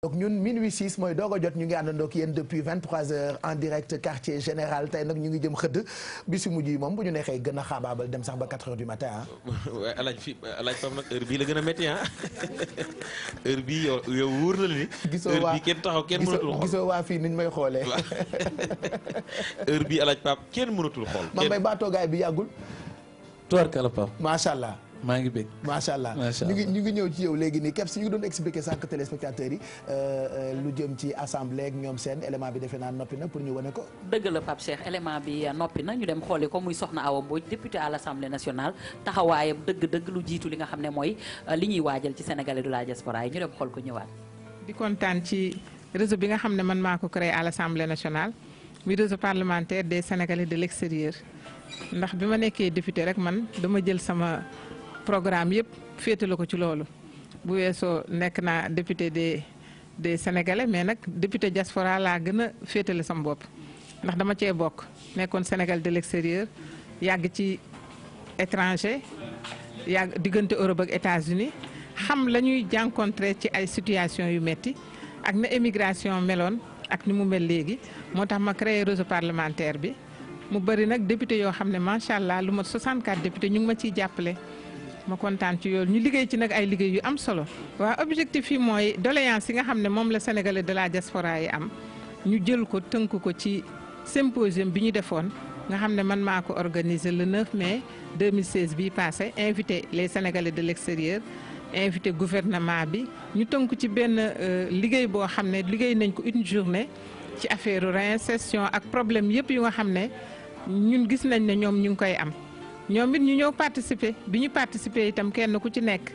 donc ñun minuit 6 mooy doog jot ñu ngi àndandoo ak yéen depuis 23h en direct quartier général tey nag ñu ngi jëm xëdd bi si mujj yi moom bu ñu neexee gën a xaabaabal dem sax ba 4h du matin ah. waaye heure bii la gën a métti ah heure bii yow yow la ni. gisoo waa heure bii gisoo waa fii niñ may xoolee. heure bii alaaj Pape kenn mënatul xool. kenn man bay baatoogaay bi yàggul. tubarkalla Pape macha allah. maa ngi bëgg macha allah ñu ngi ñu ngi ñëw ci yow léegi nii képp si ñu doon expliquer sànq téléspectateurs yi euh, euh, lu jëm ci assemblée ak ñoom seen élément bi defee naa noppi na pour ñu wane ko dëgg la Pape Cheikh élément bi euh, noppi na ñu dem xooli ko muy soxna Awa Mbodj député à l'Assemblée nationale taxawaayam dëgg-dëgg lu jiitu li nga xam ne mooy li ñuy waajal ci sénégalais de la diaspora yi ñu dem xool ko ñëwaat di kontaan ci réseau bi nga xam ne man maa ko créé à l'Assemblée nationale muy réseau parlementaire des sénégalais de l'extérieur bi ma nekkee député rek man dama jël sama programme yëpp féetale ko ci loolu bu weesoo nekk naa député des des sénégalais mais nag député diaspora laa gën a féetale sama bopp ndax dama cee bokk nekkoon Sénégal de l'extérieur yàgg ci étranger yàgg diggante Europe ak États-Unis xam la ñuy jànkoonte ci ay situation yu metti ak na émigration meloon ak ni mu mel léegi moo tax ma créer réseau parlementaire bi mu bari nag député yoo xam ne macha allah lu mat 64 député ñu ngi ma ciy jàppale. ma kontaan ci yoolu ñu liggéey ci nag ay liggéey yu am solo waa objectif yi mooy doléance yi nga xam ne moom la sénégalais de la diaspora yi am ñu jël ko tënk ko ci symposium bi ñu defoon nga xam ne man maa ko organiser le 9 mai 2016 bii passé invité les sénégalais de l'extérieur invité gouvernement bi ñu tënk ci benn euh, liggéey boo xam ne liggéey nañ ko une journée ci affaire réinsertion ak problème yëpp yu nga xam ne ñun gis nañ ne ñoom ñu ngi koy am ñoom it ñu ñëw participer bi ñu participer itam kenn ku ci nekk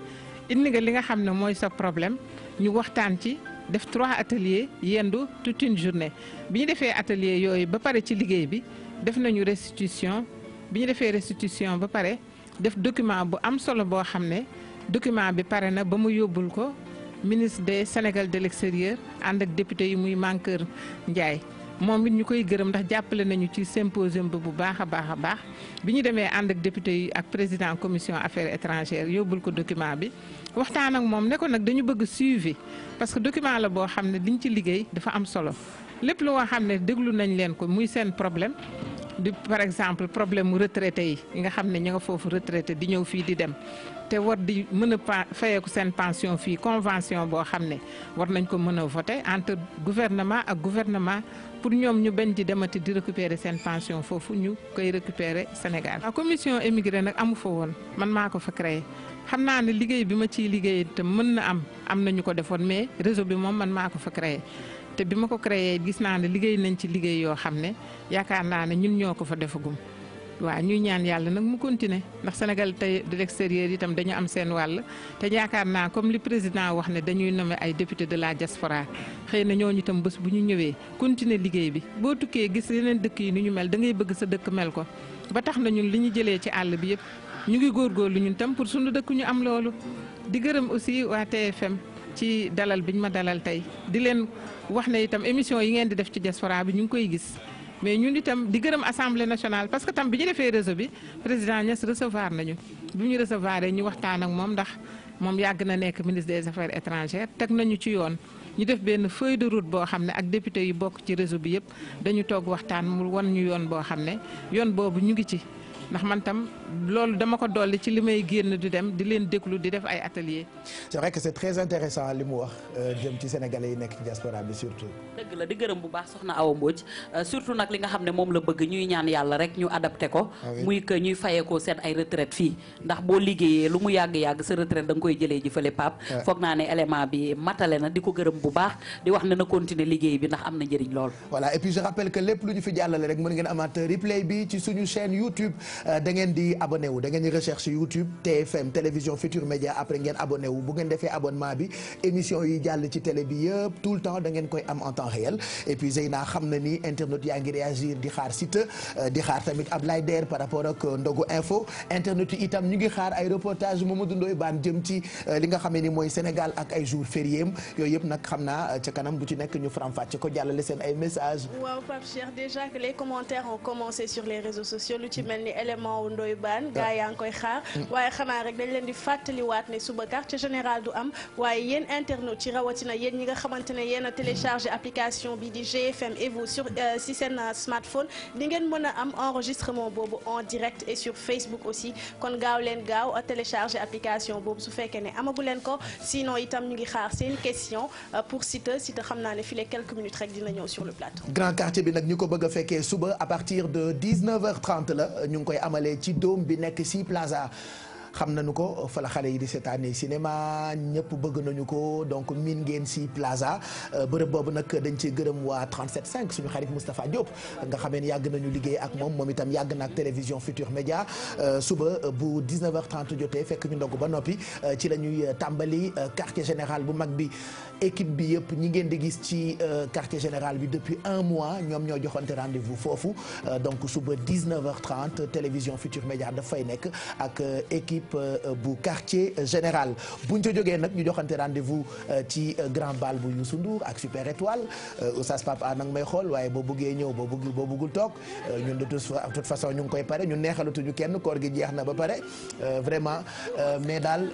indi nga li nga xam ne mooy sa problème ñu waxtaan ci def trois ateliers yendu toute une journée bi ñu defee atelier yooyu ba pare ci liggéey bi def nañu restitution bi ñu defee restitution ba pare def document bu am solo boo xam ne document bi pare na ba mu yóbbul ko ministre de Sénégal de l'extérieur ànd ak député yi muy Mankeur Ndiaye moom it ñu koy gërëm ndax jàppale nañu ci symposium bi bu baax a baax a baax bi ñu demee ànd ak député yi ak président commission affaires étrangères yóbbul ko document bi waxtaan ak moom ne ko nag dañu bëgg suivi parce que document la boo xam ne liñ ci liggéey dafa am solo lépp loo xam ne déglu nañ leen ko muy seen problème di par exemple problème mu retraité yi nga xam ne ñu nga foofu retraité di ñëw fii di dem te war di mën a fayeeku seen pension fii convention boo xam ne war nañ ko mën a voté entre gouvernement ak gouvernement pour ñoom ñu bañ di demati di récupérer seen pension foofu ñu koy récupérer Sénégal. waaw commission émigré nag amu fa woon man maa ko fa créé xam naa ne liggéey bi ma ciy liggéey te mën na am am na ñu ko defoon mais réseau bi moom man maa ko fa créé. te bi ma ko créé gis naa ne liggéey nañ ci liggéey yoo xam ne yaakaar naa ne ñun ñoo ko fa defagum. waaw ñuy ñaan yàlla nag mu continuer ndax Sénégal tey de l'extérieur itam dañu am seen wàll te yaakaar naa comme li président wax ne dañuy nommer ay député de la diaspora xëy na ñooñu itam bés bu ñu ñëwee continuer liggéey bi boo tukkee gis yeneen dëkk yi ni ñu mel dangay bëgg sa dëkk mel ko ba tax na ñun li ñu jëlee ci àll bi yëpp ñu ngi góor góor lu ñun tam pour suñu dëkk ñu am loolu di gërëm aussi waa TFM ci dalal bi ñu ma dalal tey di leen wax ne itam émission yi ngeen di def ci diaspora bi ñu ngi koy gis mais ñun itam di gërëm assemblée nationale parce que tam bi ñu defee réseau bi président Niass recevoir nañu bu ñu recevoir ñu waxtaan ak moom ndax moom yàgg na nekk ministre des affaires étrangères teg nañu ci yoon. ñu def benn feuille de route boo xam ne ak député yu bokk ci réseau bi yëpp dañu toog waxtaan mu won ñu yoon boo xam ne yoon boobu ñu ngi ci. ndax man tam loolu dama ko dolli ci li may génn di dem di leen déglu di def ay atelier c'est vrai que c'est très intéressant li mu wax euh, jëm ci sénégalais yi nekk ci diaspora bi surtout di gërëm bu baax soxna Awa Mbodj euh, surtout nag li nga xam ne moom la bëgg ñuy ñaan yàlla rek ñu adapté ko ah muy que ñuy fayekoo seen ay retraite fii ndax boo liggéeyee lu mu yàgg-yàgg sa retraite da nga koy jëlee ji fële pap ah. foog naa ne élément bi matale na di ko gërëm bu baax di wax ne na continuer liggéey bi ndax am na njëriñ lool voilà et puis Euh, da ngeen di abonné wu recherche YouTube TFM télévision Futur Média après ngeen abonné bu ngeen defee abonnement bi émission yi jàll ci télé bi yëpp tout le temps da koy am en temps réel et puis Zeyna xam na ni internet yaa ngi réagir di xaar site euh, di xaar tamit Ablaye Der par rapport ak euh, ndogu info internet yi itam ñu ngi xaar ay reportage Mamadou Ndoye Bane jëm ci li nga xam ni mooy Sénégal ak ay jours fériés yooyu yëpp nag xam naa ca kanam bu ci nekk ñu faram-fàcce ko jàllale seen ay messages. élément wu Ndoye Bane gaa yaa ngi koy xaar waaye xanaa rek dañ leen di fàttaliwaat ne suba quartier général du am waaye yéen internautes ci rawatina yéen ñi nga xamante ne yéen a téléchargé application bi di GFM et vous sur euh, si seen euh, smartphone di ngeen mën a am enregistrement boobu en direct et sur Facebook aussi kon gaaw leen gaaw téléchargé application boobu su fekkee ne amagu leen ko sinon itam ñu ngi xaar seen question euh, pour Siteu Siteu xam naa ne fii les quelques minutes rek dina ñëw sur le plateau. Grand quartier bi nag ñu a koy amalee ci dôme bi nekk si plaza xam nañu ko fa la xale yi di seetaanee cinéma ñëpp bëgg nañu ko donc miin ngeen si plaza euh, bërëb boobu nag dañ ci gërëm waa 375 suñu xarit Moustapha Diop nga xamee ne yàgg nañu liggéey ak moom moom itam yàgg na ak télévision Futur Média euh, suba euh, bu 19h30 jotee fekk ñu ndog ba noppi ci la ñuy tàmbali quartier général bu mag bi équipe bi yëpp ñi ngeen di gis ci quartier général bi depuis un mois ñoom ñoo joxante rendez-vous foofu donc suba 19h30 télévision Futur Média dafay nekk ak équipe. équipe euh, bu quartier général buñ ca jógee nag ñu joxante rendez euh, ci euh, grand bal bu Youssou Ndour ak super étoile Oustaz Pape a nag may xool waaye boo bëggee ñëw boo bëggul toog ñu ngi koy pare ñun neexalatuñu kenn koor gi jeex na ba pare vraiment mais daal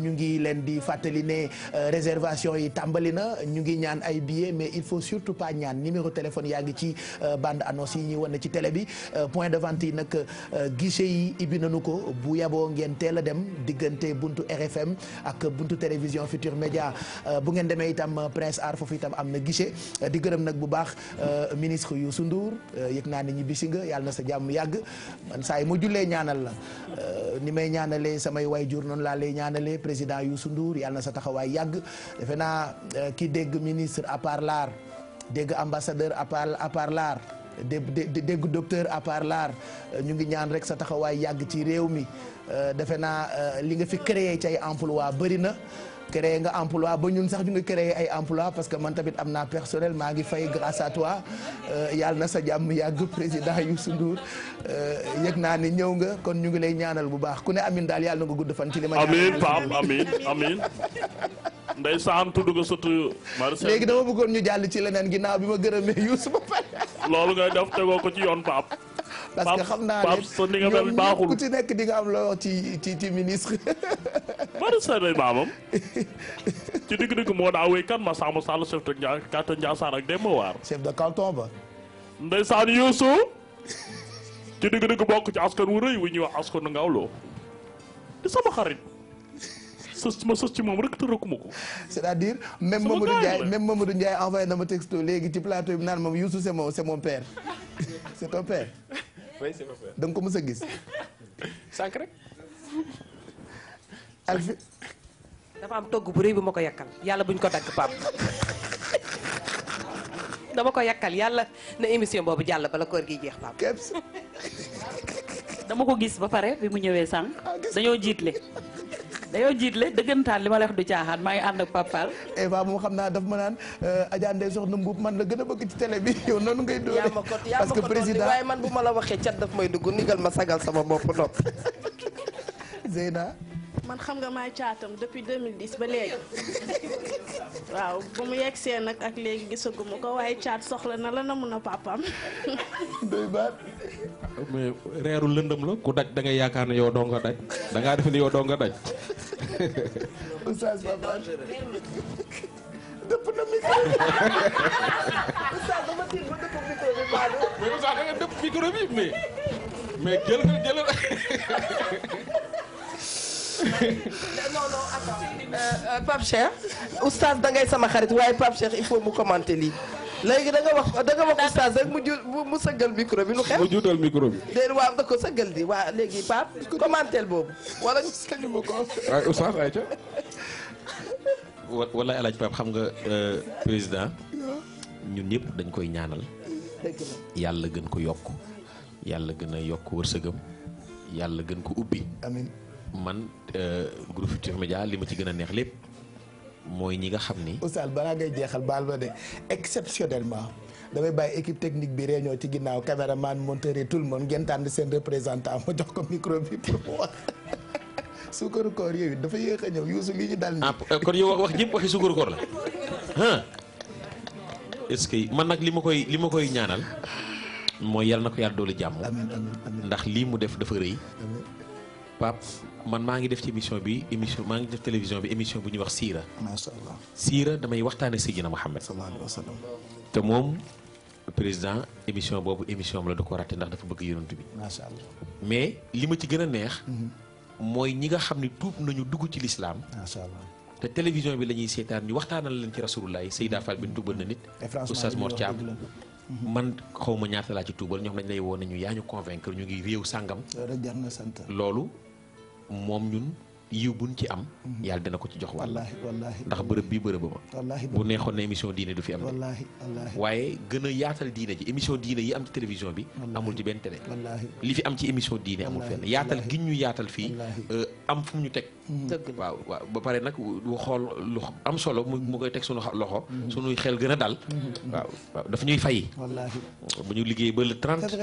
ñu ngi leen di fàttali ne réservation yi tàmbali na ñu ngi ñaan ay billets mais il faut surtout pas ñaan numéro téléphone yaa ngi ci bande annonce yi ñuy wane ci télé bi point de vente yi nag guichet yi ibbi teel a dem diggante buntu RFM ak buntu télévision Futur Média euh, bu ngeen demee itam Prince Art foofu itam am na guichet euh, di gërëm nag bu baax euh, ministre Youssou Ndour yëg naa ni ñibbisi nga yàlla na sa jàmm yàgg man saa yi ma jullee ñaanal la ni may ñaanalee samay waajur noonu laa lay ñaanalee président Youssou Ndour yal na sa taxawaay yàgg defe naa ki dégg ministre à part l'art dégg ambassadeur à part à dé dégg docteur à part euh, ñu ngi ñaan rek sa taxawaay yàgg ci réew mi euh, defe naa euh, li nga fi créer ci ay emploi bëri na créé nga emploi ba ñun sax ñu ngi créé ay emplois parce que man tamit am naa personnel maa ngi fay grâce à toi yàlla na sa jàmm yàgg président Youssou Ndour yëg naa ni ñëw nga kon ñu ngi lay ñaanal bu baax ku ne amin daal yàlla na nga gudd fan ci li ma. amiin Pape amiin ndeysaan tudd ko sot Marcel léegi dama bëggoon ñu jàll ci leneen ginnaaw bi ma gërëmee Youssou ba pare. loolu ngay def tegoo ko ci yoon Pape. parce que xam naa ne ñoom ci nekk di nga am loo ci ci ci ministre. Marcel ay maamam ci digg-digg moo daa wéy kan Massamba Sall chef de Ndia kàttan Ndiassane ak Demba Waar. chef de canton ba. ndeysaan Youssou. ci digg bokk ci askan wu rëy wu ñuy wax askanu Ngawlo di sama xarit. sës ma sës ci moom rek te rëkkuma ko. c'est-à-dire même Mamadou Ndiaye même Mamadou Ndiaye envoyé na ma texto léegi ci plateau bi naan moom Youssou c'est mon c'est mon père c'est ton père. oui c'est mon père. da nga ko mës a gis. sànq rek. Alfi. dafa am togg bu rëy bu ma ko yàkkal yàlla buñ ko dagg pap dama ko yàkkal yàlla na émission boobu jàll bala koor gi jeex pap dama ko gis ba pare bi mu ñëwee sànq ah, dañoo jiitle dañoo jiitle dëggantaan li ma lay wax du caaxaan maa ngi ànd ak Pape Fall. Eva moom xam naa daf ma naan euh, Adja Ndeye Soxna Mbuub man la gën a bëgg ci télé bi yow noonu ngay doole. parce que président waaye man bu ma la waxee cat daf may dugg nigal ma sagal sama bopp nopp Zeyna. man xam nga maay caatam depuis 2010 ba léegi waaw ba mu yegg see nag ak léegi gisaguma ko waaye caat soxla na la na mun a papaam. doy baat. mais reeru lëndëm la ku daj da yaakaar ne yow doo nga daj dëpp na micro mais mais mais jëlal. non non attends euh, euh, Pape dangay sama xarit waaye Pape Cheikh il faut mu commenter lii. léegi da wax da nga wax oustaz rek mu ju mu sëggal micro bi lu xew. mu juutal micro bi. déedéet waaw ko sëggal di waa léegi Pape commenter boobu wala. sëñu ma ko waaye oustaz ayca. wala El xam nga euh, président ñun ñëpp dañ koy ñaanal. yàlla gën ko yokk yàlla gën a yokk wërsëgam yàlla gën ko ubbi. man euh, groupe Futurs Médias li ma ci gën a neex lépp mooy ñi nga xam ni. Oustaz balaa ngay jeexal baal ma de exceptionnellement damay bàyyi équipe technique bi ñoo ci ginnaaw caméraman monteur et tout le monde ngeen tànn seen représentant ma jox ko micro bi pour mu wax. suukaru koor yooyu dafa yéex a ñëw yuusu lii ñu dal nii. ah kon yow wax jëpp waxi suukaru koor la ah est man nag li ma koy li ma koy ñaanal mooy yàlla na ko yàlla doolu jàmm. amiin ndax lii mu def dafa rëy. man maa ngi def ci émission bi émission maa ngi def télévision bi émission bu ñuy wax siira. macha allah siira damay waxtaane Seydina Muhammad. sallallahu alayhi wa te moom président émission boobu émission am la da ko raté ndax dafa bëgg yonent bi. macha mais li ma ci gën a neex. Mhm. mooy ñi nga xam ne tuub nañu dugg ci lislaam. macha allah te télévision bi la ñuy seetaan ñu waxtaanal leen ci rasulullah yi Seyda Fall bin tuubal na nit. Oustaz Mor Thiam. Mhm. man xaw ma ñaata laa ci tuubal ñoom dañ lay woo nañu ñu yaa ñu convaincre ñu ngi réew sàngam. loolu moom ñun yiw buñ ci am mhm. yàlla dina ko ci jox wàll ndax bërëb bi bërëb ma bu neexoon na émission diine du fi am na waaye gën a yaatal diine ji émission diine yi am ci télévision bi amul ci benn télé li fi am ci émission diine amul fenn yaatal gi ñu yaatal fii euh, am fu mu ñu teg mhm. waaw waaw ba pare nag lu xool lu am solo mu koy teg sunu loxo mhm. sunuy xel gën a dal waaw waaw dafa ñuy fay bu ñu liggéey ba le 30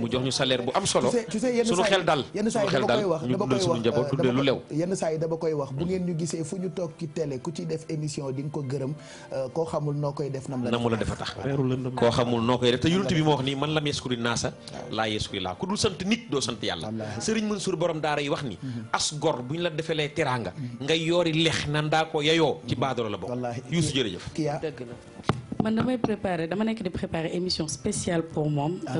mu jox ñu salaire bu am solo sunu xel dal sunu xel dal ñu dundal sunu njaboot euh, yenn saa yi dama koy wax bu ngeen ñu gisee fu ñu toog ci télé ku ci def émission di ko gërëm euh, koo xamul noo koy def nam la namu la defa tax koo xamul noo koy def te yonent bi moo wax ni man lam yeskuri naasa laa yeskuri laa ku dul sant nit doo sant yàlla sëriñ Mansour borom daara yi wax ni mhm. as gor bu ñu la defalee teraanga mhm. nga yoori lex nan daa ko yayoo ci mhm. baadoro la bokk Youssou jërëjëf man damay préparer dama nekk di préparer émission spéciale pour moom ah.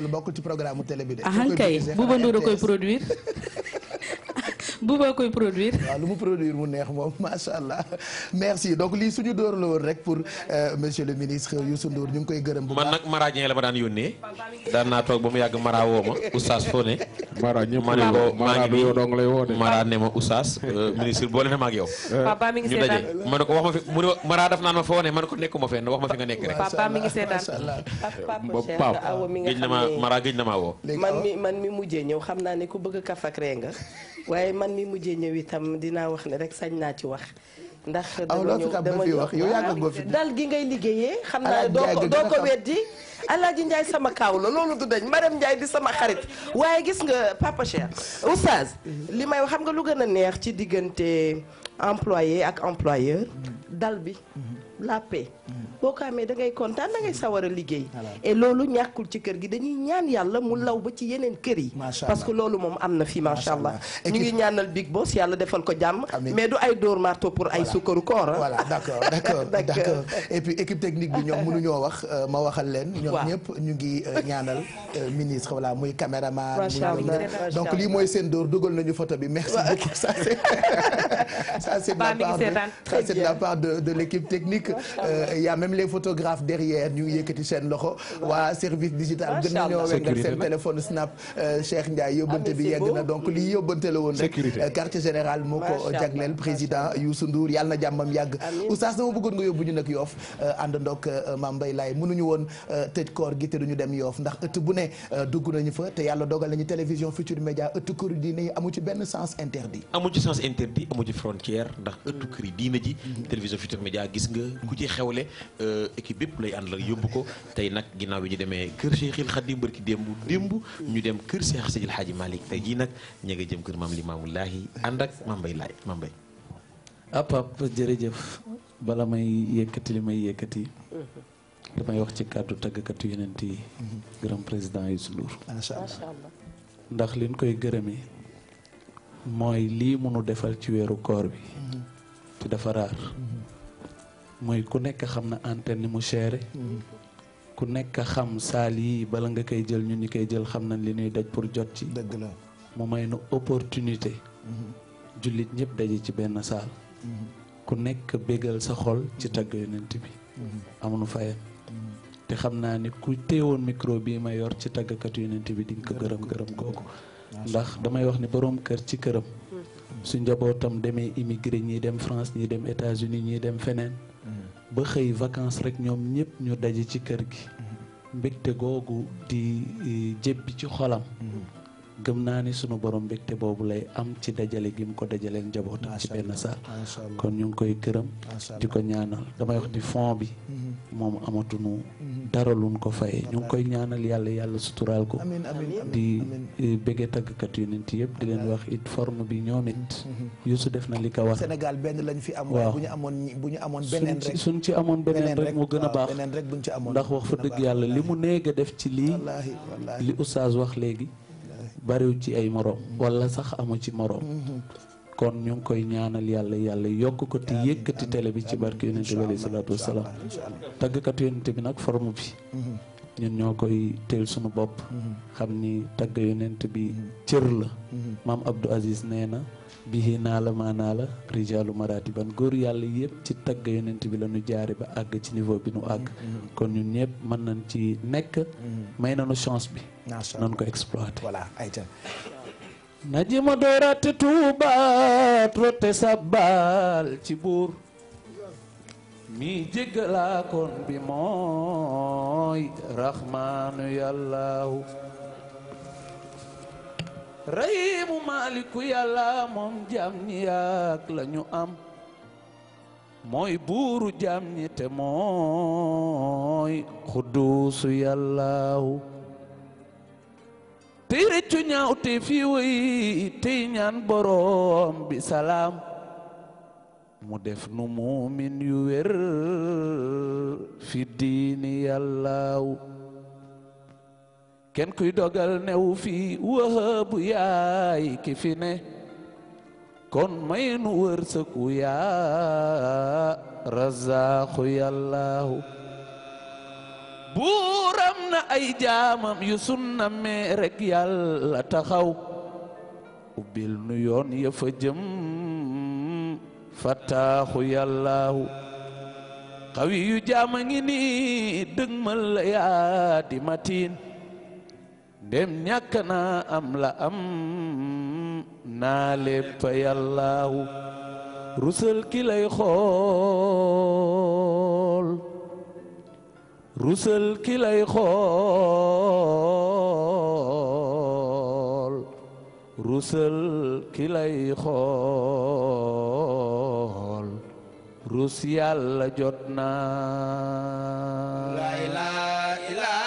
loolu bokkul ci programme bu ah, ko a koy produire. bu ba koy produire. waaw lu mu produire mu neex moom macha allah merci donc lii suñu door la woon rek pour euh, monsieur le ministre Youssou Ndour ñu ngi koy gërëm. man nag Mara ma daan yónnee daan naa toog ba mu ma oustaz foo ne. Mara ñëpp ma ne ko maa ngi nii Mara ne ma oustaz euh, ministre boole na ma ak yow. Euh, ma ne ko ma fi daf naan ma foo ne ma ne ko nekkuma fenn wax ma fi nga nekk rek. papa mi ngi seetaan macha allah papa awa mi nga gëj na ma man mi mujjee ñëw xam naa ne ku bëgg kaf ak ree nga waaye man mi mujjee ñëw itam dinaa wax ne rek sañ naa ci wax. ndax dama ñëw dama ñëw dal gi ngay liggéeyee. xam naa doo ko doo ko weddi. Alaaji sama kaaw la loolu du dañ Marème Ndiaye di sama xarit waaye gis nga Papa Cheikh oustaz li may wax xam nga lu gën a neex ci diggante employé ak employeur dal bi. la paix mm. boo ko amee da ngay kontaan da ngay mm. sawar a liggéey et loolu ñàkkul ci kër gi dañuy ñaan yàlla mu law ba ci yeneen kër yi parce que loolu moom am na fi macha allah ñu ngi ñaanal big boss yàlla defal ko jàmm mais du ay dóor marto pour ay sukkaru koor ah. voilà d'accord d'accord d'accord et puis équipe technique bi ñoom mënuñoo wax euh, ma waxal leen ñoom ñëpp ñu ngi euh, ñaanal euh, ministre voilà muy caméraman donc lii mooy seen dóor dugal nañu photo bi merci beaucoup ça c'est ça c'est nekk euh, y a même les photographes derrière ñu yëkkati seen loxo waa service digital gën nañoo wengal seen téléphone snap euh, Cheikh Ndiaye ah, yóbbante bi yegg na donc lii yóbbante la woon rek euh, quartier général moo ko jagleel président Youssou Ndour yàlla na jàmmam yàgg oustaz dama bëggoon nga yóbbu ñu nag yoof àndandoog Mame Mbaye Laye ñu woon tëj koor gi te duñu dem yoof ndax ëtt bu ne dugg nañu fa te yàlla dogal nañu télévision Futurs Médias ëtt kër diine yi amu ci benn sens interdit amu ci sens interdit mhm. gis nga ku ci xewle euh, équipe bépp lay àndal yóbbu ko tey nag ginnaaw bi ñu demee kër Cheikhil Khadim bërki démb démb ñu dem kër Cheikh Seydil Hadji Malick tey jii nag ña nga jëm kër maam Limaamu Laahi ànd ak Mame Mbaye Laay Mame Mbaye ah, jërëjëf bala may yëkkati li may yëkkati damay wax ci kàddu tàggkatu yenent yi grand président Youssou Ndour macha allah ndax liñ koy gërëmee mooy lii munu defal ci weeru koor bi mhm. te dafa raar mhm. mooy ku nekk xam na antenne mu chéré ku nekk xam saal yi bala nga koy jël ñun ñu koy jël xam nañ li nuy daj pour jot ci dëgg la mu may nu opportunité jullit ñëpp daje ci benn saal ku nekk bégal sa xol ci tagg yonent bi amuñu fayam te xam naa ni ku téewoon micro bi ma yor ci tàggkatu yonent bi di ko gërëm gërëm kooku ndax damay wax ni boroom kër ci këram mm. su njabootam demee immigré ñii dem France ñii dem États-Unis ñii dem feneen ba xëy vacance rek ñoom ñëpp ñu daje ci kër gi mm-hmm. mbégte googu di eh, jébbi ci xolam mm-hmm. gëm naa ni sunu borom mbégte boobu lay am ci dajale gi mu ko dajaleen njabootam ci benn saal kon ñu ngi koy gërëm di ko ñaanal damay wax ni fond bi mhm. moom amatunu mhm. dara luñ ko fayee ñu ngi koy ñaanal yàlla yàlla suturaal ko di eh, bëggee tàggkat yu nit yëpp di leen wax it forme bi ñoom it mhm, Youssou def na li ko war Sénégal benn lañ fi am waaye bu ñu amoon bu ñu amoon beneen rek suñ ci amoon beneen rek mu gën a baax ndax wax fa dëgg yàlla li mu néeg a def ci lii li oustaz wax léegi bariw ci ay moroom wala sax amu ci moroom mm-hmm. kon ñu ngi koy ñaanal yàlla yàlla yokk ko te yëkkati télé bi ci barke yonente bi alayhi salaatu wasalaam tàggkatu yonente bi nag forme bi mm-hmm. ñoo koy teel suñu bopp mm-hmm. ni tagg yonent bi cër la maam Abdou Aziz nee na bihi naa la maa naa la rijaalu maraati ban góor yàlla yëpp ci tagg yonent bi la ñu jaare ba àgg ci niveau bi nu àgg mm-hmm. Mm-hmm. kon ñun ñëpp mën nañ ci nekk mm-hmm. may nañu chance bi nañ ko exploiter voilà ayca najima dooraate tuubaat rote sabbal ci buur mi jéggalaakoon bi mooy rahmaanu rahiimu maaliku yàlla moom jaam ñi yàgg lañu am mooy buuru jaam ñi moy mooy xudduusu yàllaahu tey rëccu ñaaw te fii bi salaam mu def nu muumin yu wér fi diini yàllaahu kenn kuy dogal new fi wahaabu yaay ki fi ne kon may nu wu yaa razaaxu yàllaahu buuram na ay jaamam yu sunna mee rek yàlla taxaw ubbil nu yoon ya fa jëm fataaxu xawi yu jaama ngi nii dëgmal la yaa di matiin ndem ñàkk naa am la am naa lépp yàllaahu rusal ki rusal ki rus yàlla jot naa.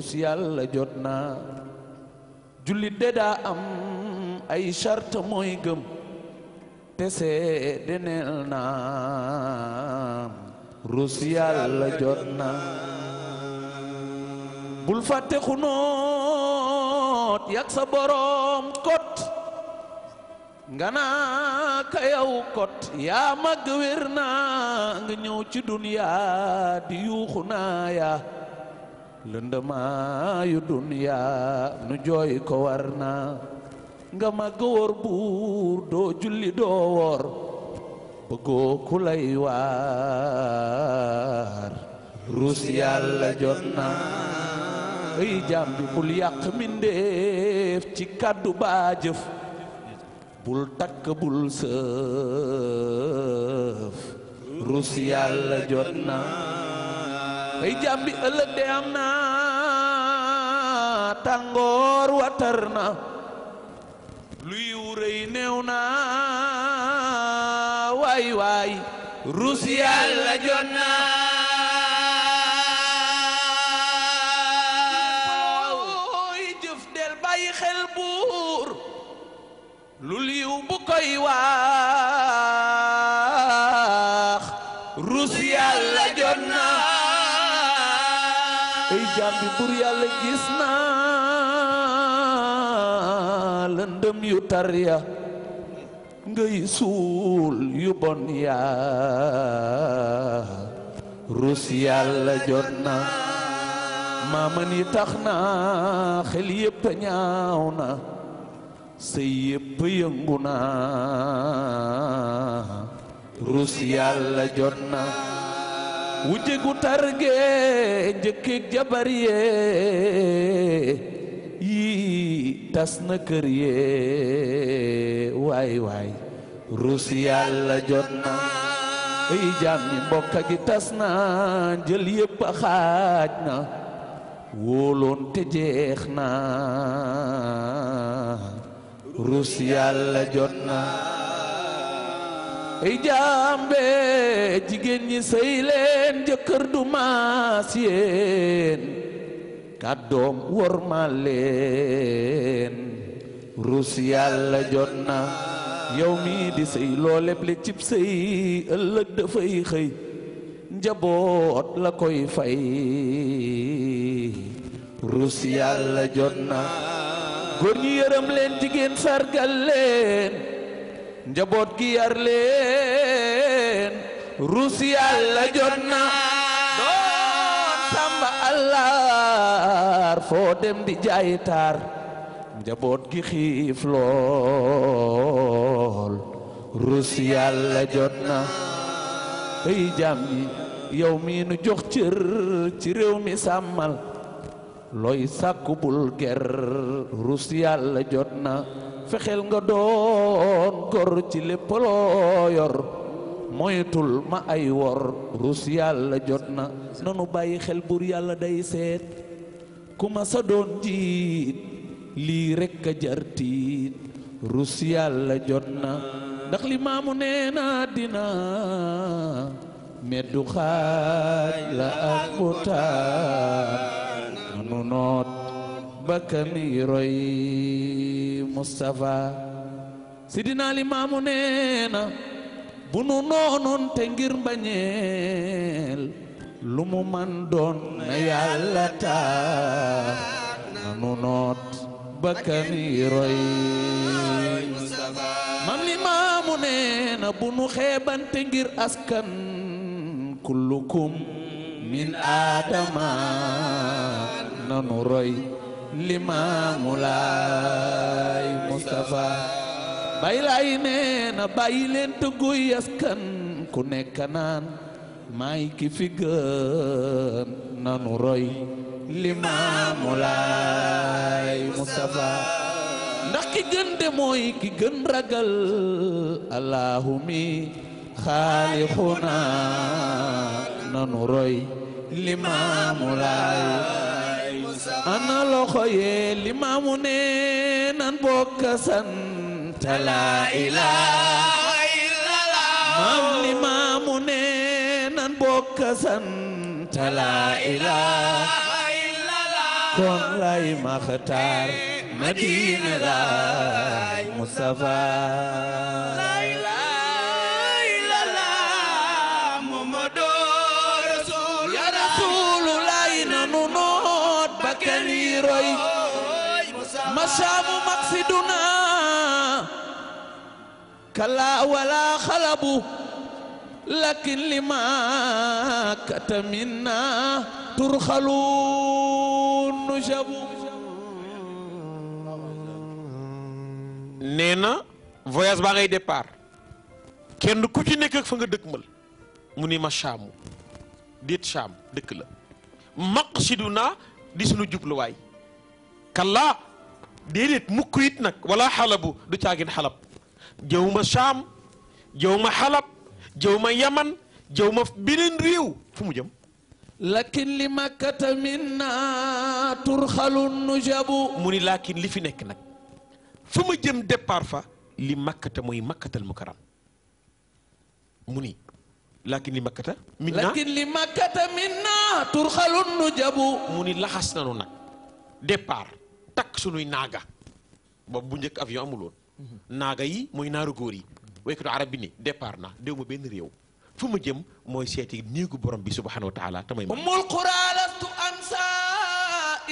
wurus yàlla jot naa jullit de daa am ay charte mooy gëm te seede neel naa rus yàlla jot naa bul fàtte xunoot yàgg sa kot nga naa ka kot yaa mag wér naa nga ñëw ci duniyaa di yuuxu naa yaa lëndëmaayu duniyaa nu jooy ko war nga màgg wóor buur doo julli doo woor bëggoo lay waar ruus yàlla jot na ay bul yàq mbindéef ci kàddu baa bul takk bul sëf ruus yàlla jot ay jaam bi ëllëg de am na tàngoor watar na luy wurey néew na waay waay na ooy jëf del bàyyi xel buur lu liw bur yàlla gis naa lëndëm yu tar ya ngay suul yu bon yaa rus yàlla jot na maaman yi tax na xel yépp ñaaw na sëy yépp yëngu na rus yàlla jot na wujje gu targee njëkkig jabar yee yii tas na kër yee waay waay ruus yàlla jot na ay jaam ñi mbokka gi tas na njël yépp a xaaj na wóoloon te jeex na ruus yàlla jot na jambe jigéen ñi sëy leen jëkkër du maas kàddoom wor ma leen rus yàlla jot na yow mii di sëy loo leble cib sëy ëllëg dafay xëy njaboot la koy fay rus yàlla jot na góor ñi yërëm leen jigéen sargal leen njaboot gi yar leen rus yàlla jot na doon samba àllar foo dem di jaay njaboot gi xiif lool rus yàlla jot na ay jaam yi yow mii jox cër ci réew mi sàmmal looy sàkku bul ger rus yàlla jot na fexeel nga doon gor ci lépp loo yor moytul ma ay wor rus yàlla jot na nanu bàyyi xel buur yàlla day seet ku sa doon jiit lii rekk a jar tiit rus yàlla jot na ndax li maamu nee na dina meddu xaaj la ak mutaan nu noot ba kami roy Mustafa sidina limaamu neena bu nu noonoon te ngir mbañeel lu mu man doon na yàlla taa na nu noot ba kami roy mam limaamu neena bu nu xeebante ngir askan kullukum min aadama nanu roy limaamu laay Mustafa bay laay nee na bàyyi leen tëgguy askan ku nekk naan maay ki fi gën nanu roy limaamu laay Mustafa ndax ki gën de mooy ki gën ragal allahumi xaalixuna nanu roy limaamu laay ana loxo yee limaamu nee nan bokk sant laa ilaaha illallah laa ilaaha illallah kon lay maxtaar madina laay Mustafa كلا ولا خلب لكن لما كتمنا ترخلون نجب nee na voyage baa ngay départ kenn ku ci nekk fa nga dëkk mal mu ni ma Chaamu déet Chaam dëkk la maqsiduna di sunu jubluwaay kallaa déedéet mukk it nag wala xalabu du caagin xalab jëwuma Saam jëwuma Xalab jëwuma Yaman jëwuma beneen réew fu mu jëm lakin li makkata minna turxalu nujabu mu li fi nekk nag fu jëm départ li makkata mooy makkatal mukaram mu ni laakin li laxas nanu nag départ takk sunuy naaga boobu bu njëkk avion amul naaga yi mooy naaru góor yi waykatu arab bi ni départ na déw ma benn réew fu ma jëm mooy seeti néegu borom bi subhanahu wa taala tamay ummul quraa lastu ansa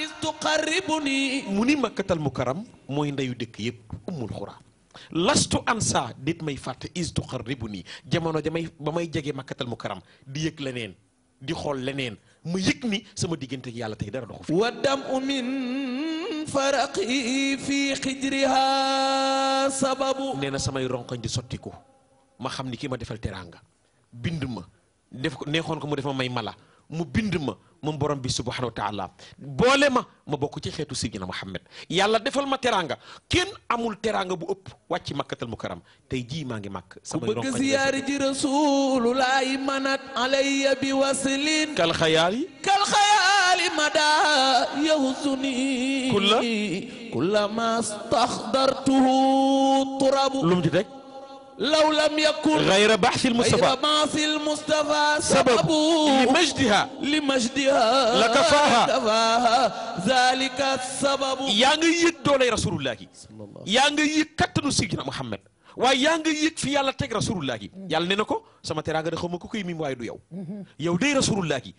is tuqarribuni mu ni makkatal mukarram mooy ndeyu dëkk yëpp ummul quraa lastu ansa dit may fàtte is tuqarribuni jamono jamay ba may jege makkatal mukarram di yëg leneen di xool leneen ma yëg ni sama diggante yàlla tey dara doxu fi waddam umin faraqi fi xijriha sababu nee na samay ronkoñ di sottiku ma xam ni kii ma defal teraanga bind ma def ko neexoon ko mu def ma may mala mu bind ma moom borom bi subhanahu wa boole ma ma bokk ci xeetu sidina Muhammad yàlla defal ma teraanga kenn amul teraanga bu ëpp wàcc makkatal mukarram tey jii maa ngi màkk sama ku bëgg ziyaari ji rasululaahi manat alayya bi waslin kal xayaali مدى يهزني كل كلما استحضرته تراب لم جدك لو لم يكن غير بحث المصطفى غير بحث المصطفى سبب لمجدها لمجدها لكفاها كفاها ذلك السبب yaa nga yëg doolay rasulullah yi yaa nga yëg kattanu sidina Muhammad waaye yaa nga yëg fi yàlla teg rasulullah yi yàlla nee na ko sama teraanga de xaw ma ku koy miim waaye du yow mhm. yow day rasulullah yi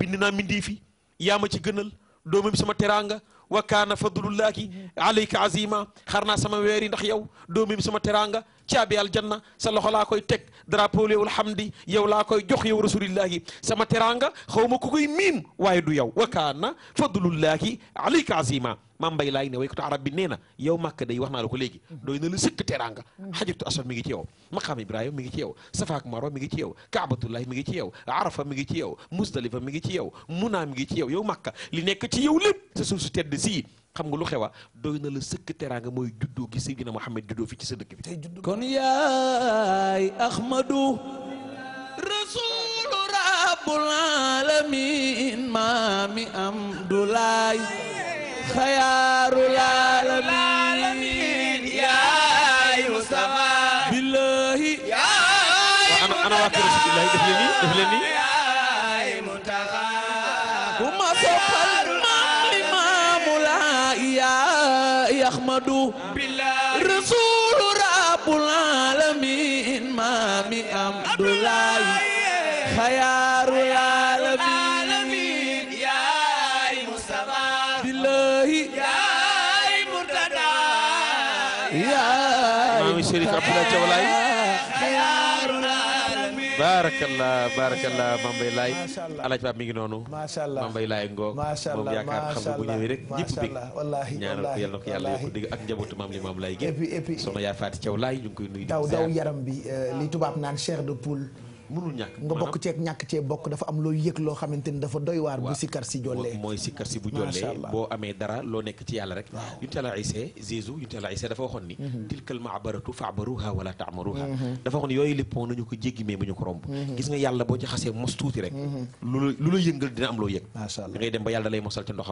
bind naa mindee fi yaa ma ci gënal doomam sama teraanga wa kaana fadlullahi alayka azima xar naa sama weer yi ndax yow doomam sama teraanga caabi aljanna sa loxo laa koy teg drapeau yowul hamdi yow laa koy jox yow rasulillahi sama teraanga xaw ma ku koy miim waaye du yow wa kaana fadlullahi alayka azima maam mbay laay ne waykatu arab wax naa la ko léegi doy na lu sëkk teraanga xajartu aswad mi ngi ci yow maqaam ibrahima mi ngi ci yow safaak marwa mi ngi ci yow kaabatullahi mi ngi ci yow arafa mi ngi ci yow musdalifa mi ngi ci yow munaa mi ngi ci yow yow màkka li nekk ci yow lépp sa suuf su tedd sii xam nga lu xewa doy na la sëkk teraanga mooy juddoo gi Seydina Muhammad juddoo fi ci sa dëkk bi kon yaay Ahmadu rasulu rabbul alamin maami Amdulaay xayaarul aalamiin yaay Mustafa billahi ana ana waa kër billahi def leen nii def leen nii yaay Muntaxa ku ma soppal maam li maamu laa yaa Ahmadu billahi Chérif Abdoulaye Thiaw Laye baarakallah baarakallah Mame Mbaye Laye alaaj Pape mi ngi noonu macha allah ngoo Mbaye Laye ngoog moom yaakaar xam nga bu ñëwee rek ñëpp bég ñaanal ko yàlla na ko yàlla yokk ak njabootu maam li maam Laye gi soxna yaa Faati Thiaw Laye koy nuyu daw yaram bi euh, li tubaab naan chair de poule mënul ñàkk nga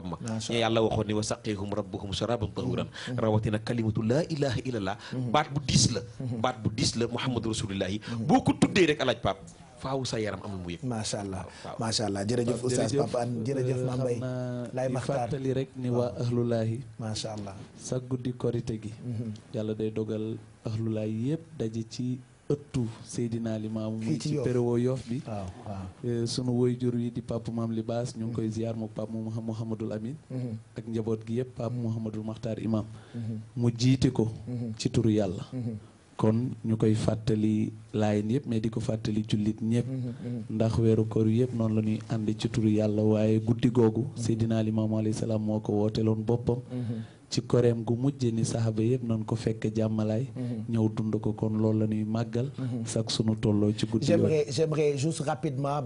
ma ñe yàlla waxoon ni wa saqihum rabbuhum sharaban tahuran mhm. mhm. rawatina kalimatu laa ilaha illallah mhm. baat bu diis la baat bu diis la muhammadu rasulillah boo ko tuddee rek alaaj pap faaw sa yaram am lu mu yëg. macha allah macha allah jërëjëf oustaz Papa An jërëjëf Mame Mbaye lay maxtaar fàttali rek ni waa ahlulaahi. sa guddi korite gi. Mhm. yàlla day dogal ahlulaahi yëpp daje ci. ëttu Seydina Limaamu muy ci péréwo Yoff bi waaw waaw eh, sunu woyjur yi di Pape Mam Libaas ñu ngi koy mhm. ziar mu Pape Mouhamadul Amin mhm. ak njaboot gi yëpp Pape Mouhamadul Maxtaar Imam mu jiite ko ci turu yàlla kon ñu koy fàttali laayin yëpp mais di ko fàttali jullit ñëpp mm-hmm, mm-hmm. ndax weeru koor yëpp noonu la ñuy ànd ci turu yàlla waaye guddi googu mm-hmm. Seydina Limaamu alayhi salaam moo ko wooteeloon boppam ci koreem gu mujj ni saxaaba yëpp nañ ko fekk jàmmalaay mhm. ñëw dund ko kon loolu la ñuy màggal mhm. sax sunu tolloo ci guddi j'aimerais j'aimerais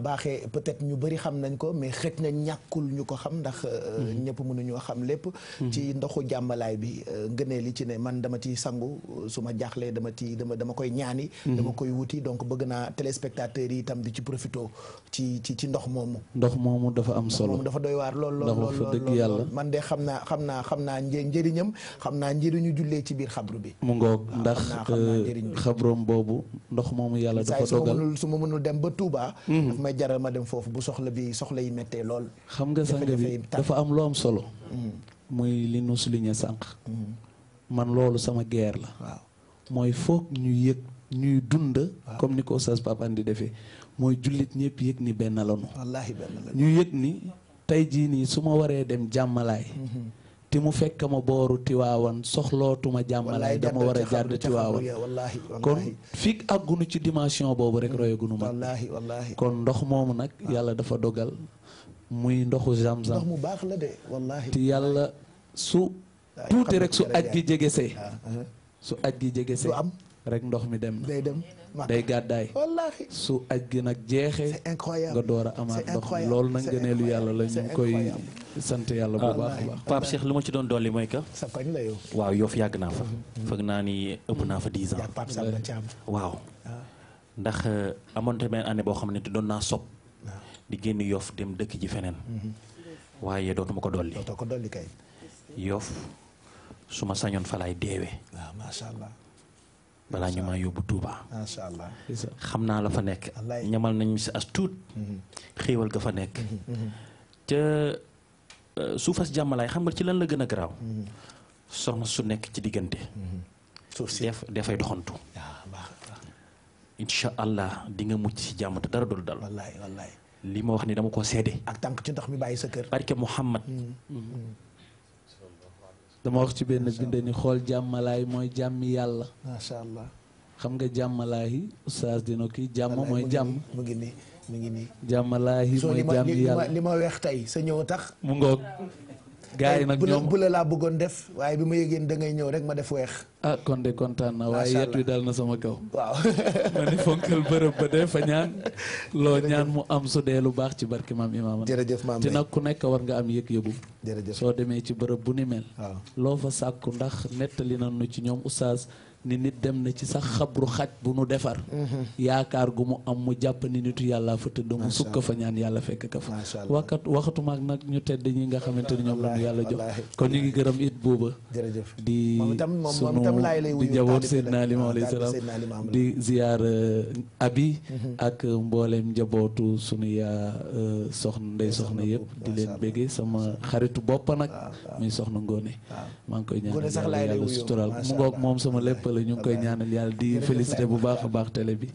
baaxee peut-être ñu bëri xam nañ ko mais xëj na ñàkkul ñu ko xam ndax euh, mhm. ñëpp mënuñoo xam lépp ci ndoxu jàmmalaay bi euh, ngënee li ci ne man dama ci sangu suma ma jaaxlee dama ci dama dama koy ñaani dama koy wuti donc bëgg naa téléspectateurs yi tam di ci profito ci ci ci ndox moomu ndox moomu dafa am solo dafa doy waar lool lool lool lool man de xam naa xam naa xam naa njëriñam xam naa njëriñu jullee ci biir xabru bi mu ngoog ndax euh, xabroom boobu ndox moomu yàlla dafa dogal su ma mënul dem ba Touba mhm. daf may ma dem foofu bu soxla bi soxla yi méttee lool xam nga sang bi dafa am lu am solo mhm. muy li nu souligné sànq mhm. man loolu sama guerre la waaw mooy foog ñu yëg ñuy dund comme ni ko Oustaz di defee mooy jullit ñëpp yëg ni benn lanu wallaahi benn ñu yëg ni tey jii nii su ma waree dem jàmmalaay ti mu fekk ma booru tiwaawan soxlootuma jàmmalaay dama war a jàdd tiwaawan kon fii àggunu ci dimension boobu rek royagunu ma kon ndox moomu nag ah. yàlla dafa dogal muy ndoxu zamzam ndox mu baax la de wallaahi te yàlla su tuuti rek ah, ah. su aj gi jegesee su aj gi jegesee rek ndox mi dem na day gàddaay su aj gi nag jeexee nga door a amaat ndox loolu nag lu yàlla la koy sant yàlla bu ah, baax a baax lu ma ci doon dolli mooy que waaw Yoff yàgg naa fa mm-hmm. Mm-hmm. foog naa ni ëpp naa fa dix ans waaw ah. ndax euh, amoon na benn année boo xam ne te doon naa sob ah. di génn Yoff dem dëkk ji feneen mm-hmm. waaye dootuma ko dolli Yoff su ma sañoon fa laay deewee. balaa ñu maa yóbbu Touba. macha allah xam naa la fa nekk. ñamal nañu si as mm-hmm. xéewal ga fa nekk. Mm-hmm. Mm-hmm. ca euh, suufas jàmmalaay xam nga ci lan la gën a garaaw. soxna su nekk ci diggante. suuf si doxantu. incha allah di nga mucc si jàmm te dara dul dal. wallaay wallaay li ma wax ni dama ko seede. ak tànk ci ndox mi bàyyi sa kër. barke Muhammad. dama wax ci benn bind ni xool jàmmalaay mooy jàmm yàlla. macha allah xam nga jàmmalaay oustaz dina kii jàmm mooy mu ngi nii mu ngi nii. jàmmalaahi mooy li ma weex tey sa ñëw tax. mu ngoog gars yi nag ñoom bu la laa bëggoon def waaye bi ma yëgeen da ngay ñëw rek ma def weex. ah kon de kontaan na waaye yet wi daal na sama kaw waaw ma ni fonkal bërëb ba dee fa ñaan loo ñaan mu am su dee lu baax ci barke maam imaam jërëjëf maam nag ku nekk war nga am yëg-yëgu jërëjëf soo demee ci bërëb bu ni mel waaw loo fa sàkku ndax nettali nañu ci ñoom oustaz ni nit dem na ci sax xabru xaj bu nu defar mm-hmm. yaakaar gu mu am mu jàpp ni nitu yàlla fa tëdd mu sukk fa ñaan yàlla fekk ka fa wakat nag ñu tedd ñi nga xamante ñoom la ñu yàlla jox kon ñu ngi gërëm it booba di sunu di jaboot Seydina Limaamu alayhi ah, salaam di ziyaar euh, abi mm-hmm. ak mbooleem njabootu sunu yaa euh, soxna ndey soxna yëpp di leen béggee sama xaritu bopp nag ah, ah. muy soxna Ngone maa ngi koy ñaanal yàlla sutural mu ngoog moom sama lépp la ñu ngi koy ñaanal yàlla di félicité bu baax a baax tele bi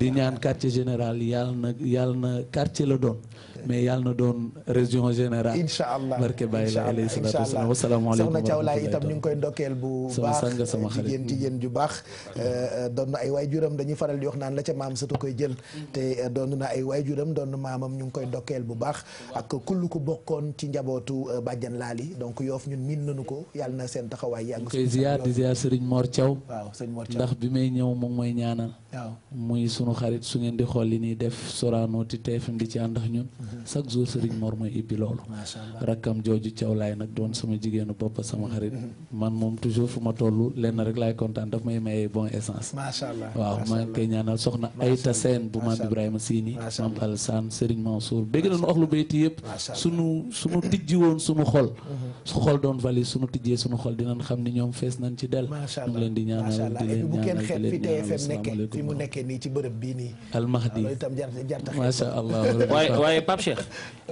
di ñaan quartier général yàlla na yàlla na quartier la doon mais yàlla na doon région générale. incha allah barke Baye la alayhi salaatu wa salaam wasalaamaaleykum soxna itam ñu ngi koy ndokkeel bu. sama sang sama xarit baax jigéen ju baax. Euh, euh, doon ay ay waajuram dañuy faral di wax naan la ca maam sëtu koy jël. te euh, doon na ay waajuram doon na maamam ñu ngi koy ndokkeel bu baax. ak kull ku bokkoon ci njabootu Badiane Lali donc yoof ñun miin nañu ko yàlla na seen taxawaay yàgg. suñu koy ziar di ziar Serigne Mor ndax bi may ñëw moom mooy ñaanal. waaw muy sunu xarit su ngeen di xool li ñuy def Sorano ti TFM di ci ànd ak ñun. Mhm. chaque jour Serigne Mor mooy ibbi loolu. rakkam jooju Thiaw laay nag doon sama jigéenu bopp sama xarit. Mhm. man moom toujours fu ma toll lenn rek laay kontaan daf may maye bon essence. macha allah waaw maa ngi koy ñaanal soxna Ayta Seen bu maam Ibrahima Sini. maam Alsaan Serigne Mansour bëgg nañu wax lu béyti yëpp. sunu sunu tijji woon sunu xol. Mhm. su xol doon valise sunu tijjee sunu xol dinañ xam ni ñoom fees nañ ci di ñaanal di leen mu nekkee nii ci bërëb bii nii. almahdi loolu itam waaye waaye Pape Cheikh.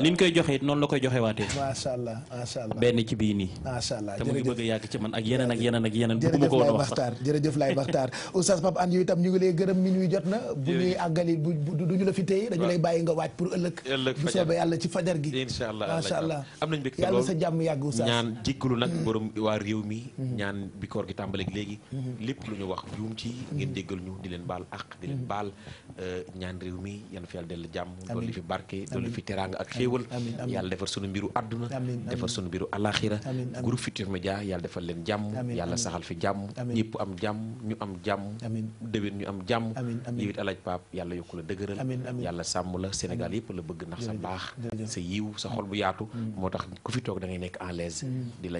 li ñu koy joxe noonu la koy joxe waatee. macha allah macha allah benn ci bii nii. macha allah te mu ngi bëgg yàgg ci man ak yeneen ak yeneen ak yeneen. bëgguma ko woon wax sax jërëjëf Laye Makhtar itam ñu ngi lay gërëm minuit jot na. bu ñuy àggali bu du ñu la fi téye dañu lay bàyyi nga waaj pour ëllëg. ëllëg bu soobee yàlla ci fajar gi. incha allah macha allah am nañu mbégte lool yàlla sa jàmm yàgg oustaz ñaan jikkalu nag mm-hmm. borom waa réew mi mm-hmm. ñaan bi koor gi tàmbaleeg léegi mm-hmm. lépp lu ñu wax juum ci ngeen jéggal ñu di leen baal àq di leen mhm. baal euh, ñaan réew mi yal fi yàlla dellu jàmm dolli fi barke dolli fi teraanga ak xéewal yàlla defar sunu mbiru àdduna defar sunu mbiru alaxira groupe Futurs Médias yàlla defal leen jàmm yàlla saxal fi jàmm ñëpp am jàmm ñu am jàmm déwén ñu am jàmm la dëgëral yàlla sàmm la Sénégal yëpp la bëgg ndax sa baax sa yiw yal mm. mm.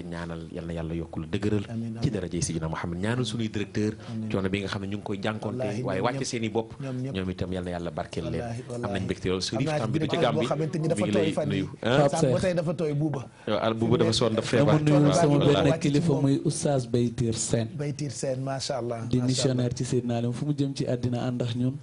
na yàlla yokku la dëgëral ci darajey Sidina Muhammad ñaanal sunuy directeur coono bi nga xam ne ñu ngi koy jànkoonte waaye wàcce seen i bopp ñoom itam yàlla barkeel leen am nañ mbégte loolu Serif tam bi du ci bi mi ngi lay dafa al buuba dafa soon dafa feebar nuyu sama di missionnaire ci Seydina Lim fu mu jëm ci àddina ànd ak ñun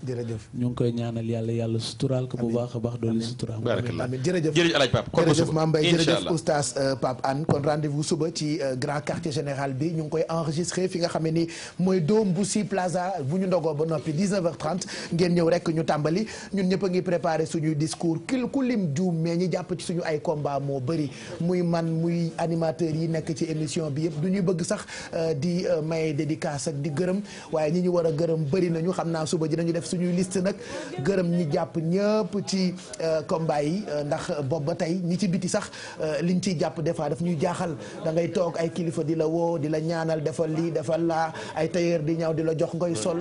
ñu ngi koy ñaanal yàlla yàlla suturaal ko bu baax a baax doolu suturaal barakallah jërëjëf jërëjëf alaaj Pape kon rendez-vous suba ci grand quartier général bi ñu ngi koy enregistré fi nga xam ni mooy doom bu si plaza bu ñu ndogoo ba noppi 19h30 ngeen ñëw rek ñu tàmbali ñun ñëpp a ngi préparé suñuy discours kil ku lim juum mais ñi jàpp ci suñu ay combat moo bari muy man muy animateur yi nekk ci émission bi yëpp du ñuy bëgg sax euh, di euh, maye dédicace ak di gërëm waaye ñi ñu war a gërëm bëri nañu xam naa suba ji dinañu def suñuy list nag gërëm ñi jàpp ñëpp ci euh, combat yi ndax boobu ba tey ñi ci biti sax liñ ciy jàpp des fois daf ñuy jaaxal dangay toog ay kilifa di la woo di la ñaanal defal lii defal laa ay tailleur di ñaw di la jox ngoy sol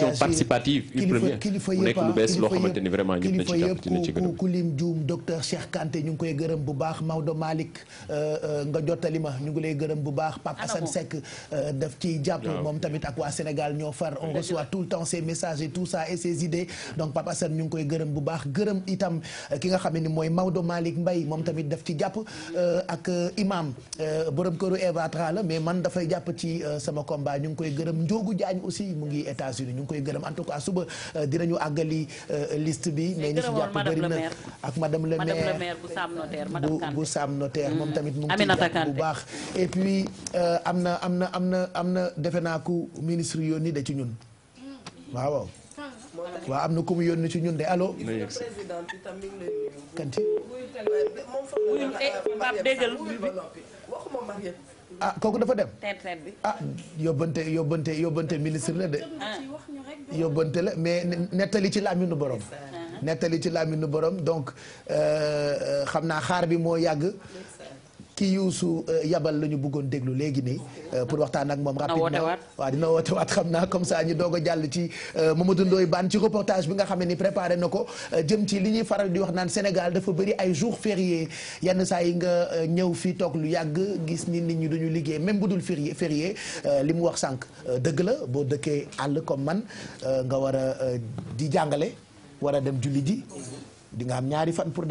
gestion participative une première mu nekk lu ni vraiment ñëpp na ku lim Dioum docteur Cheikh Kanté ñu ngi koy gërëm bu baax Maodo Malick euh, euh, nga jottali ma ñu ngi lay gërëm bu baax Pape Assane Seck euh, daf ciy jàpp moom tamit ak waa Sénégal ñoo far tout le temps ces messages et tout ça et ces idées donc Pape Assane ñu ngi koy gërëm bu baax gërëm itam ki nga xam ni mooy Maodo Malick Mbaye moom tamit daf ci jàpp ak imam borom këru Eva Tra la mais man dafay jàpp ci sama combat ñu ngi koy gërëm Ndiogu Diagne aussi mu ngi États-Unis koy gërëm en tout cas suba dinañu àggali liste bi. mais ñi ci jàpp bëri na ak madame le maire bu Sam Notaire madame bu Sam Notaire moom tamit mu ngi ciy bu baax. et am na am na am na am na defe naa ku ministre yónni da ci ñun waaw. waaw am na ku mu yónni ci ñun de allo. ah kooku dafa dem. ah yóbbante yóbbante yóbbante ministre la de. yóbbante la mais nettali ci laaminu borom. nettali ci laaminu borom donc euh, euh, xam naa xaar bi moo yàgg. ki yuusu euh, yabal la ñu bëggoon déglu léegi nii euh, pour ah. waxtaan ak moom rapidement waaw dina woote waat xam naa comme ça ñu doog a jàll ci euh, Mamadou Ndoye Bane ci reportage bi nga xam ne ni préparé na ko jëm ci li ñuy faral di wax naan Sénégal dafa bari ay jours fériés yenn saa yi nga ñëw fii toog lu yàgg gis ni nit ñi duñu liggéey même bu dul férié férié li mu wax sànq dëgg la boo dëkkee àll comme man nga war a di jàngale war dem julli ji di am ñaari fan pour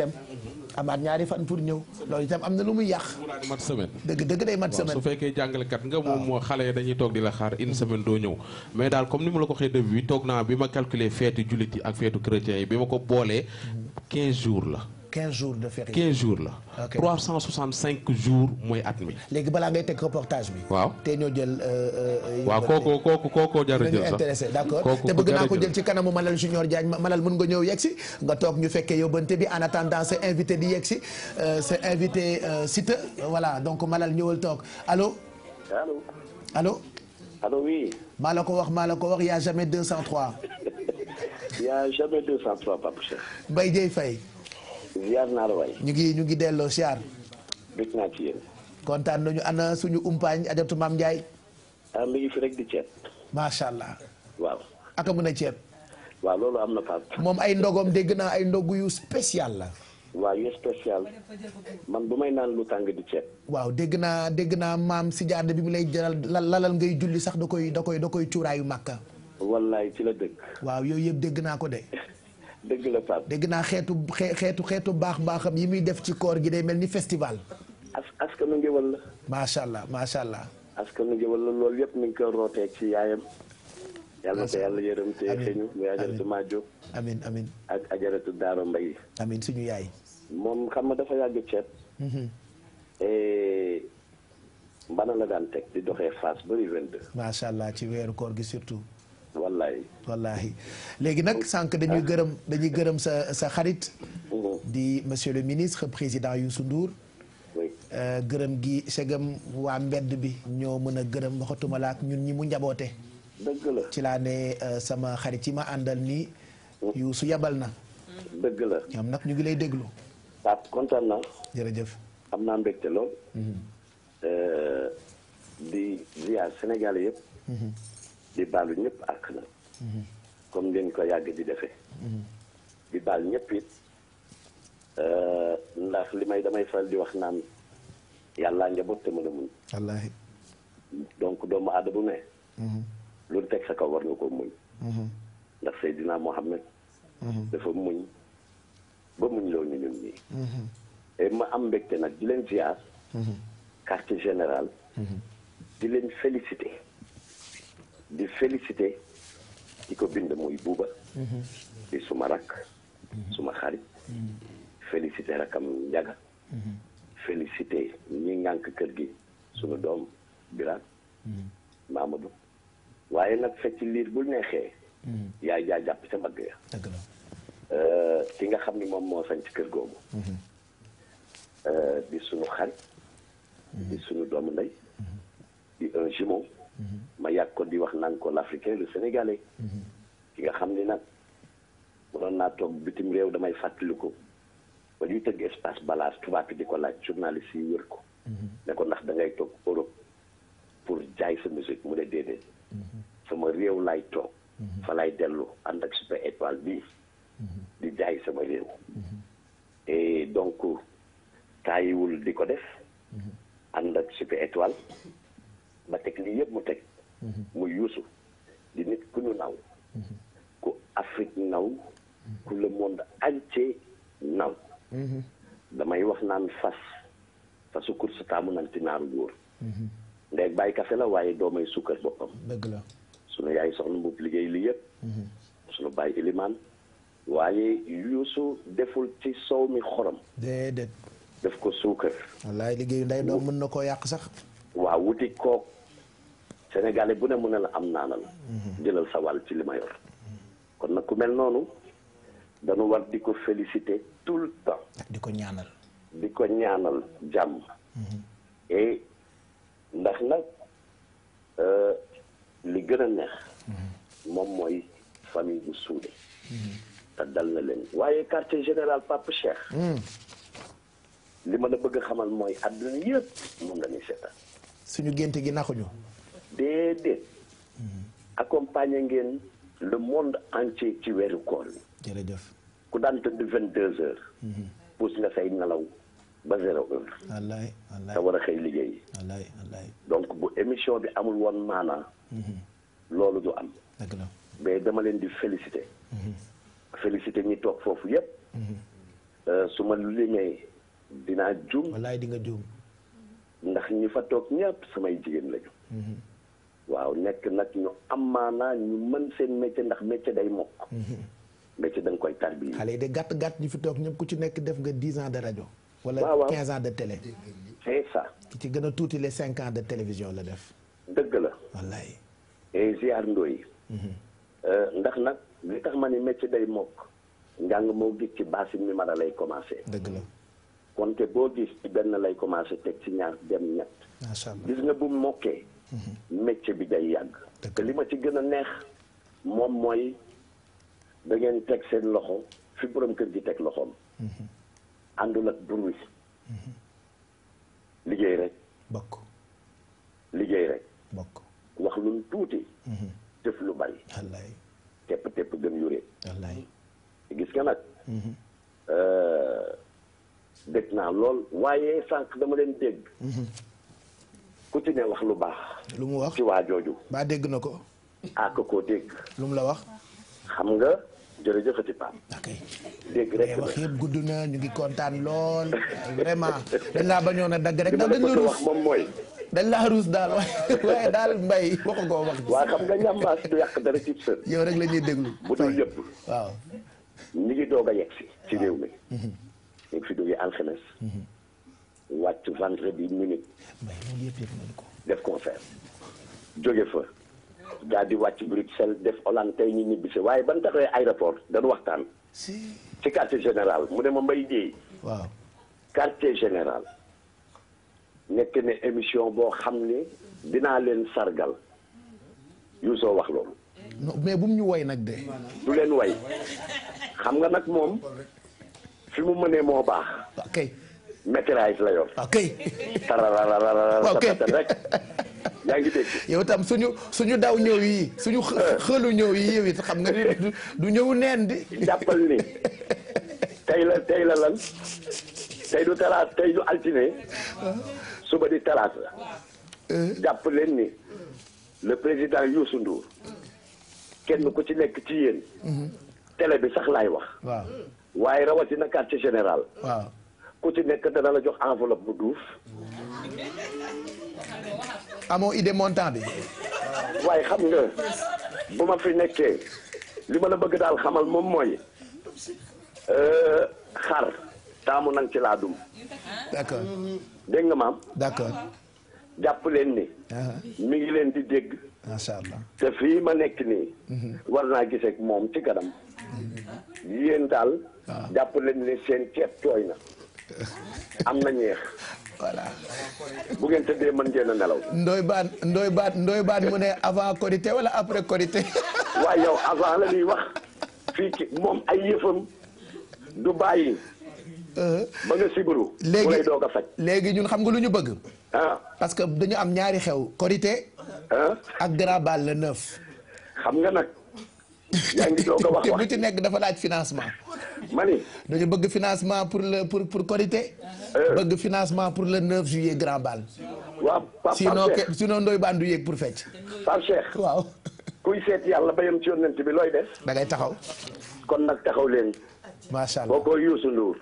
amaat ñaari fan pour ñëw loolu itam am na lu muy yàq mat semaine dëgg dëgg day mat semaine su fekkee jàngalekat nga moom moo xale dañuy toog di la xaar une semaine doo ñëw mais daal comme ni ma la ko waxee début bi toog naa bi ma calculer feetu jullit yi ak feetu chrétien yi bi ma ko boolee 15 jours la 15 jours de férié. 15 jours la. ok 365 jours mooy at mi. léegi balaa ngay teg reportage bi. waaw te ñoo jël. Euh, euh, waaw kooku kooku kooku jar a jël sax intéressé d'accord te bëgg naa ko jël ci kanamu Malal Junior Diagne Malal mën nga ñëw yegg si nga toog ñu fekkee yóbbante bi en attendant sa invité di yegg si euh, sa invité site voilà donc Malal ñëwal toog alo allo. allo. allo oui. la ko wax maa la ko wax y a jamais 203. y a jamais ziar naa la waay. ñu ngi ñu ngi delloo ziar. dégg naa ci yéen. kontaan nañu ana suñu umpaañ ajatu maam Ndiaye. Ah, macha allah. waaw aka waaw loolu am na moom ay ndogom dégg naa ay ndog yu spécial la. waaw yu spécial man bu may naan lu tàng di ceeb. waaw dégg naa dégg naa maam si jaarde bi mu lay jëral lalal ngay julli sax da koy da koy da koy cuuraayu màkka. wallaay ci la dëkk. waaw yooyu yëpp dégg naa ko de. dëgg la Pape dégg naa xeetu xeetu xeetu baax baaxam yi muy def ci koor gi day mel ni festival. as askanu ngéwël la. macha allah macha allah. askanu ngéwël la loolu yëpp mi ngi koy rootee ci yaayam. yàlla sa yàlla yërëm te xëñu muy ajaratu Maajo. amin amin ak ajaratu Daaro Mbaye. amin suñu yaay. moom xam nga dafa yàgg ceeb. mbana mm-hmm. e, la daan teg di doxee phase bari 22. macha allah ci weeru koor gi surtout. wallaay léegi nag sànq dañuy ah. gërëm dañuy gërëm sa sa xarit di mosieur le ministre président su nduur euh, gërëm gi segam waa mbedd bi ñoo mën a gërëm waxatuma la ak ñun ñi mu njaboote dëgg ci laa ne euh, sama xarit yi ma àndal nii Youssou yabal na dëgg la ñoom nag ñu ngi lay déglu Pape am naa mbégte mhm. euh, yëpp mhm. di baalu ñëpp ak na comme ngeen ko yàgg di defee di baal ñëpp it euh, ndax li may damay faral di wax naan yàllaa njaboot te mën a muñ donc doomu aada ne mhm. lu teg sa kaw war nga ko muñ mhm. ndax Seydina Mohamed mhm. dafa muñ ba muñ loo ñun ñii et ma am mbégte nag di leen ziar quartier général di leen féliciter di félicité di ko bind muy buuba mhm. di suma rakk mhm. suma xarit mhm. félicité rakkam njaga félicité ñi ngànk kër gi suñu doom Birane Mamadou waaye nag fecc liir bu neexee yaay jaa jàpp sa mbagg ya euh, ki nga xam ni moom moo sañ kër googu euh, di sunu xarit di sunu doomu ndey di un jumeau Mm-hmm. ma yàgg ko di wax naan ko l'africain le sénégalais. Mm-hmm. ki nga xam ni nag waroon naa toog bitim réew damay fàttaliku ba ñuy tëgg espace balaas tubaab bi di ko laaj journaliste yi wër ko. Mm-hmm. ne ko ndax da ngay toog Europe pour jaay sa musique mu ne déedéet. sama réew laay toog. fa laay dellu ànd ak super étoile bii. di jaay sama réew. et donc taayiwul di ko def. ànd ak super étoile. ba teg lii yëpp mu teg mhm. muy Youssou di nit ku ñu naw mhm. ku Afrique naw ku le monde entier naw mhm. damay wax naan fas fasu course taamu nag ci naaru góor ndeeg bàyyi kafe la waaye doomay suukar boppam dëgg la sunu yaay soxna mbubb liggéey li yëpp sunu bàyyi ilimaan waaye Youssou deful ci soow mi xorom déedéet def ko suukar wallaay liggéey nday doom mën na koo yàq sax waaw wuti kook Sénégalais bu ne mu ne la am naa la mhm. jëlal sa wàll ci li ma yor kon nag ku mel noonu dañu war di ko féliciter tout le temps. di ko ñaanal. di ko ñaanal jàmm. Mhm. et ndax nag euh, li gën a neex. Mhm. moom mooy famille bu suude te dal na leen waaye quartier général Pape Cheikh. li ma la bëgg a xamal mooy àdduna yëpp moom la ñuy seetaan. suñu gént gi naxuñu. déedéet accompagner ngeen le monde entier ci weeru koor bi jërëjëf ku daan tëdd vingt deux heures mhm. puus nga say nelaw ba zéro heure wallaay wallaay te war a xëy liggéey wallaay wallaay donc bu émission bi amul woon maanaa mhm. loolu du am dëgg la mais dama leen di féliciter mhm. féliciter ñi toog foofu yépp euh, su ma limee dinaa jum wallaay di nga jum ndax ñi fa toog ñépp samay jigéen lañu waaw nekk nag ñu amaanaa ñu mën seen métier ndax métier day mokk. Mhm. métier da koy tarbi. xale yi de gàtt gàtt ñu fi toog ñëpp ku ci nekk def nga dix ans de rajo. wala quinze ans de télé. c'est ci gën a tuuti les cinq ans de télévision la def. dëgg la. wallaay. et ziar ndooy. Mhm. Euh, ndax nag li tax ma ni métier day mokk. njàng moo gis ci basi mi lay commencé. dëgg la. konte boo gis ci benn lay commencé teg ci ñaar dem ñett. gis nga bu mokkee. métier bi day yàgg. te li ma ci gën a neex moom mooy da ngeen teg seen loxo fi borom kër gi teg loxoom. Mm-hmm. àndul ak bruit. Mm-hmm. liggéey rek. bokk liggéey rek. bokk wax lu tuuti. Mm-hmm. def lu bari. wallaay tepp tepp gën yuree. gis nga nag. dégg euh, naa lool waaye sànq dama leen dégg. ku ci ne wax lu baax. lu mu wax ci waa jooju. ba dégg na ko. ah ko koo dégg. lu mu la wax. xam nga. jërëjëfati Pape. ok dégg rek wax yëpp gudd na ñu ngi kontaan lool vraiment dañ laa bañoon a dagg rek ndax dañ la ruus moom mooy. dañ laa ruus daal waaye daal mbay waxu ko wax. waaw xam nga ñambaas du yàq dara ci sër. yow rek la ñuy déglu. bu dul yëpp. waaw. ñu ngi doog a yegg ci réew mi. Mhm. ñu ngi fi jógee alxames. Mhm. wàcc vendredi minute def concert jóge fa daal di wàcc Bruxelles def Hollande tey ñu ñibbisi waaye ban taxawee aéroport dañu waxtaan si quartier général mu ne ma mbay jéey waaw quartier général nekk ne émission boo xam ne dinaa leen sargal yu soo wax loolu mais bu mu ñu woy nag de du leen woy xam nga nag moom fi mu mënee moo baax ok mécanise la yor. ok. yaa ngi dégg. yow tam suñu suñu daw ñëw yi suñu euh. xëlu ñëw yi yow it xam nga du ñëw neen di. jàppal ni tey la tey la lan tey du talaata tey du altine ah. suba di talaata la. Euh. jàpp leen ni le président Youssou Ndour kenn ku ci nekk ci yéen. Mhm. télé bi sax laay wax. waaw waaye rawatina quartier général. waaw. ku ci nekk dana la jox enveloppe bu duuf. amoo idée montant bi. waaye xam nga bu ma fi nekkee li ma la bëgg daal xamal moom mooy euh, xar taamu nañ ci laa dum. d'accord dégg nga maam. d'accord. jàpp leen ni. Uh-huh. mi ngi leen di dégg. te fii ma nekk nii. Mm-hmm. war naa gisee ak moom ci kanam. Mm-hmm. yéen daal. Ah. jàpp leen ni seen ceeb tooy na. am na ñeex. voilà. bu tëddee mën ngeen a nelaw. ndooy baan ndooy baan ndoy baan mu ne avant korité wala après korité. waaye yow avant la ñuy wax fii ci moom ay yëfam du bàyyi. Euh. ba nga sibiru. léegi lay doog faj. léegi ñun xam nga lu ñu bëgg. ah parce que dañu am ñaari xew. korité. Ah. ak grand bal le xam nga nag. yaa ngi soog a wax te lu ci nekk dafa laaj financement. mani dañu bëgg financement pour le pour pour Korité. Euh. bëgg financement pour le 9 juillet grand bal. waaw Pape Cheikh sinon ke sinon Ndoye Bane yéeg pour fecc. Pape waaw. kuy seet yàlla bayam ci yonent bi looy def. da ngay taxaw. kon nag taxaw leen. macha allah boo ko Youssou Ndour.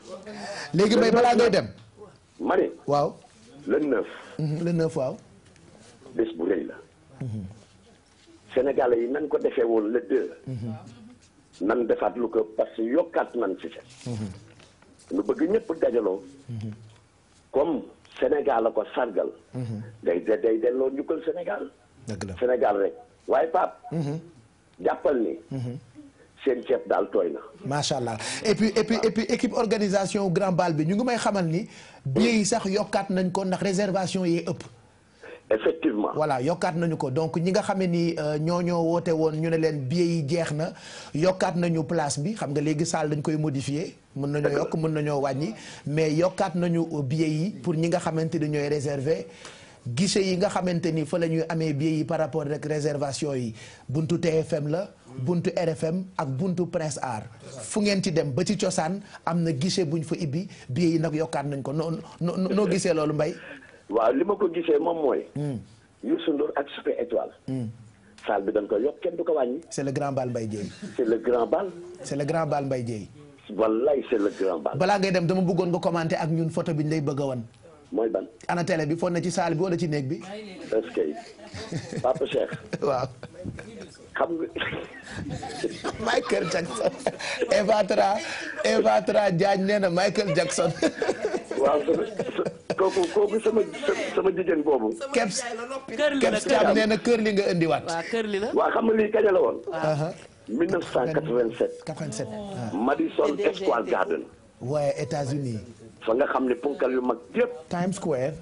léegi may balaa ngay dem. mani waaw. le 9. Mhm, le 9 waaw. bés bu rëy la. Mhm. Sénégalais yi nañ ko defee woon le deux. Mhm. nan defaat lu ko parce que yokkaat nan ci sa. nu mhm. bëgg ñëpp dajaloo. Mhm. comme Sénégal la sargal. day day delloo njukkal Sénégal. dëgg la Sénégal rek waaye Pape. jàppal ni. seen ceeb daal tooy na. macha allah et puis et puis équipe organisation grand bal bi ñu ngi may xamal ni. billets sax yokkaat nañ ko ndax réservation yi ëpp. effectivement voilà yokkaat nañu ko donc ñi nga xamee ni euh, ñoo ñoo woote woon ñu ne leen billet yi jeex na yokkaat nañu place bi xam nga léegi salle dañ koy modifier mën nañoo yokk mën nañoo wàññi mais yokkaat nañu bie yi pour ñi nga xamante ni ñooy réservé guichet yi nga xamante ni fa la ñuy amee billet yi par rapport rek réservation yi buntu TFM la buntu RFM ak buntu Prince Art fu ngeen ci dem ba ci cosaan am na guichet buñ fa ibbi billet yi nag yokkaat nañ ko noo noo gisee loolu mbay waaw li ma ko gisee moom mooy. Hmm. Youssou Ndour ak Super Étoile. Hmm. salle bi dañ ko yokk kenn du ko wàññi. c'est le grand bal Mbaye Dièye. c'est le grand bal. c'est le grand bal Mbaye Dièye. wallaay c'est le grand bal. balaa ngay dem dama bëggoon nga commenter ak ñun photo bi ñu lay bëgg a wan. mooy ban. ana télé bi foog na ci saal bi wala ci néeg bi. est-ce Papa Cheikh. waaw. Michael Jackson. Evatra Evatra Diagne nee Michael Jackson. kooku kooku sama sama jigéen boobu. keps keps caam nee na kër li nga indiwaat. waaw kër li la. waaw xam nga lii kañ la woon. 1987. 87 ah. Madison Square Garden. waaye États-Unis fa nga xam ne ponkal yu mag yëpp. Times Square.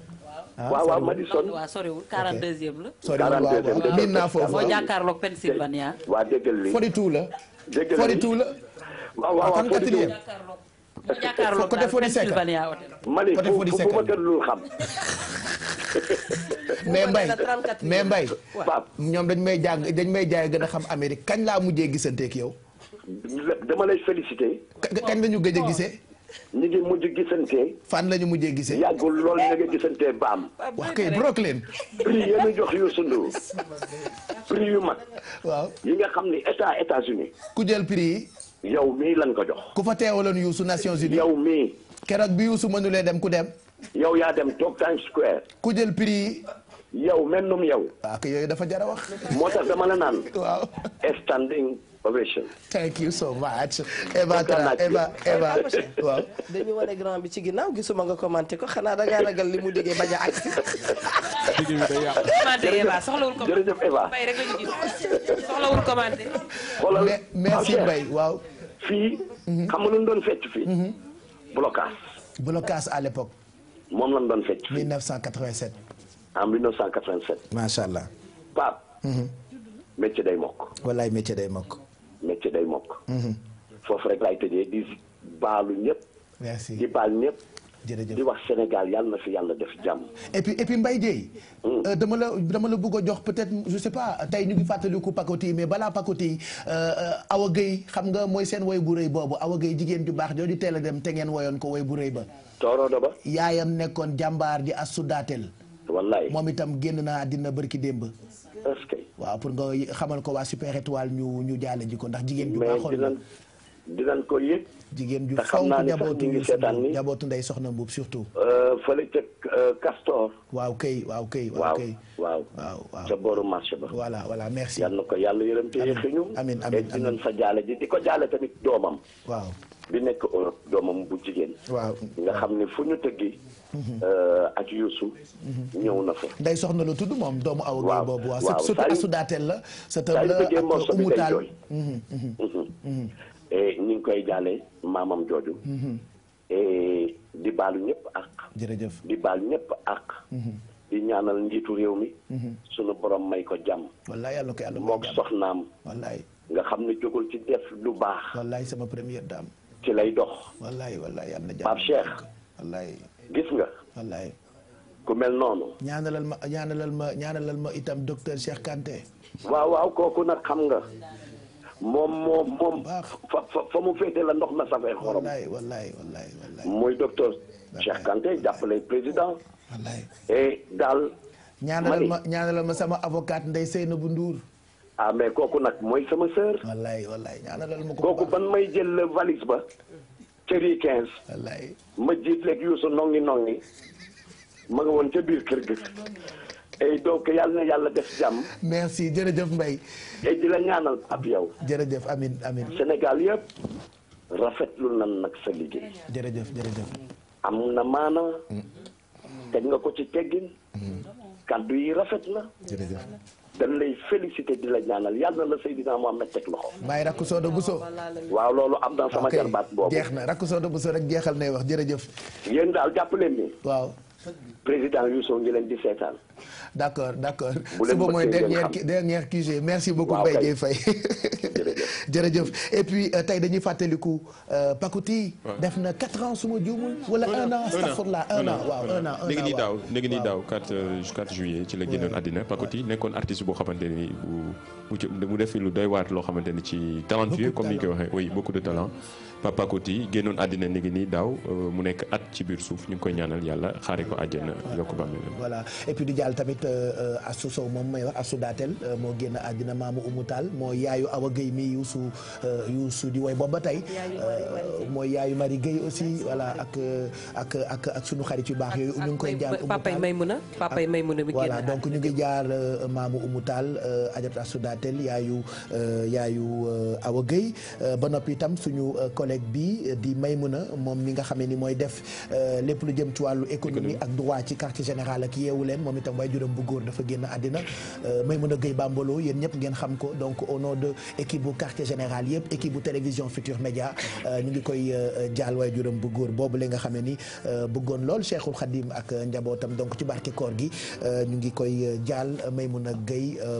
Ah, waaw waaw Madison waaw soriwul 42eem la. soriwul waaw waaw miin naa foofu. boo jàkkaarloog Pennsylvania. waa déggal lii 42 la. la. waaw waaw 42 ah, yaakaarloo daal Pennsylvania Hotel. Mali bu bu ma gënulul xam. mais Mbaye mais Mbaye. ñoom dañ may jàng dañ may jaay gën a xam Amérique kañ laa mujjee gisanteeg yow. dama lay félicité. kañ la ñu gëj a gisee. ñu ngi mujj gisante. fan la ñu mujjee gisee. yàggul lool ñu ngi gisante baam. wax kay Brooklyn. prix yi ñu jox yu sundu prix yu mag. waaw yi nga xam ni état États-Unis ku jël prix yi. yow mii lan ko jox. ku fa teewaloon Youssou Nations Unies. yow mii. keroog bi Youssou mënulee dem ku dem. yow yaa dem toog Times Square. ku jël prix yow mel num yow. waaw ah, que yooyu dafa jar a wax. moo tax dama la naan. waaw standing ovation. thank you so much. Eva Tra Eva Eva waaw. dañu wane grand bi ci ginnaaw gisuma nga commenté ko xanaa da ngaa ragal li mu déggee bañ a agsi. liggéey bi day yàq. commenté Eva soxlawul commenté jërëjëf waaw. fii. Mhm. xam nga lu doon fecc fii. Mhm. blocage. blocage à l'époque. moom la ñu doon fecc. 1987. en 1987. macha allah. Pape. Mhm. métier day mokk. wallaay métier day mokk. métier day mokk. foofu rek laay tëjee di baalu ñëpp. merci di baal ñëpp. jërëjëf di wax Sénégal yàlla na fi yàlla def jàmm. et puis et puis hmm. euh, dama la dama la bëgg a jox peut-être je sais pas tey ñu ngi fàttaliku Pakoti mais balaa Pakoti euh, euh, Awa Guèye xam nga mooy seen woy bu rëy boobu Awa Guèye jigéen ju baax jooju teel a dem te ngeen woyoon ko woy bu rëy ba. toorodo ba. yaayam nekkoon jàmbaar di as su daateel. wallaay moom itam génn naa àddina bërki démb. est-ce que. waaw pour nga xamal ko waa Super Étoile ñu ñu ji ko ndax jigéen ju baaxoon dinañ ko yëg. jigéen ju faw njabootu ngi seetaan ni njabootu ndey soxna mbuub surtout. Euh, fële ca euh, Castor. waaw kay waaw kay. waaw kay waaw waaw waaw. ca booru marché ba. voilà voilà merci. yal na ko yàlla yërëm te yéex ñu. amiin amiin dinañ fa jaale ji di ko jaale tamit doomam. waaw bi nekk Europe doomam bu jigéen. waaw nga xam ne fu ñu tëggi. Mhm. Euh, ak Youssou. Mhm. ñëw na fa. ndey soxna la tudd moom doomu aw. waaw boobu ah, waaw surtout asu daateel la. sa tëb la ak umutaal et ñu ngi koy jàllee maamam jooju. Mhm. E, di baalu ñëpp ak. jërëjëf di baalu ñëpp ak. Mhm. di ñaanal njiitu réew mi. Mhm. sunu borom may ko jàmm. wallaay yàlla ko yàlla may mook soxnaam. wallaay nga xam ni jógul ci def lu baax. wallaay sama première daam ci lay dox. wallaay wallaay yàlla na jàmm Pape Cheikh. wallaay gis nga. wallaay. ku mel noonu. ñaanalal ma ñaanalal ma ma itam docteur Cheikh Kanté. waaw waaw kooku nag xam nga. moom moom moom fa fa mu féete la ndox na safee xorom muy docteur Cheikh Kanté jàppale président et daal ñaanalal ma ñaanalal ma sama avocat Ndeye na bu ah mais kooku nag mooy sama sœur wallaay wallaay ñaanalal ma ko kooku may jël la valise ba cëri quinze wallaay ma jiit leeg Youssou nongi nongi ma nga woon ca biir kër gi donc yàlla na yàlla def jàmm merci jërëjëf mbay tey di la ñaanal ab yow. jërëjëf amin amin Sénégal yëpp rafetlu nan nag sa liggéey. jërëjëf jërëjëf. am na maana. Mm. teg nga ko ci teggin. Mm. kàddu yi rafet na. jërëjëf. dañ lay félicité di la ñaanal yàlla na la Seydina Mohamed teg loxo. waaye rakk Soda Bousso. waaw loolu am na sama jarbaat boobu. jeex na rakk Soda Bousso rek jeexal nay wax jërëjëf. yéen daal jàpp leen ni. waaw. président Youssou ngi leen di seetaan. d' accord d' boo suba mooy dernière dernière QG merci beaucoup Mbaye Dieye Faye jërëjëf et puis euh, tey dañuy fàttaliku euh, Pakouti. def na 4 ans su ma juumul. wala 1 an astafurlah 1 an waaw 1 an. léegi nii daaw léegi nii daaw 4 4 juillet ci la génnoon àddina Pakouti nekkoon artiste boo xamante ni bu bu mu def lu doy waat loo xamante ni ci talentueux comme ni ñu koy waxee oui beaucoup de talent. Papa Kouti génnoon àddina ni ngi nii daaw euh, mu nekk at ci biir suuf ñu ngi koy ñaanal yàlla xaari ko àjjana yokk ba voilà et puis di jàll tamit euh, euh, Assou Sow moom may wax su Datel moo génn àddina maamu Umu Taal moo yaayu Awa Gueye mi Youssou Youssou di woy booba tey mooy yaayu Marie Gueye aussi voilà ak ak ak ak sunu xarit yu baax yooyu ngi koy jaar papay Maymuna papay Maymuna bi voilà donc ñu ngi jaar maamu Umu Taal Adjaratou Assou Datel yaayu yaayu Awa Gueye ba noppi itam suñu collègue collègue bi di Maymuna moom mi nga xamee ni mooy def euh, lépp lu jëm ci wàllu économie ak droit ci quartier général ak yeewu leen moom itam waaye juróom bu góor dafa génn àddina euh, Maymuna Gueye Bambolo yéen ñëpp ngeen xam ko donc au bu quartier général yëpp équipe bu télévision Futur Média euh, ñu ngi koy jaal waaye juróom bu góor boobu la nga xamee ni bëggoon lool Cheikhul Khadim ak njabootam donc ci barke koor gi ñu ngi koy jaal Maymuna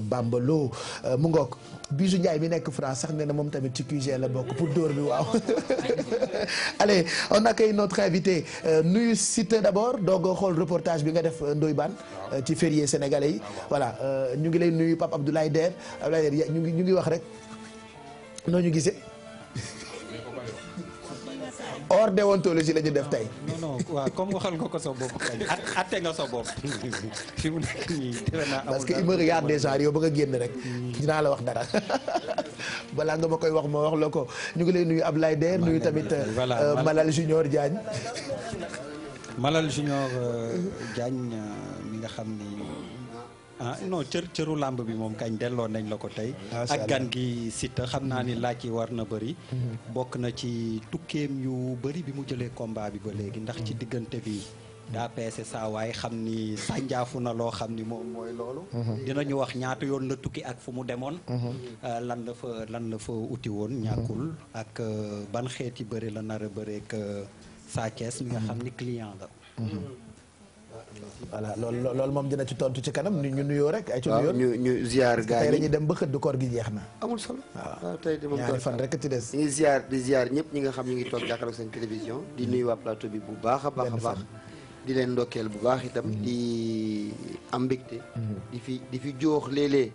Bambalo mu ngoog Bijou Ndiaye mi nekk France sax nee na moom tamit ci QG la bokk pour dóor bi waaw allez on accueille notre invité euh, nuyu Siteu d'abord doog xool reportage bi nga def euh, Ndoye Bane euh, ci férié sénégalais yi voilà ñu ngi lay nuyu Pape Abdoulaye Der Abdoulaye Der ñu ngi ñu ngi wax rek noo ñu gisee. hors déontologie la ñu def tey. non non waaw comme waxal nga ko sa bopp kañ atte nga sa bopp fi parce que il me regarde déjà ba nga génn rek. Hmm. dinaa la wax dara balaa nga ma koy wax moo wax la ko ñu ngi lay nuyu ab Ablaye Der nuyu tamit euh, Malal Junior Diagne. Malal Junior euh, Diagne euh, mi nga xam ni. Ah, non cër cëru làmb bi moom kañ delloo nañ la ko tey ak gan gi Siteu xam naa ni mm-hmm. laaj yi war na bëri mm-hmm. bokk na ci tukkeem yu bëri bi mu jëlee combat bi ba léegi ndax ci mm-hmm. diggante bi daa peese saa waay xam ni sànjaafu na loo xam ni moom mooy loolu dinañu wax ñaata yoon la tukki ak fu mu demoon ah, lan la fa lan la fa uti woon ñàkkul ak ah, ban xeeti bëri la nar a bëreek Sa Thiès mi nga xam ni client la voilà loolu loolu moom dina ci tontu ci kanam ñu nuyoo rek. ay ci nuyoo ñu ñu ziar gaa yi dem ba xëdd koor gi jeex na. amul solo waaw ah, tey de moom ñaari fan rek ci des. ñu ziar di ziar ñëpp ñi nga xam ñu ngi toog jàkkaarloog seen télévision di mm. nuyu waa plateau bi bu baax a baax a baax. di leen ndokkeel bu baax itam mm. di am mbégte. Mm-hmm. di fi di fi joox léeg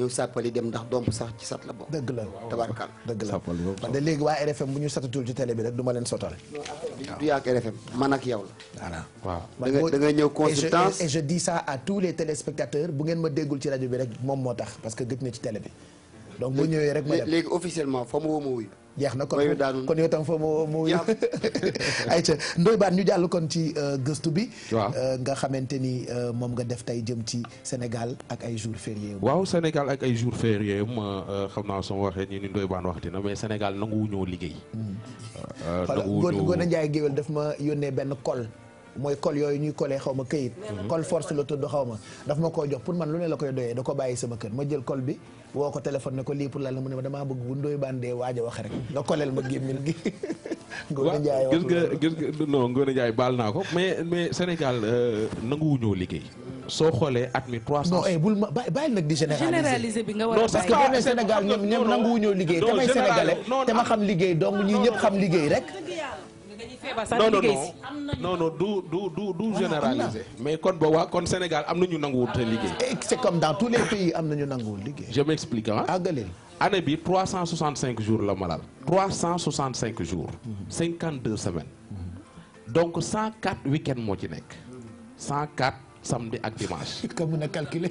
ñëw sàppali dem ndax domp sax ci sat la bokk. dëgg la tabarkal dëgg la man léegi waa RFM bu ñu satatul ci télé bi rek du ma leen sotal. du yàgg RFM man ak yow la. waaw da ñëw consultance et je dis ça à tous les téléspectateurs bu ngeen ma déggul ci rajo bi rek moom moo tax parce que gëj na ci télé bi. donc bu ñëwee rek léegi officiellement fa ma woo ma wuyu jeex na kon kon yow tam fa moo moo ayca ñu jàll kon ci euh, gëstu bi euh, nga xamante ni euh, moom nga def tey jëm ci Sénégal ak ay jours fériés waaw Sénégal ak ay jours fériés ma xam naa soo waxee ni ni Ndoye Bane wax dina mais Sénégal nanguwu ñoo liggéey mm-hmm. nanguwu ñoo Ngoné Ndiaye Géwél daf ma yónnee benn kol mooy col yooyu ñuy colee xaw ma këyit mm-hmm. col force la tudd xaw ma daf ma koo jox pour man lu ne la koy doyee da ko bàyyi sama kër ma jël col bi woo ko téléphone ne ko lii pour la la mu ne ma damaa bëgg bu ndooy wax rek nga koleel ma gémmin gi Ngoone Njaay gis nga gis nga non Ngoone Njaay baal naa ko mais mais Sénégal euh, nanguwuñoo liggéey soo xoolee at mi 300. non eh, bul ma bàyyi nag di généraliser bi nga war a bàyyi parce que boo nee Sénégal ñoom ñoom nanguwuñoo liggéey. damay sénégalais te ma xam liggéey donc ñu ñëpp xam liggéey rek. non non non du du du du généraliser mais kon boobaa kon Sénégal am na ñu nanguwul te liggéey. c'est comme dans tous les pays am na ñu nanguwul liggéey. je m'explique ah. àggaleel année bi 365 jours la ma laal. 365 jours. 52 semaines. donc 104 week-end moo ci nekk. 104 samedi ak dimanche. ka mën a calculer.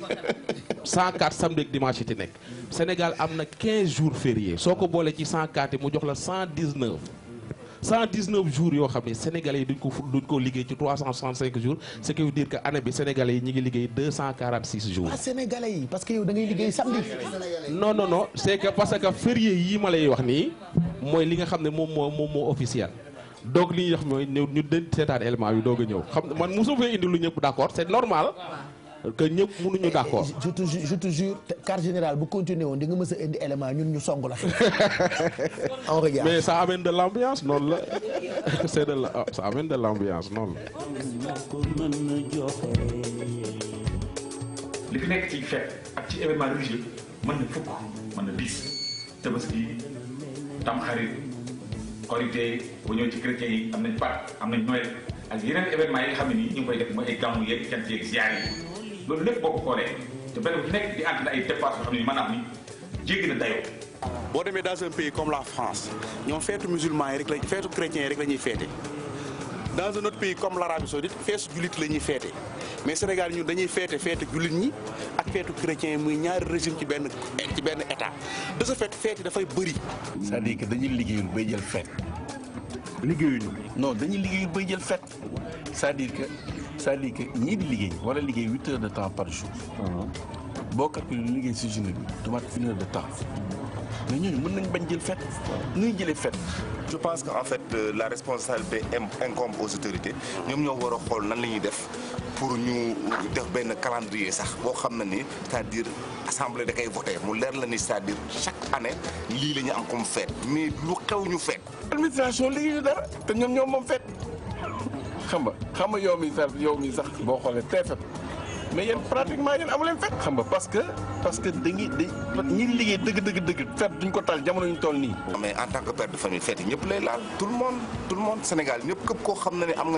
104 samedi ak dimanche yi ci nekk. Sénégal am na 15 jours fériés soo ko boolee ci 104 yi mu jox la 119. cent 119 jours yoo xam ne sénégalais yi duñ ko duñ ko liggéey ci 365 jours ce qui veut dire que année bi yi ñu ngi liggéey 246 jours. ah sénégalais yi parce que yow da que parce que férié yii ma lay wax nii mooy li nga xam ne moom moo moom moo officiel. donc li ñuy wax mooy ñu ñu dënk seetaan élément bi doog a ñëw xam man mosoo fee indi lu ñëpp d' accord normal. que ñëpp mënuñu d'accord. je te je te jure carte générale bu continuer woon di nga mës a indi élément ñun ñu song la. on regarde mais ça amène de l'ambiance noonu la c'est de la oh, ça amène de l'ambiance noonu la. li fi nekk ci fête ak ci événement religieux mën na fukk mën na bis tabaski tamxarit korité bu ñëw ci chrétiens yi am nañ Pâques am nañ Noël ak yeneen événement yi nga xam ne nii ñu ngi koy def mooy ay gàmmu yeeg cant yeeg ziar yi loolu lépp boo ko xoolee te benn bu nekk di ànd na ay dépenses yoo xam ne maanaam ni jéggi na dayoo. boo demee dans un pays comme la France ñoom feetu musulman yi rek la feetu chrétien rek la ñuy feete dans un autre pays comme la Arabie Saoudite feetu jullit la ñuy feete mais Sénégal ñun dañuy feete feetu jullit ñi ak feetu chrétien yi muy ñaari régime ci benn ci benn état de ce feet feete dafay bëri. c'est-à-dire que dañuy liggéeyul bay jël feet. liggéeyuñu. non dañuy liggéeyul bay jël feet cest à cest à ñii di liggéey war liggéey huit heures de temps par jour. Uh-huh. boo calculé lu liggéey si journée bi du mat une de temps. mais ñooñu mën nañ bañ jël fête. nuy jëlee fête. je pense que en fait euh, la responsabilité incombe aux autorités. ñoom ñoo war a xool nan la ñuy def pour ñu def benn calendrier sax boo xam na ni c'est-à-dire assemblée da koy voté mu leer la ni c'est-à-dire chaque année lii la ñu am comme fête mais lu xew ñu fête. administration liggéeyu ñoo moom xam xam nga yow mi sax yow mi sax boo xoolee TFM mais yéen pratiquement yéen amu leen fet parce que parce que dañuy da ñi liggéey dëgg dëgg dëgg fet duñ ko tal jamono ñu toll nii mais en tant que père de famille fête yi ñëpp lay laal tout le monde Sénégal ñëpp képp koo xam ne ne am euh,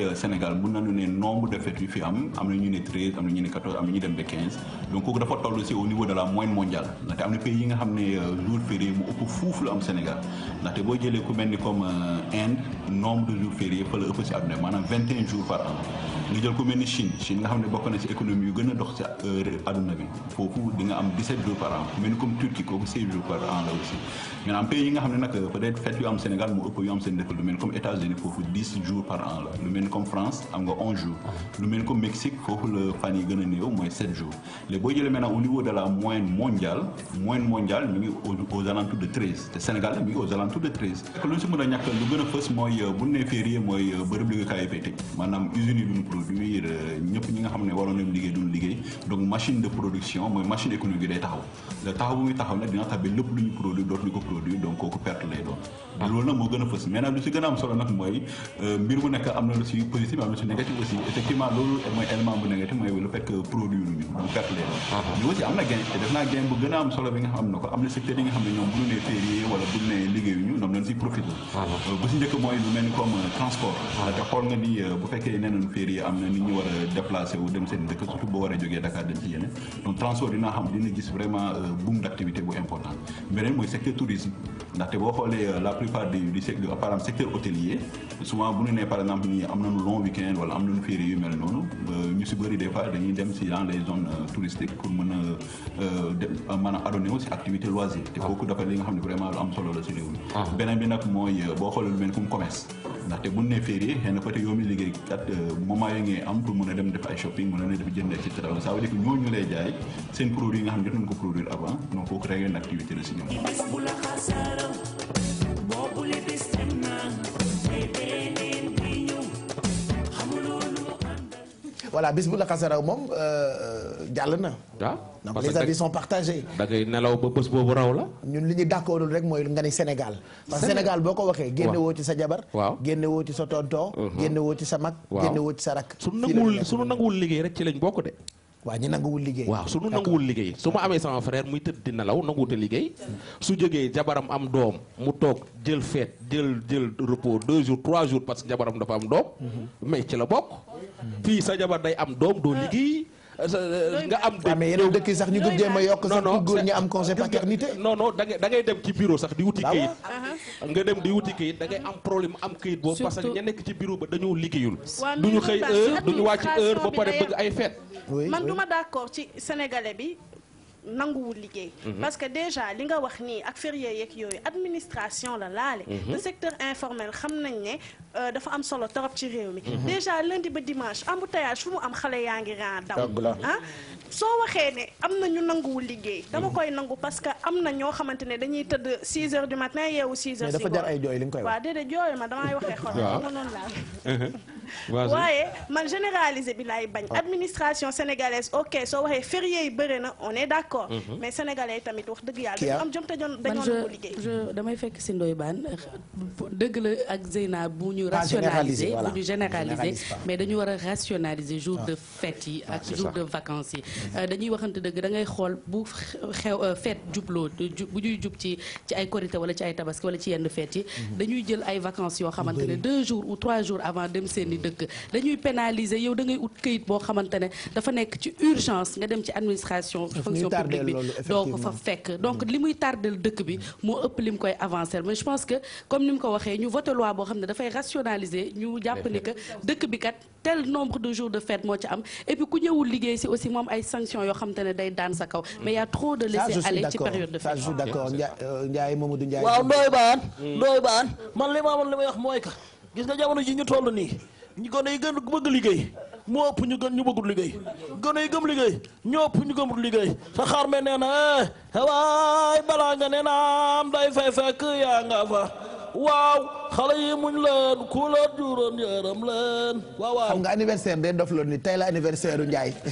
euh, ne nombre de fêtes yu fi am am na ñu ne 13 am na ñu ne 14 am na ñu dem ba 15 donc kooku dafa toll si au niveau de la moyenne mondiale ndaxte am na pays yi nga xam ne euh, jour férié mu ëpp fuuf la am Sénégal ndaxte boo jëlee ku mel ni comme euh, Inde nombre de jours fériés fa la ëpp si àdduna maanaam vingt et jours par an nga jël ku mel ni Chine Chine nga xam ne bokk na si économie yu gën a dox si euh, àdduna bi foofu di nga am dix sept jours par an ku mel ni comme Turquie kooku jours par an la aussi maanaam pays yi nga xam ne nag euh, peut yu am Sénégal moo ëpp yu am seen dëkk lu mel ni comme États-Unis foofu jours par an la lu mel ni comme France am nga jours lu mel ni ñu ngi Sénégal mi ngi aux a ñàkkal lu euh, euh, euh, xam ne waroon nañu liggéey duñu liggéey donc machine de production mooy nag dina lu ñu produire a fës lu gën a am mooy bu nekk am na lu si positif am lu si négatif aussi effectivement loolu mooy élément bu négatif mooy le fait que produire ñu donc perte lay doon ah ah. mais aussi am na gain def naa gain bu gën a am solo bi nga xam ne ñoom bu ñu nee férié wala bu ñu nee liggéeyuñu ñoom dañ siy profité uh-huh. ba si njëkk mooy lu mel ni comme euh, transport uh-huh. te xool nga ni euh, bu fekkee neneen féer yi am na nit ñi war boo waree jógee euh, la plupart du du par exemple secteur hôtelier souvent bu ñu nee par exemple nii am nañu mel noonu ñu si bëri des fois dañuy dem si dans les zones touristiques pour mën a dem maanaam adonné aussi activité loisir te ah. kooku dafa li nga xam ne vraiment am solo ah. beneen bi nag mooy euh, boo xoolee lu mel comme commerce ndaxte bu ne férié xëy na côté yow mi liggéey kat euh, moment yi ngay am pour mën a dem def ay shopping mën a def jënd et cetera ça veut dire que ñooñu jaay seen produit nga xam ne jotoon ko produire avant donc kooku rek une activité la si ñoom voilà bis bu la xasee raw moom euh, euh, jàll na. waaw ah, donc les avis sont partagés. da ngay nelaw ba bés boobu raw la. ñun li ñu d'accordul rek mooy nga ni Sénégal. parce Sénégal boo ko waxee. génne woo ci sa jabar. waaw génne woo ci sa tonton. Uh-huh. génne woo ci sa mag. génne woo ci sa rak. suñu nanguwul suñu nanguwul liggéey rek ci lañ bokk de. waa ñi nanguwul liggéey. waaw su ñu nanguwul liggéey su ma amee sama frère muy tëdd di nelaw te liggéey. su jógee jabaram am doom mu toog jël feet jël jël repos deux jours trois jours parce que jabaram dafa am doom. Mhm. mais ci la bokk. fii sa jabar day am doom doo liggéey. Euh, nga am dëkk ah, mais yeneen dëkk sax ñu ngi jéem a yokk sax pour góor am congé paternité non non da ngay da ngay dem ci bureau sax di wuti këyit ah, ah. nga dem di wuti këyit da ngay am problème am këyit boobu parce que ña nekk ci bureau ba dañoo liggéeyul duñu xëy heure duñu wàcc heure ba pare bëgg ay fête man duma d'accord ci sénégalais bi nanguwul liggéey. Mhm. parce que déjà li nga wax nii ak férier yeeg yooyu administration la laale. le mhm. secteur informel xam nañ ne euh, dafa am solo torop ci réew mi. Mhm. déjà lundi ba dimanche embouteillage fu mu am xale yaa ngi ran daw. ah soo waxee ne am na ñu nanguwul liggéey. dama koy nangu parce que am na ñoo xamante ne dañuy tëdd 6 heures du matin yeewu 6 heures. si dafa jar ay jooy li nga koy wax waaw déedéet jooy ma damay waxee xol. waaw noonu laa. Uh-huh. waaye man généralisé bi laay bañ ah. administration sénégalaise ok soo waxee férié yi bëri na on est d' accord mhm. mais sénégalais tamit wax dëgg yàlla am jom te dañoo na ko fekk si Ndoye dëgg la ak Zeyna bu ñu rationaliser bu ñu généraliser mais dañu war a rationaliser jour ah. de fête yi ak ah, jour de vacances yi mhm. euh, dañuy waxante dëgg da ngay xool bu xew euh, fête jubloo bu ñuy jub ci ci ay korité wala ci ay tabaski wala ci yenn fête yi mhm. dañuy jël ay vacances yoo xamante ne deux jours ou trois jours avant dem seeni di dañuy pénaliser yow da ngay ut këyit boo xamante dafa nekk ci urgence nga dem ci administration fonction publique bi doo ko fa fekk donc li muy tardel dëkk bi moo ëpp li koy avancer mais je pense que comme ni mu ko waxee ñu voté loi boo xam ne dafay rationaliser ñu jàpp ni que dëkk bi kat tel nombre de jours de fête moo ci am et ku ñëwul liggéey si aussi moom ay sanctions yoo xam day daan sa kaw mm. mais y a trop de laisser aller ci période de fête ça je suis d'accord euh, ñu gone yi gën gu bëgg liggéey moo ëpp ñu gën ñu bëggul liggéey gone yi gëm liggéey ñoo ëpp ñu gëmul liggéey sa xaar me nee na eh, waay balaa nga nee na am day fay fekk yaa nga fa waaw xale yi muñ leen ku leen juróom yaram leen waaw waaw xam nga anniversaire de dof loon ni tey la anniversaire u Ndiaye ah.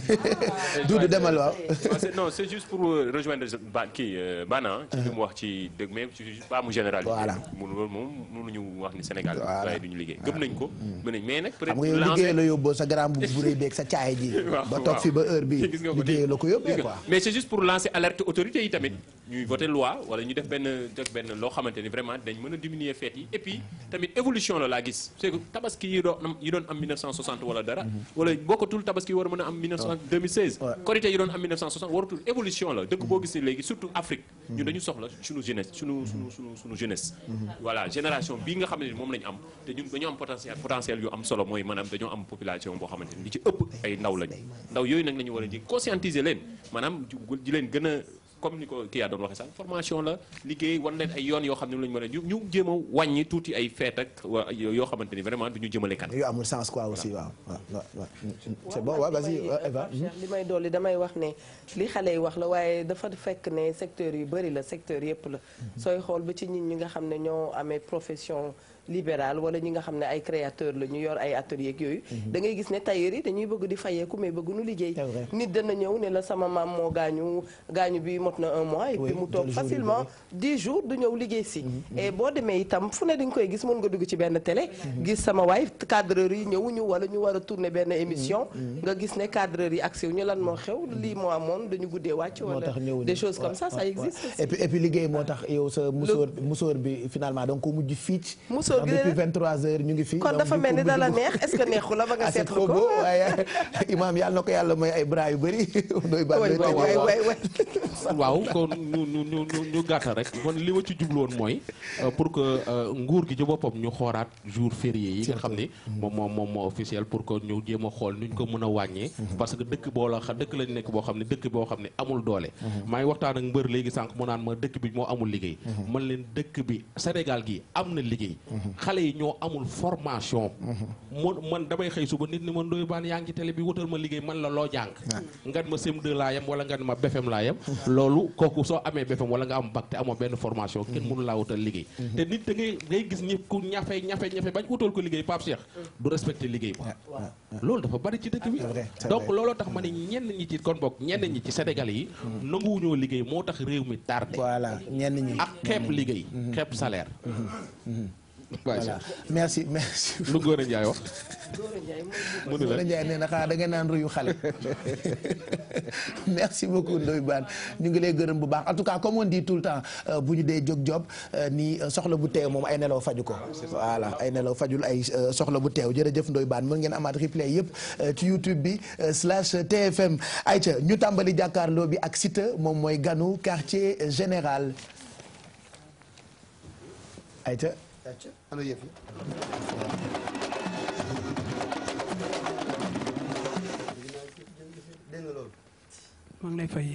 Doudou demal waaw ah, non c'est juste pour euh, ba kii euh, Bana uh-huh. ci li mu wax ci dëgg mais pas wax ni Sénégal waaye duñu liggéey gëm nañ ko mën mm. nañ mais nag peut-être xam nga yow liggéey la yóbboo sa grand bu bu rëy beeg sa caay ji ba toog fi ba heure bi liggéey la ko yóbbee quoi mais c'est juste pour lancer alerte autorité yi tamit mm. ñuy voter loi wala ñu def benn def benn loo xamante ni vraiment dañ mën continuer tamit évolution la laa gis c'est tabaski yi doon am yi doon am 1960 wala dara. Mhm. tabaski war a mën a am. 1960 yi doon am waratul évolution la dëkk boo gisee léegi surtout Afrique. ñun mhm. dañu soxla suñu jeunesse suñu mhm. génération bii nga xam ne moom lañu am te am potentiel yu am solo mooy maanaam dañoo am population boo xamante ni ci ëpp ay ndaw lañu ndaw yooyu nag la ñu war a leen maanaam di leen gën comme ni ko kii yaa doon waxee sax formation la liggéey wan leen ay yoon yoo xam ne lu ñu mën a ñu jéem a wàññi tuuti ay feet ak yoo xamante ni vraiment du ñu jëmale kanam. yu amul sens quoi aussi waaw waaw waaw. c'est li may dolli damay wax ne li xale yi wax la waaye dafa fekk ne secteur yu bëri la secteur yëpp la. Mm-hmm. sooy xool ba ci nit ñi nga xam ne ñoo amee profession. libéral wala ñi nga xam ne ay créateur la ñu yor ay atelier ak yooyu mhm. da gis ne tailleur yi dañuy bëgg di fayeeku mais bëgguñu liggéey nit dana ñëw ne la sama maam moo gaañu gaañu bi mot na un mois et puis mu toog facilement dix jours du ñëw liggéey si mhm. Mhm. et boo demee itam fu ne di nga koy gis mën nga dugg ci benn télé gis sama waay cadreur yi ñëw ñëwuñu wala ñu war a tourner benn émission nga gis ne cadreur yi agsi ñu lan moo xew lii moo amoon dañu guddee wàcc wala des choses comme ça ça moo tax yow sa musóor musóor bi finalement donc ko mujj fiic góor gi ñu ngi fi. kon dafa mel ni dala neex est-ce que neexu la ah, ko yàlla na ko yàlla may ay bras yu bëri. doy waaw kon ñu ñu ñu ñu gàttal rek kon li ma ci jubloon mooy euh, pour que euh, nguur gi ci boppam ñu xoolaat jour férié yi nga xam ni moom moom moom moo officiel pour que ñu jéem a xool nu ñu ko mën a wàññee parce que dëkk boo la dëkk lañ nekk boo xam ne dëkk boo xam ne amul doole maa ngi waxtaan ak mbër léegi sànq mu naan ma dëkk bi moo amul liggéey man leen dëkk bi Sénégal gi am na liggéey xale yi ñoo amul formation. man man damay xëy suba nit ni ma Ndoye Bane yaa ngi ci télé bi wutal ma man la loo jàng. ngan ma CM2 laa yem wala ngan ma BFM laa yem. loolu kooku soo amee BFM wala nga am bac te amoo benn formation. kenn mm-hmm. mënu laa wutal liggéey. Mm-hmm. te nit da ngay ngay gis ñëpp ku ñafe ñafe ñafe bañ wutal ko liggéey Pape Cheikh mm. du respecté liggéey ba. loolu dafa bari ci dëkk bi. donc looloo tax ma ne ñenn ñi ci kon bokk ñenn ñi ci Sénégal yi. Mm-hmm. nanguwuñoo liggéey moo tax réew mi tardé. voilà ñenn ñi ak xeeb liggéey. xeeb voilà merci merci. lu Gora Ndiaye wax. Gora Ndiaye nee na xanaa da nga naan ruyu xale. merci beaucoup Ndoye Bane ñu ngi lay gërëm bu baax en tout cas comme on dit tout temps euh, bu ñu dee jóg job euh, nii euh, soxla bu teew moom ay nelaw faju ko. voilà ay nelaw fajul ay soxla bu teew jërëjëf Ndoye Bane mën ngeen amaat replay yëpp ci YouTube bi slash TFM ayca ñu tàmbali jàkkaarloo bi ak Siteu moom mooy ganu quartier général ayca. tàcc ana yëf yi dégg nga loolu maa ngi lay fay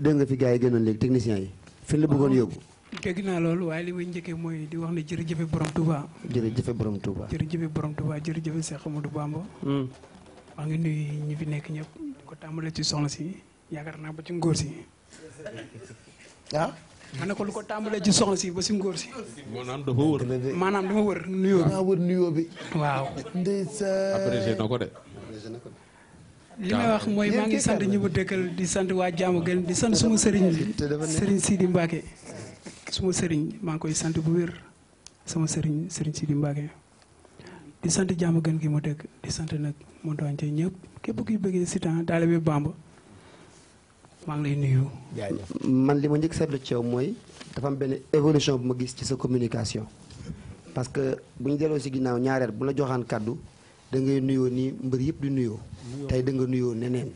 dégg nga fi gars yi génnoon léegi technicien yi fi la bëggoon yóbbu dégg naa loolu waaye li may njëkkee mooy di wax ne jërëjëfe borom Touba jërëjëfe borom Touba jërëjëfe borom Touba jërëjëfe Cheikh Amadou hmm. ngi nuyu ñi fi nekk ñëpp ko tàmbalee ci soxna si yaakaar naa ba ci ngóor si ah? ma ko lu ko tàmbalee ci soxna si ba si ngóor si. maanaam dama wër nuyoo bi. maa wër bi. waaw. ndeysaan apprécié na ko de. li may wax mooy maa ngi sant ñi ma dëkkal di sant waa jaamu gën di sant suma sëriñ bi sëriñ Sidi Mbacke. suma sëriñ maa ngi koy sant bu wér sama sëriñ sëriñ Sidi Mbacke di sant jaamu gën gi ma dëkk di sant nag montagne ñëpp képp kuy bëggee si temps daal bi Bamba. maa ngi lay nuyu. man li ma njëkk seetlu ci mooy dafa am benn évolution bu ma gis ci sa communication. parce que bu ñu delloo si ginnaaw ñaareel bu la joxaan kàddu da ngay nuyoo nii mbër yëpp di nuyoo. tey da nga nuyoo neneen.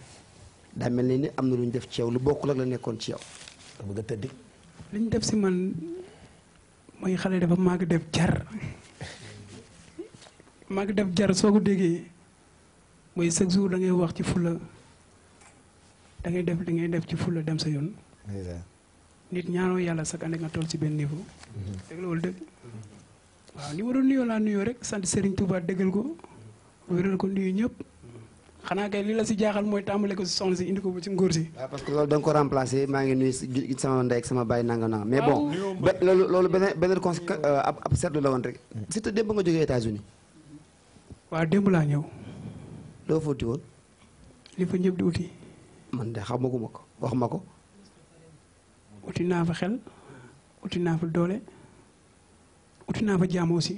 daa mel ne ni am na lu ñu def ceew lu bokk ak la nekkoon ci yow. nga bëgg a def si man mooy xale dafa màgg def jar màgg def jar soo ko déggee mooy chaque jour da ngay wax ci fula. da ngay def li ngay def ci fulla dem sa yoon. nit ñaanoo yàlla sa andi nga toll si benn niveau. Mhm. dëgg loolu dëgg. waaw ni ma doon nuyoo laa nuyoo rek sant Serigne Touba dëggal ko ko nuyu ñëpp. xanaa kay li la si jaaxal mooy tàmbale ko si soxna ko ba ci si. waaw parce que loolu da nga ko remplacé maa ngi nuyu sama sama baay nanga nanga mais bon loolu loolu beneen beneen con euh, ab la woon rek. Mm. surtout démb nga jógee États-Unis waaw démb laa ñëw. loo fa woon. li fa ñëpp di uti. man de xamaguma ko wax ma ko uti naa fa xel uti naa fa doole uti naa fa jàmm aussi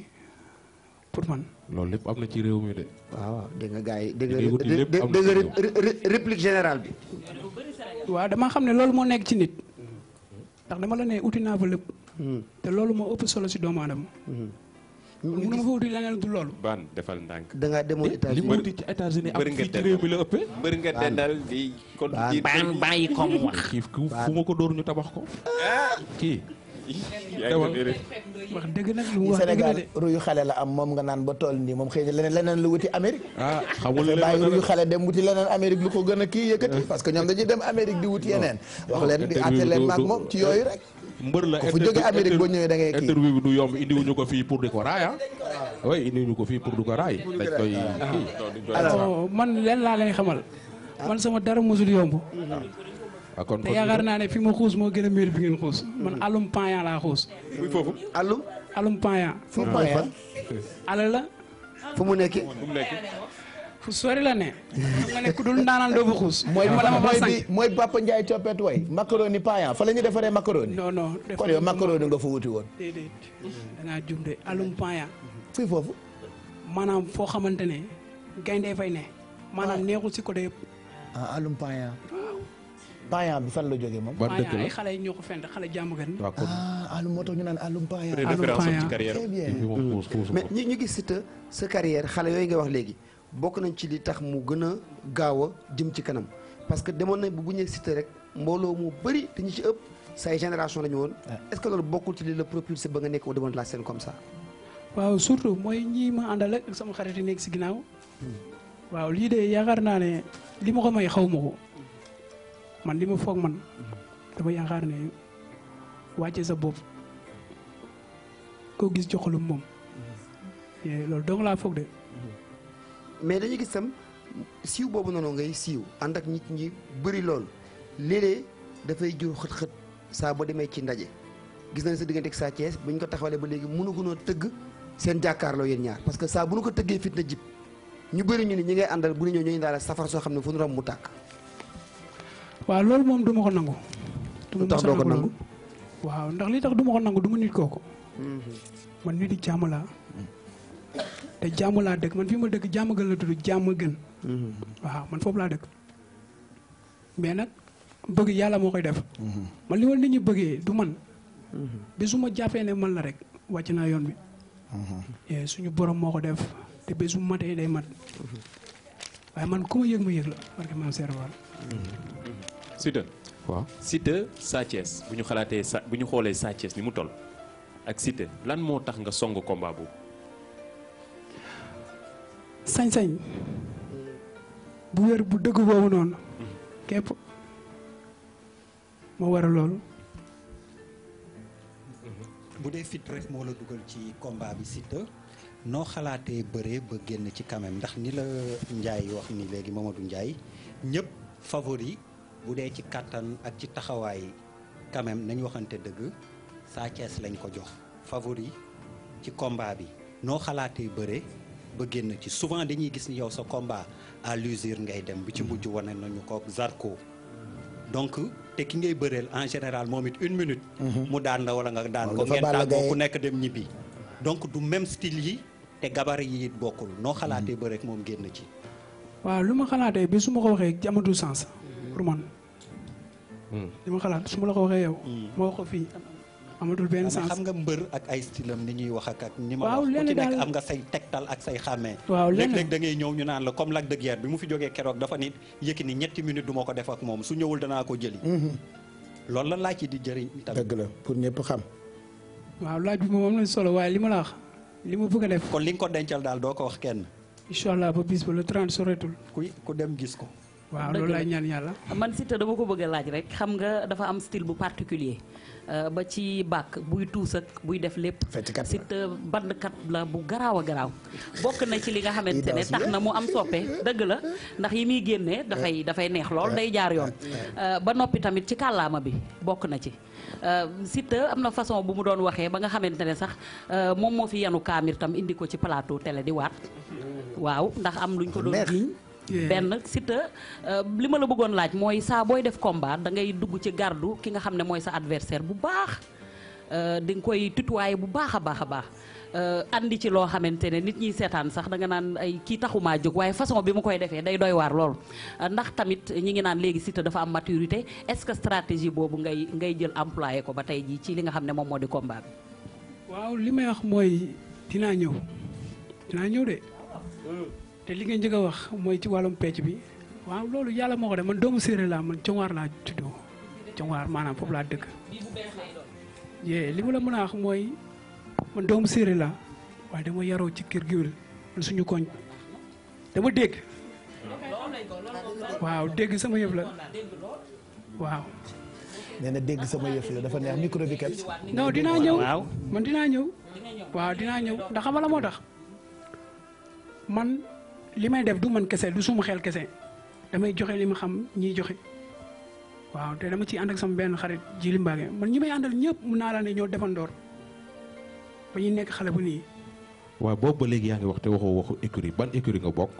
pour man. loolu lépp am na ci réew mi de. waaw waaw dégg nga gars yi dégg nga réplique général bi. waaw dama xam ne loolu moo nekk ci nit. ndax dama la ne uti naa fa lépp. Hmm. te loolu moo ëpp solo si doomu aadama. Hmm. mun na fa wuti leneen loolu. ban defal ndànk. da ngaa demoon États-Unis li mu wuti ci États-Unis ak fii ci réew mi la ëppee. bëri nga dendal ko mu kii fu ma ko dóor ñu tabax ko. kii. wax dëgg nag lu mu wax dëgg la Sénégal ruyu xale la am moom nga naan ba tool nii moom xëy na leneen leneen lu wuti Amérique. ah xamul leneen bàyyi ruyu xale dem wuti lu ko gën a kii yëkkati. Eh. parce que ñoom dañuy dem Amérique di wuti yeneen. Eh, wax leen eh, di àtte leen maag moom ci yooyu rek mbër la. ku jógee Amérique boo ñëwee da ngay kii interview bi du yomb indiwuñu ko fii pour di ko raay ah. oui ko fii pour di ko raay. Ah. dañ koy kii. man leen laa lay xamal. man sama dara mosul yomb. Ah, kon te yaakaar naa ne fi ma xuus moo gën a miir bi ngeen xuus. man hmm. alum paayan laa xuus. muy foofu alum. alum paayan. fu mu paayan. ala fu sori la ne. xam nga ne ku dul ndaanaan doo fa xuus. mooy ma dama fa sànq mooy Papa Ndiaye coppet way macaroni payan fa la ñu defaree macaroni. non non kon yow macaroni nga fa wuti woon. déedéet danaa jum de alum payan. fii foofu. maanaam foo xamante ne gaynde fay ne. maanaam ah. neexul si côté yëpp. ah alum payan. payan bi fan la jógee moom. ban dëkk la ay xale yi ñoo ko fent xale jàmm gan. ah alum moo tax ñu naan alum payan. alum payan très bien mais ñu gis sa carrière xale yooyu nga wax léegi. bokk nañ ci li tax mu gën a gaaw a jëm ci kanam parce que demoon nañ bu bu ñu rek mbooloo mu bëri te ñu ci ëpp say génération la woon. est-ce que loolu bokkul ci li la propulsé ba nga nekk au devant de la comme ça. waaw surtout mooy ñii ma àndal ak sama xarit yi nekk si ginnaaw. Hmm. waaw lii de yaakaar naa ne li ma ko may xaw ma ko man li ma foog man hmm. dama yaakaar ne wàcce sa bopp koo gis joxalum moom hmm. eh, loolu dong laa foog de. mais dañu gis tam siiw boobu noonu ngay siiw ànd ak nit ñi bëri lool léeg dafay jur xët-xët saa boo demee ci ndaje gis nañ sa diggante ak Sa Thiès bu ñu ko taxawalee ba léegi mënu noo tëgg seen jàkkaarloo yéen ñaar parce que saa bu nu ko tëggee fitna jib ñu bëri ñu ni ñi ngay àndal bu ñu ñëw ñooñu daal safar soo xam ne fu ñu ram mu tàkk. waaw loolu moom du ma ko nangu. du tax doo ko nangu. waaw ndax li tax du ma nangu du ma nit kooku. Mm-hmm. man nit yi jàmm te jàmm laa dëkk man fi ma dëkk jàmm gën la tudd jàmm gën. Mhm. waaw man foofu laa dëkk mais nag bëgg yàlla moo koy def. Mhm. man li ma nit ñi bëggee du man. Mhm. bi su ma jàppee ne man la rek wàcc naa yoon bi. Eh, suñu borom moo ko def te bés bu day mat waaye man ku ma yëg ma yëg la parce que man waaw Siteu Sa bu ñu xalaatee sa bu ñu xoolee Sa Thiès ni mu toll ak Siteu lan moo tax nga song combat boobu. sañ bu wér bu dëgg boobu noonu képp moo waral loolu. Mm-hmm. bu dee fit rek moo la dugal ci combat bi Siteu noo xalaatee bëree ba génn ci quand ndax ni la Ndiaye wax ni léegi Mamadou Ndiaye ñëpp favori bu dee ci kattan ak ci taxawaay quand même nañ waxante dëgg Sa Thiès lañ ko jox favori ci combat bi noo xalaatee bëree. ba génn ci souvent dañuy gis ni yow sa combat à l'usure ngay dem bu ci mujj mm-hmm. wane nañu ko Zarko donc te ki ngay bëreel en général moom it une minute mm-hmm. mu daan la wala nga daan ko ngeen daan ku nekk dem ñibbi donc du même style yi te gabar yi it bokkul noo xalaatee mm-hmm. ba rek moom génn ci waaw lu ma xalaatee bi su ma ko waxee amatu sens pour man li ma xalaat su ma la ko waxee yow ma wax ko fii amatul benn sens xam nga mbër ak ay stylam ni ñuy wax ak ak ni ma wax ku ci am nga say tegtal ak say xàmmee waaw léeg-léeg da ngay ñëw ñu naan la comme Lac bi mu fi jógee keroog dafa nit Yékini ñetti minutes du ma ko def ak moom su ñëwul danaa ko jëli mhm. loolu la laaj yi di jëriñ tamit dëgg la pour ñëpp xam waaw laaj bi moom na solo waaye li ma la wax li ma bëgg def kon li nga ko dencal daal doo ko wax kenn incha allah ba bis ba le 30 soreetul kuy ku dem gis ko waaw loolu laay ñaan yàlla man Siteu dama ko bëgg a laaj rek xam nga dafa am style bu particulier Euh, ba ci bàkk buy tuus buy def lépp Siteu euh, bandkat la bu garaaw a garaaw bokk na ci li nga xamante ne tax na mu am soppe dëgg la ndax yi muy génnee dafay eh. dafay neex lool day jaar yoon eh. Eh. Euh, ba noppi tamit ci kàllaama bi bokk na ci Siteu am na façon bu mu doon waxee ba nga xamante ne sax moom moo fi yanu kaamir tam indi ko ci plateau télé di waat mm-hmm. waaw ndax am luñ ko doon jiiñ benn Siteu euh, li ma la bëggoon laaj mooy saabooy def combat da ngay dugg ci gardu ki nga xam ne mooy sa adversaire bu baax euh, di nga koy tutuwaaye bu baax a baax a baax euh, andi ci loo xamante ne nit ñi seetaan sax da nga naan ay kii taxumaa jóg waaye façon bi mu koy defee day doy waar lool ndax tamit ñi ngi naan léegi Siteu dafa am maturité est-ce que stratégie boobu ngay ngay jël employé ko ba tey jii ci li nga xam ne moom moo di combat bi. waaw li may wax mooy dinaa ñëw te li nga njëkk a wax mooy ci wàllum pecc bi waaw loolu yàlla moo ko man doomu séeréer laa man congaar laa juddoo congaar maanaam foofu laa dëkk yee li ma la mën a wax mooy man doomu séeréer laa waaye dama yaroo ci kër géwél man suñu koñ dama dégg waaw dégg sama yëf la waaw nee na dégg sama yëf dafa neex micro bi kat ñëw man dinaa ñëw waaw dinaa ñëw ndax xam moo tax man li may def du man kese du suma xel kese damay joxe li ma xam ñiy joxe waaw te dama ci ànd ak sama benn xarit ji li man ñi may àndal ñëpp mun naa la ne ñoo defandoor ba ñuy nekk xale bu nii. waaw boobu ba léegi yaa ngi wax te waxoo waxu écurie ban écurie nga bokk.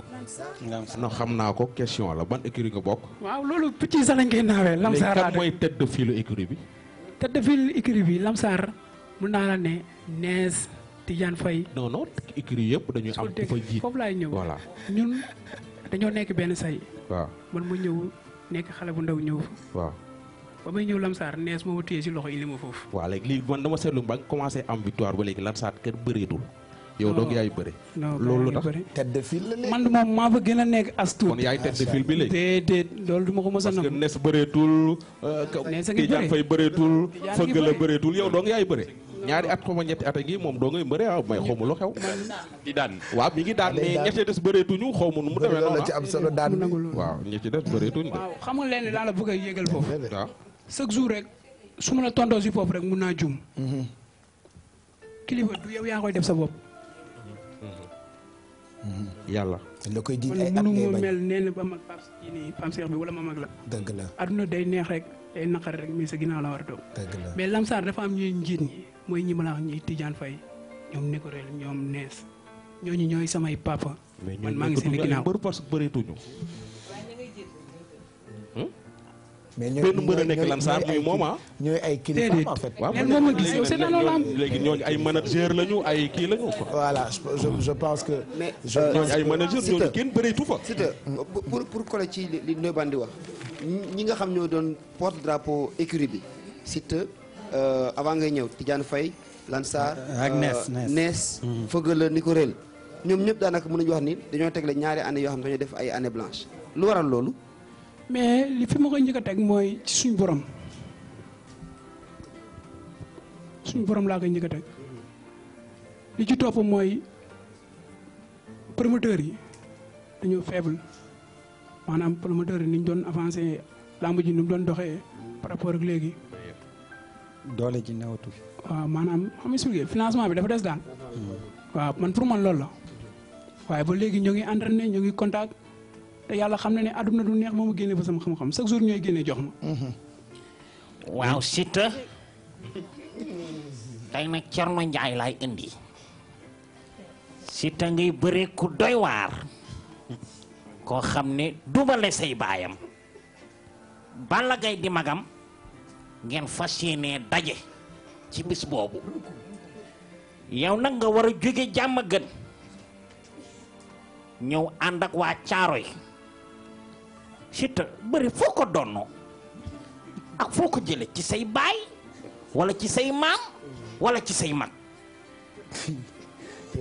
non xam naa ko question la ban écurie nga bokk. waaw loolu petit sax lañ koy naawee. Lamsaar léegi kan mooy tête de file bi. tête de file écurie bi Lamsaar mun naa la ne nees. Tidiane Faye. non non écrit yëpp dañuy am ku fa jiit laay ñëw voilà ñun dañoo nekk benn say. waaw man ma ñëw nekk xale bu ndaw ñëw fa. waaw ba may ñëw Lamsaar nees moo ma téye si loxo indi ma foofu. waaw léegi man dama seetlu ba nga commencé am victoire ba léegi Lamsaar kër bëreetul. yow donc yaay bëri. loolu tax tête de file la léegi man moom maa gën a nekk as tuut. kon bi léegi. déedéet loolu ma ko mos a nam. parce que nees bëreetul. Euh, nees a ngi bëri Tidiane Faye bëreetul. Fëgg la bëreetul yow donc yaay bëri. ñaari at xaw ma ñetti at ngi moom doo ngay mbëre ah may xaw ma lu xew. di daan waaw mi ngi daan mais ñetti des bëreetuñu xaw ma nu mu demee am ah. solo daan waaw ñetti des bëreetuñu. waaw xam nga leen daal la bëgg a yëgal foofu. waaw chaque jour rek su tontoo si foofu rek mun naa juum. Mm-hmm. kilifa du yow yaa koy def sa bopp. Mm-hmm. yàlla. la koy di ay at ngay bañ mel nee ba mag Pape si nii Pape Cheikh bi wala ma mag la. dëgg la aduna day neex rek day naqar rek mais sa ginnaaw la war a toog. lamsaar dafa am njiit mooy ñi ma la wax ñi Tidiane fay ñoom Nicorel ñoom nees ñooñu ñooy samay papa. man maa ngi seen ginnaaw mais parce que bëreetuñu. Hmm? mais ñooñu lan saar muy moom ah. ay kilifa en fait. a gis yow seen anoo lamb léegi ñooñu ay manager lañu ay kii lañu quoi. voilà je je pense que. mais ñooñu ay manager ñooñu kenn bëreetu fa. c' pour pour coller ci li Ndoye Bane wax ñi nga xam ñoo doon porte drapeau écurie bi. Siteu Euh, avant ngay ñëw Tidiane Faye Lansar ah, ak Nees euh, Nees mm-hmm. Fëgala Nicorel ñoom ñëpp daanaka mën nañu wax nii dañoo tegle ñaari année yoo xam ne dañoo def ay année blanche lu waral loolu mais li fi ma koy njëkk teg mooy ci borom suñu borom laa koy njëkk teg li ci topp mooy promoteurs yi dañoo faible maanaam promoteurs yi ni ñu doon avancé lamb ji ni doon doxee par rapport ak léegi doole ji newatu waaw maanaam xam expliqué financement bi dafa des daal. waaw man pour man loolu la. waaye ba léegi ñoo ngi entraîné ñoo ngi contact te yàlla xam na ne àdduna du neex moom a génne fa sama xam-xam chaque jour ñooy génne jox ma. waaw Siteu tey nag Thierno Ndiaye laay indi. Siteu ngay bëree doy waar. koo xam ne du bale say baayam. Balla Gaye di magam. ngeen fas yéenee daje ci bis boobu yow nag nga war a jóge jàmm gën ñëw ànd ak waa caaro yi Siteu bëri foo ko donnoo ak foo ko jële ci say baay wala ci say maam wala ci say mag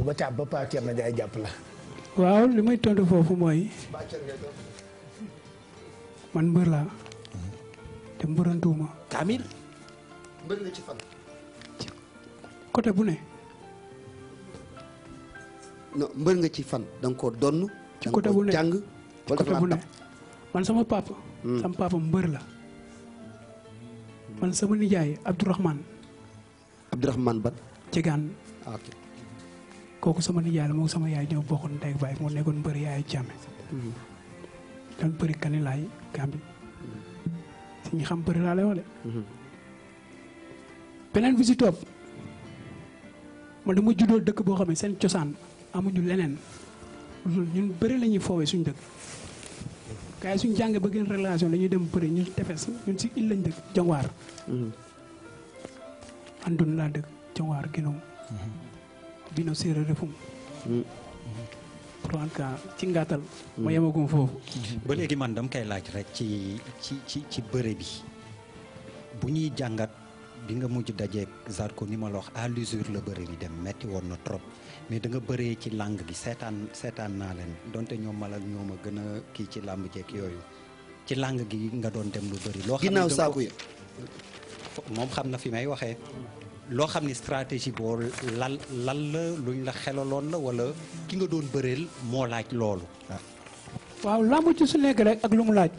ba càpp ba paa jàpp la waaw li may tontu foofu mooy man mbër laa te mbërantuuma kaamil bëri ci fan côté bu ne mbër nga ci fan da nga koo donn ci bu ne jàng man sama papa hmm. sama papa mbër la man sama nijaay Abdourahman Abdourahman ban Jegaan ah, ok kooku sama nijaay la moom sama yaay ñëw bokkoon ndey baay moo nekkoon mbër yaay jàmme hmm. doon bëri kanilaay gambi si xam bëri laa lay wax de. Mhm. beneen bi si topp man dama juddoo dëkk boo xam ne seen cosaan amuñu leneen loolu ñun bari la ñuy foowee suñu dëkk. gars suñ suñu jàngee ba gën relation dañuy dem bëri ñun tefes ñun si il lañ dëkk jangwaar. Mhm. andun laa dëkk jangwaar ginnaaw. dina séeréer refum mhm. pour en cas ci ngàttal. ma yemagum foofu. ba léegi man dam koy laaj rek ci ci ci ci bëre bi bu ñuy jàngat bi nga mujj dajeeg Zarko ni ma la wax à l'usure la bëre bi dem metti woon na trop mais da nga bëree ci làng gi seetaan seetaan naa leen donte ñoom malal ñoom a gën a kii ci làmb jekk yooyu ci làng gi nga doon dem lu bëri. loo xam ne ginnaaw saako ya moom xam na fi may waxee. loo xam ni stratégie boo lal lal la luñ la xelaloon la wala ki nga doon bëreel moo laaj loolu. waaw làmb su nekk rek ak lu mu laaj.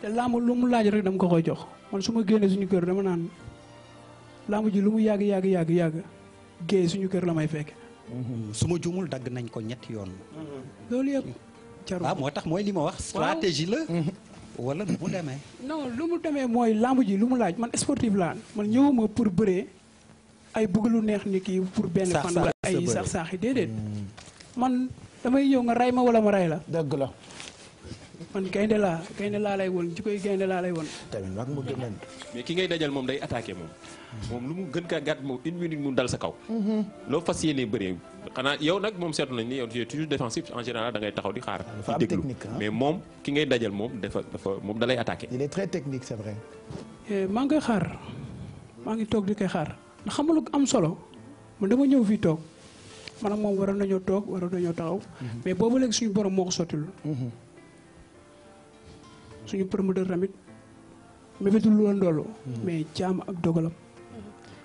te làmb lu mu laaj rek dama ko koy jox man su ma suñu kër dama naan làmb ji lu mu yàgg yàgg yàgg yàgg géey suñu kër la may fekk. su ma juumul dagg nañ ko ñetti yoon. moo tax mooy li ma wax. stratégie la. wala lu mu demee. non lu mu demee mooy làmb ji lu mu laaj man sportif laa man ñëwuma pour bëree. ay bëgg lu neex ni kii pour benn fan wala ay sax saax yi déedéet hmm. man damay ñëw nga ray ma wala ma ray la dëgg la man gaynde laa gaynde laa lay woon jikoy gaynde laa lay woon tamit mag mu gën mais ki ngay dajal moom day attaqué moom moom lu mu gën kaa gàtt moom mu dal sa kaw mm-hmm. loo fas yéenee bëree xanaa yow nag moom seetlu nañ ni yow toujours défensif en général da ngay taxaw di xaar mais moom ki ngay dajal moom dafa dafa moom da lay attaqué il est très technique c'est vrai eh, maa ngi koy xaar maa ngi toog di koy xaar ndax xam lu am solo man dama ñëw fii toog maanaam moom waroon nañoo toog waroon nañoo taxaw. Mhm. mais boobu léegi suñu borom moo ko sottil mhm. suñu promoteur tamit mébétul lu doon doolu mhm. mais jaam ak dogalam.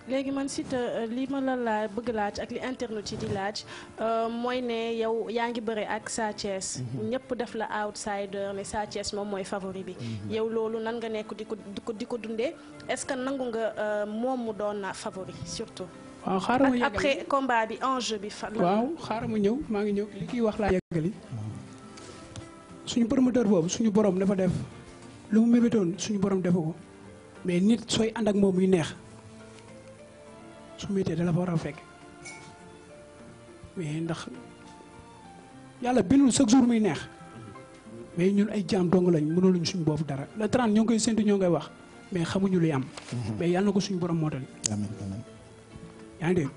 léegi man Siteu euh, li ma la laa bëgg laaj ak li internet ci di laaj euh, mooy ne yow yaa ngi bëre ak Sa Thiès. Mhm. ñëpp def la outsider ne Sa Thiès moom mooy favori bi. Mhm. yow loolu nan nga nekk di ko di ko di ko dundee est-ce que nangu nga euh, moom mu doon na favori surtout. waaw xaaral ma bi enjeu bi fa. waaw xaaral ñëw maa ngi ñëw li kiy wax laa yeggali. Mhm. suñu promoteur boobu suñu borom dafa def lu mu mébétoon suñu borom defu ko mais nit sooy ànd ak moom yu neex. su méttee dala fa war a fekk mais ndax yàlla bindul chaque jour muy neex mais ñun ay jaam dong lañ mënuluñ suñ boobu dara la 30 ñoo ngi koy séntu ñoo ngay wax mais xamuñu luy am. Mhm. mais yàlla na ko suñu borom moo amiin amiin. yaa ngi dégg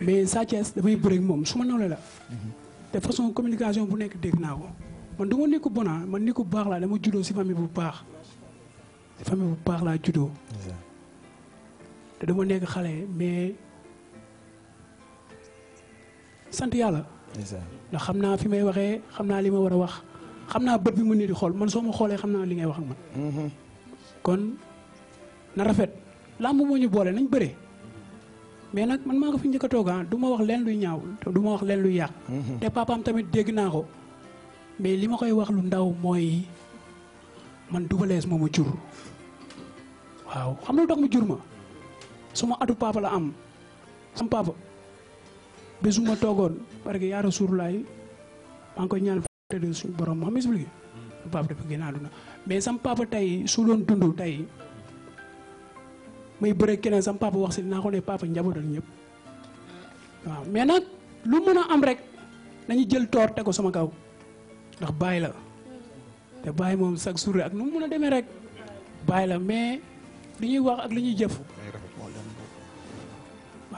mais Sa Thiès damay bëreeg moom su ma nawle la. te mhm. façon communication bu nekk dégg naa ko man du ma nekk bon man ni ku baax laa dama juddoo si famille bu baax famille bu baax laa juddoo. te dama nekk xale mais. sant yàlla. ndax xam naa fi may waxee xam naa li ma war a wax xam naa bët bi mu nit xool man soo ma xoolee xam naa li ngay wax ak man. Mm-hmm. na rafet làmb moo ñu boole nañ bëree mais nag man maa ko njëkk a toog ah du ma wax leen luy ñaaw du ma wax leen lu yàq. Mm-hmm. te papaam tamit dégg naa ko mais li ma koy wax lu ndaw mooy man Double Less moo ma jur. waaw xam lu tax mu jur ma suma atu papa la am sam papa. bés bu ma toogoon parce que yaa Rasulullah maa ngi koy ñaan tëdd suñu borom hmm. mais sam papa tey su doon dund tey may bëre keneen sam papa wax si dinaa ko ne papa njabootal ñëpp waaw mais nag lu mën a am rek nañu jël toor te ko sama kaw ndax bàyyi la te bàyyi moom chaque jour ak nu mu a demee rek bàyyi la mais li ñuy wax ak li ñuy jëf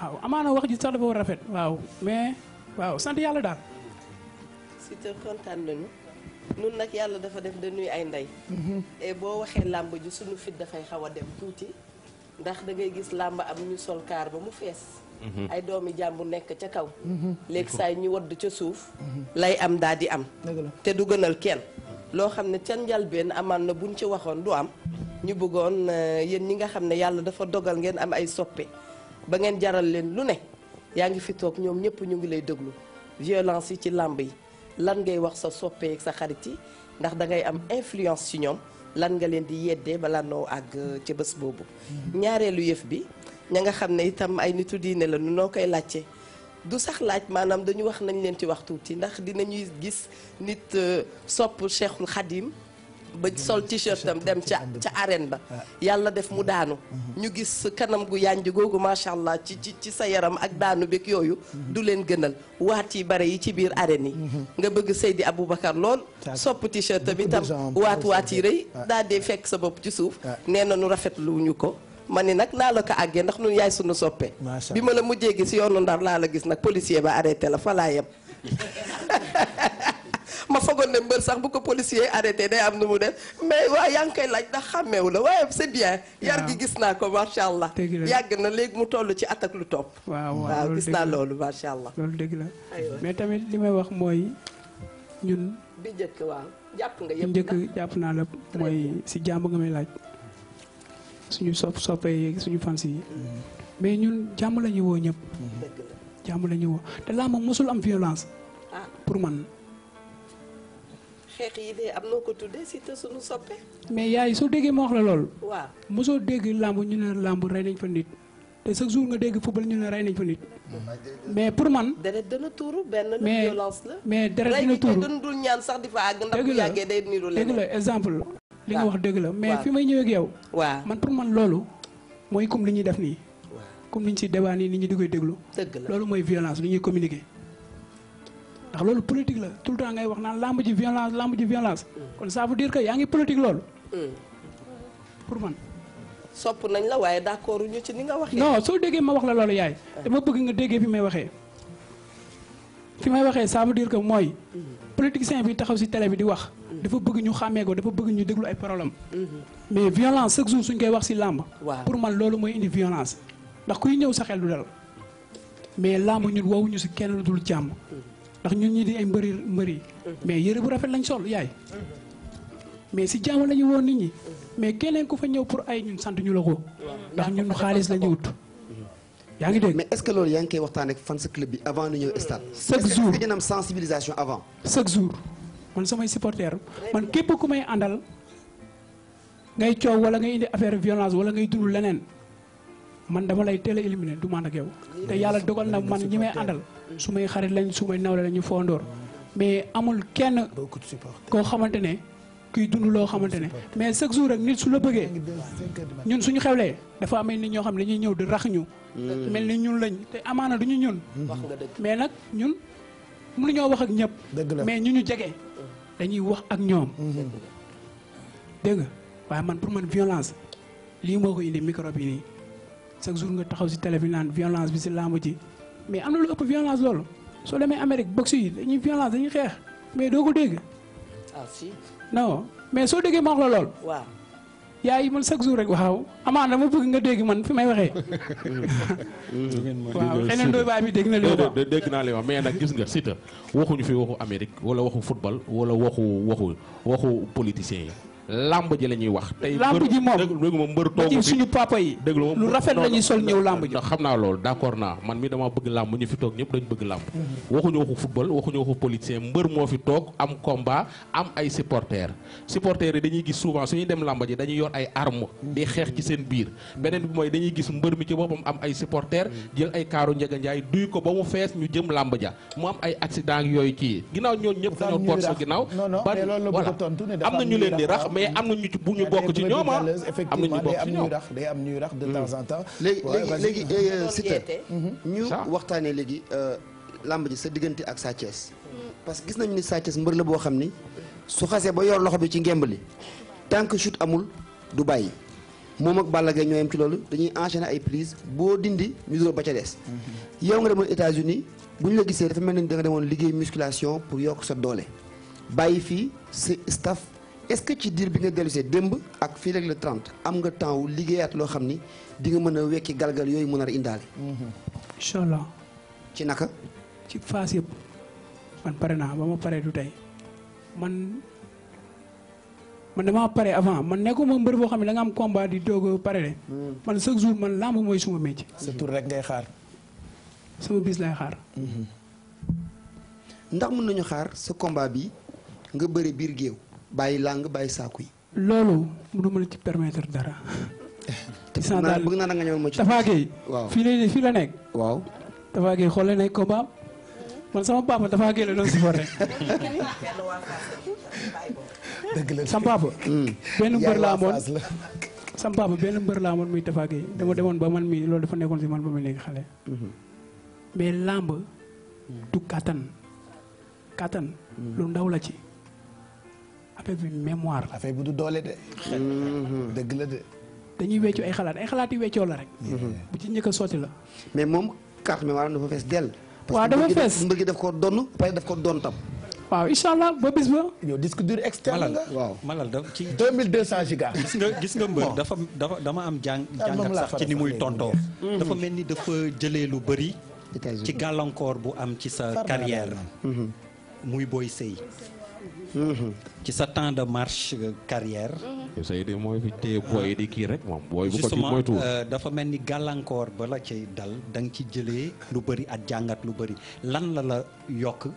waaw amaana wax ji sax dafa war rafet waaw mais waaw sant yàlla daal. si te kontaan nañu nun nag yàlla dafa def dañuy ay ndey. Mhm. boo waxee làmb ji suñu fit dafay xaw a dem tuuti ndax dangay gis làmb am ñu sol kaar ba mu fees. Mhm. ay doomi jàmbur nekk ca kaw. Mhm. léegi saay ñu wadd ca suuf. lay am daa di am. te du gënal kenn. loo xam ne ca njalbeen amaan na buñ ci waxoon du am. ñu bëggoon euh, yéen ñi nga xam ne yàlla dafa dogal ngeen am ay soppe. ba ngeen jaral leen lu ne yaa ngi fi toog ñoom ñëpp ñu ngi lay déglu violence yi ci làmb yi lan ngay wax sa soppeek sa xarit yi ndax da ngay am influence ci ñoom lan nga leen di yeddee balaa noo àgg ca bés boobu. Mhm. ñaareelu yëf bi ña nga xam ne itam ay nitu diine la nu noo koy laajte du sax laaj maanaam dañu wax nañ leen ci wax tuuti ndax dinañuy gis nit euh, sopp Cheikhul Khadim ba sol t-shirt am dem ca ca arène ba yàlla def mu daanu ñu gis kanam gu yànj googu macha allah ci ci ci sa yaram ak daanu beeg yooyu du leen gënal waat yi bare yi ci biir arène yi nga bëgg Seydi Aboubacar lool sopp t-shirt bi tam waat waat yi rëy daa dee fekk sa bopp ci suuf nee na nu rafetlu ñu ko ma ni nag naa la ko àggee ndax ñun yaay sunu soppe bi ma la mujjee gis yoonu ndar laa la gis nag policier ba arrêté la fa laa mbër sax bu ko policier arrêté day am nu mu def mais waa yaa ngi koy laaj ndax xàmmeewu la waaye c'est bien yar gi gis naa ko macha allah yàgg na léegi mu toll ci at ak lu topp waaw waaw gis naa loolu macha allah dëgg la mais tamit li may wax mooy ñun bi njëkk jàpp nga yëpp njëkk jàpp naa lépp mooy si jàmm nga may laaj suñu sopp soppee suñu fans yi mais ñun jàmm la woo ñëpp jàmm la ñu woo te laa moom mosul am violence ah. pour man xeex yi de am noo mais yaay soo déggee ma wax la lool. waaw mosoo dégg làmb ñu ne làmb rey nañ fa nit. te chaque jour nga dégg football ñu ne rey nañ fa nit. mais pour man. deret dana tuuru benn la. mais deret dina tuuru rey dul ñaan sax di fa àgg ndax bu yàggee day niru leneen dëgg la exemple la. li nga wax dëgg la mais fi may ñëwee ak yow. waaw man pour man loolu. mooy comme li ñuy def nii. comme ni ñu si débat nii ni ñu di koy déglu. dëgg la ndax loolu politique la tout le temps ngay wax naan làmb ji violence làmb ji violence. kon ça veut dire yaa ngi politique loolu. Hmm. pour man. sopp nañ la waaye d'accord ñu ci ni nga waxee. non soo déggee ma wax la loolu yaay. dama bëgg nga déggee fi may waxee. fi may waxee ça veut dire que mooy. Hmm. politicien bi taxaw si télé bi di wax. Hmm. dafa bëgg ñu xàmmee ko dafa bëgg ñu déglu ay problème mais violence chaque jour suñ koy wax si làmb. pour man loolu mooy indi violence. ndax kuy ñëw sa xel du dal. mais làmb ñun woowuñu ci kenn lu dul jàmm. ndax ñun ñi di ay mbëri mbëri mais yére bu rafet lañ sol yaay mais si jaamu la ñu woon nit ñi mais keneen ku fa ñëw pour ay ñun sant ñu la ko ndax ñun xaalis la ñu wut yaa ngi dégg mais est ce que yaa ngi koy waxtaan ak fan sa club bi avant ñu ñëw stade chaque jour dañu am sensibilisation avant chaque jour man samay supporter man képp ku may àndal ngay coow wala ngay indi affaire violence wala ngay dund leneen man dama lay teel a du man ak yow te yàlla dogal na man ñi may àndal su may xarit lañ su may nawle lañu fondoor mais amul kenn koo xamante ne kuy dund loo xamante ne mais chaque jour rek nit su la bëggee ñun suñu xewlee dafa amee nit ñoo xam ne dañuy ñëw di rax ñu hmm. mel ni ñun lañ te amaana duñu ñun hmm. mais nag ñun mënuñoo wax ak ñëpp mais ñu ñu jege dañuy wax ak ñoom hmm. dégg nga waaye man pour man violence lii moo ko indi microbe yi nii chaque jour nga taxaw si télé bi violence bi si làmb ji mais am na lu ëpp violence loolu soo demee Amérique boxe yi dañuy dañuy xeex mais doo ko dégg. Ah, si. non mais soo déggee ma wax la lool. waaw. yaay man chaque jour rek waaw amaan ma bëgg nga dégg man fi may waxee. Mm. waaw xëy na Ndoye mi dégg na li naa li wax mais nag gis nga Siteu waxuñu fi waxu Amérique wala waxu football wala waxu waxu waxu politiciens yi. làmb ji la ñuy wax. tey làmb ji moom déglu ma mbër toogu fi suñu papa yi. loolu d'accord naa man mi dama bëgg làmb ñu fi toog ñëpp dañu bëgg làmb. waxuñu waxu football waxuñu waxu politicien mbër moo fi toog am combat am ay supporters supporters yi dañuy gis souvent ñuy dem làmb ji dañuy yor ay armes. di xeex ci seen biir. beneen bi mooy dañuy gis mbër mi ci boppam am ay supporters jël ay kaaru njaganjaay duy ko ba mu fees ñu jëm làmb ja mu am ay accident yooyu kii ginnaaw ñooñu ñëpp dañoo toog sa ginnaaw am na ñu leen di rax mais ah. am na ñu bokk ci ñoom ah. am na ñu bokk ci ñoom day am ñuy rax de hmm. temps en temps. léegi léegi léegi euh, Siteu hmm. ñu waxtaanee léegi euh, làmb ji sa diggante ak Sa parce que gis nañu ni Sa Thiès la boo xam ni su xasee ba yor loxo bi ci ngemb li tant que chute amul du bàyyi. moom ak Balla Gaye ñoo ci loolu dañuy enchaîner ay prise boo dindi misuro ba ca des hmm. yow nga demoon États-Unis bu ñu la gisee dafa mel nañ da demoon liggéey musculation pour yokk sa doole bàyyi fii sa est-ce que ci diir bi nga dellusee démb ak fii rek le 30 am nga temps wu liggéeyaat loo xam ni dinga mën a wekki galgal yooyu mën a indaale. Mhm. incha allah. ci naka. ci phase yëpp man pare naa ba ma pare du tey man man damaa pare avant man nekkuma mbër boo xam ne danga am combat di doog pare de. Hmm. man chaque jour man lamb mooy suma métier. sa tur rek ngay xaar. sama bis lay xaar. Hmm. ndax mën nañu xaar sa combat bi nga bëri biir géew. bàyyi làng bàyyi saaku yi. loolu mënuma la ci permettre dara. te bëgg naa bëgg naa nga ñëw ma waaw fii la nekk. waaw Tapha Gueye xool nañ ko baam man sama papa Tapha Gueye la doon supporté. dëgg la sama hmm. benn mbër laa amoon muy Tapha Gueye dama demoon ba man mi loolu dafa nekkoon si man ba muy nekk xale. Hmm. mais làmb du kattan kattan hmm. lu ndaw la ci. affaire bi mémoire la. affaire bu du doole de. Mm-hmm. dëgg la de. dañuy weccoo ay xalaat ay xalaat yu weccoo la rek. Mm-hmm. bu ci njëkk a la. mais moom carte mémoire dafa fees dell. waaw dafa fees parce que mbir gi daf koo donn pare daf koo doon tam. waaw incha allah ba bis ba. yow disque dur externe nga. waaw malal da ci. 2200 giga. gis nga gis nga mbër dafa dafa dama am jàng ah, jàngat sax ci ni muy tontoo. Mm-hmm. dafa mel ni dafa jëlee lu bëri. ci gàllankoor bu am ci sa carrière. muy booy sëy ci sa temps de marche euh, carrière Seydou mooy fi téye di kii rek moom booy bu ko ci euh, dafa mel ni gàllankoor ba la cay dal da nga ci jëlee lu bëri ak jàngat lu bëri lan la la yokk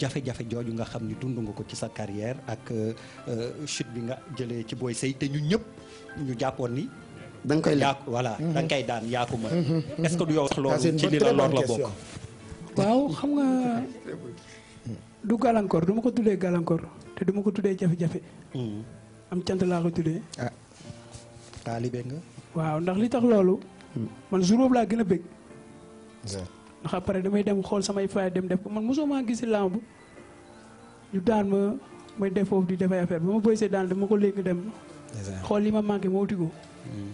jafe-jafe jooju nga xam ni dund nga ko ci sa carrière ak euh, chute bi nga jëlee ci booy sëy te ñu ñëpp ñu jàppoon ni da koy yaa voilà mhm. da koy daan yaa ko mën mhm. est-ce que du yow sax loolu ci li la lor la bokk waaw xam nga du gàllankoor du ko tuddee gàllankoor te duma ko tuddee jafe-jafe. Hmm. am cant laa ko tuddee. ah taalibe waaw ndax li tax loolu. Hmm. man jour boobu laa gën a bëgg. ndax pare damay dem xool samay faay dem def ko man mosoo maa gis si làmb ñu daan ma may def foofu di defay affaire ba ma boy see daan dama ko léegi dem. xool yi ma manqué ma wuti ko. Hmm.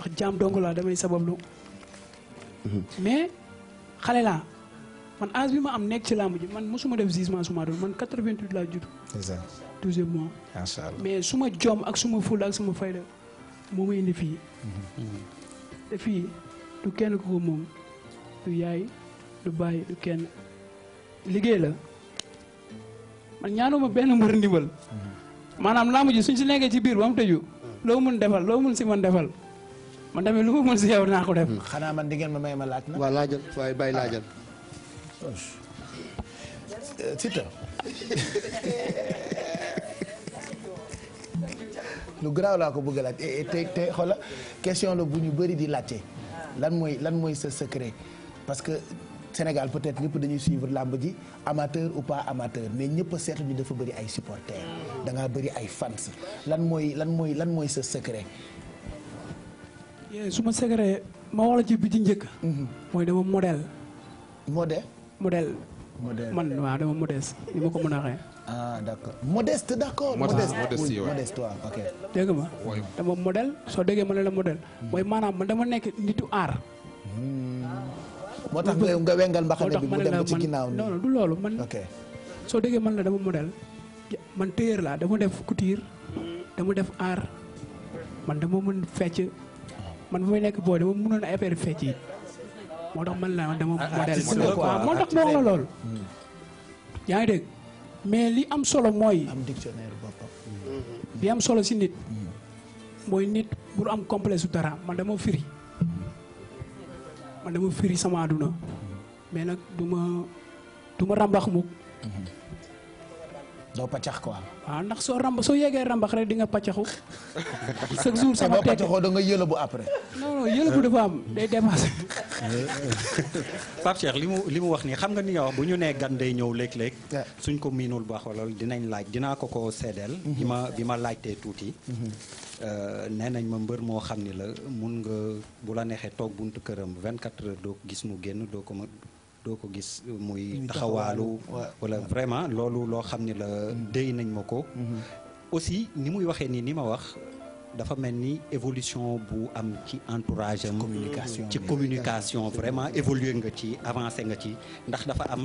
ndax jaam dong laa damay sabablu. mais xale laa. man âge bi ma am nekk ci làmb ji man mosuma def gisement su ma doon man 88 laa judd. c'est ça douzième mois. mais suma ma joom ak suma ma ful ak su ma fayda moo ma indi fii. Mm-hmm. te fii du kenn ku ko moom du yaay du bàyyi du kenn liggéey la man ñaanuma benn mbër ndimbal. Mm-hmm. maanaam làmb ji suñ si nekkee ci biir ba mu tëju. loo mun defal loo mun si man defal. man tamit lu ma mën si yow naa ko def. Mm. xanaa man di ngeen ma may ma laaj na. waaw laajal waaye bàyyi laajal. Siteu lu garaaw laa ko bëgg laaj eh, eh, te te xoola question la bu ñu bëri di laajte lan mooy lan mooy sa secret parce que Sénégal peut-être ñëpp dañuy suivre làmb ji amateur ou pas amateur mais ñëpp a seetlu ñu dafa bari ay supporters da ngaa ay fans lan mooy lan mooy lan mooy sa secret. Eh, su ma secret ma wax la ci bi ci njëkk. Mhm. mooy dama modèle. modèle. modèle. modèle man waaw dama modeste ni ma ko mën a waxee. ah d' accord modeste d' accord. modeste modeste yow modeste waaw ok. dégg ma dama modèle soo déggee ma ne la modèle hmm. mooy maanaam man dama nekk nitu aar. Hmm. moo tax nga wengal mbaxane bi mu dem ci ginnaaw non non du loolu man. ok soo déggee man la dama modèle man téyeer laa dama def couture dama def aar man dama mën fecc man bu may nekk booy dama mënoon affaire fecc yi. moo tax man la dama ah, ah, modèle moo tax ah, ma wax la hmm. yaa ngi dégg mais li am solo mooy am dictionnaire boppam hmm. li am solo si nit hmm. mooy nit pour am complexe su dara man dama firi man dama firi sama àdduna mais nag du ma du mukk doo paccax quoi. am ah, ndax soo ramba soo yeggee rambax rek di nga pàccaxu. chaque jour sama tekki boo da nga yëlëbu après. non yëlëbu dafa am day dépassé. Pape Cheikh li mu li mu wax nii xam nga ni nga bu ñu nee gan day ñëw léeg-léeg. suñ ko miinul baax wala dinañ laaj dinaa ko ko seedeel. Mm-hmm. bi ma bi ma laajtee tuuti. Mm-hmm. Euh, nee nañ ma mbër moo xam ni la mun nga bu la neexee toog buntu këram 24 heures doo gis mu génn doo ko ma doo ko gis muy taxawaalu wala vraiment loolu loo xam ne la mm-hmm. déy nañ ma ko mm-hmm. aussi ni muy waxee nii ni ma wax dafa mel ni évolution bu am ci entourage am ci communication vraiment évoluer nga ci avancé nga ci ndax dafa am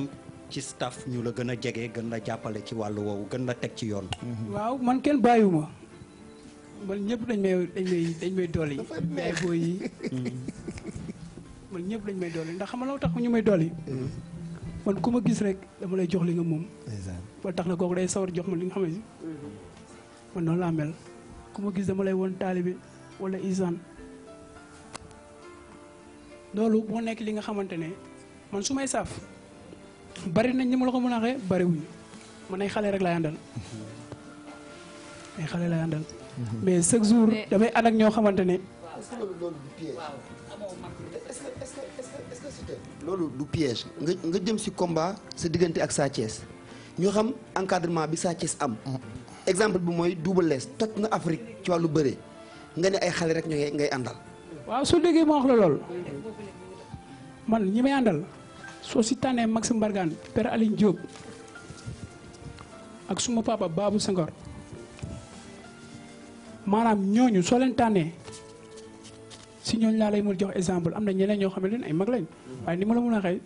ci staff ñu la gën a jege gën la jàppale ci wàll woowu gën la teg ci yoon mm-hmm. waaw man kenn bàyyiwuma man ñëpp dañ may dool yi yaay booy yi man ñëpp lañ may dolli ndax xam nga loo tax ñu may dool dolli. Mm-hmm. man ku ma gis rek dama lay jox li nga moom. ba tax na kooku day sawar jox ma li nga xam ne mm-hmm. man noonu laa ku ma gis dama lay woon taalibe wala isaan loolu boo nekk li nga xamante ne man su may saaf bari nañ ni ma la ko mën a waxee bariwuñu man ay xale rek laay àndal mm-hmm. ay xale laay mais chaque jour damay ànd ñoo xamante ne. loolu du piège nga nga jëm si combat sa diggante ak Sa Thiès ñu xam encadrement bi Sa Thiès am. exemple bi mooy duubalees Less toj na Afrique ci lu bëre nga ne ay xale rek ñu ngay àndal. waaw su déggee ma wax lool man ñi may àndal soo si tànnee Maxime mbargaan Père Aline Diop ak suma papa Babou Senghor maanaam ñooñu soo leen tànnee. si ñooñu laa lay mën jox exemple am na ñeneen ñoo xam ne ay mag lañ. waaye ni ma la mën a waxee.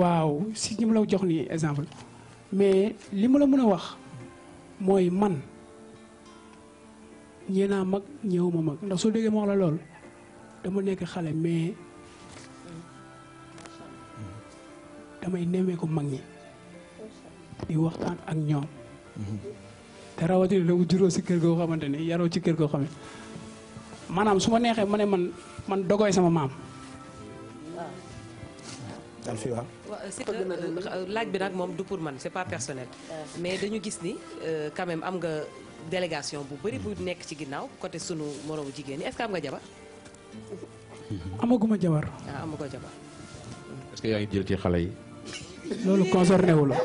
waaw si ñi ma la jox nii exemple. mais li ma la mën a wax mooy man ñee naa mag ñëw ma mag ndax soo déggee moo wax la lool dama nekk xale mais damay nemmee mag ñi di waxtaan ak ñoom. Mhm. te rawatina lu juróo si kër goo xamante ne yaroo ci kër goo xam ne maanaam su ma neexee ma ne man man dogoy sama maam. waaw. Euh, laaj bi nag moom du pour man c'est pas personnel. mais dañu gis ni euh, quand même am nga délégation bu bëri bu nekk ci ginnaaw côté sunu moromu jigéen ñi est-ce am nga jabar. amaguma jabar. ah amagoo jabar. parce ce que yaa ngi jël ci xale yi. loolu concerné wu la.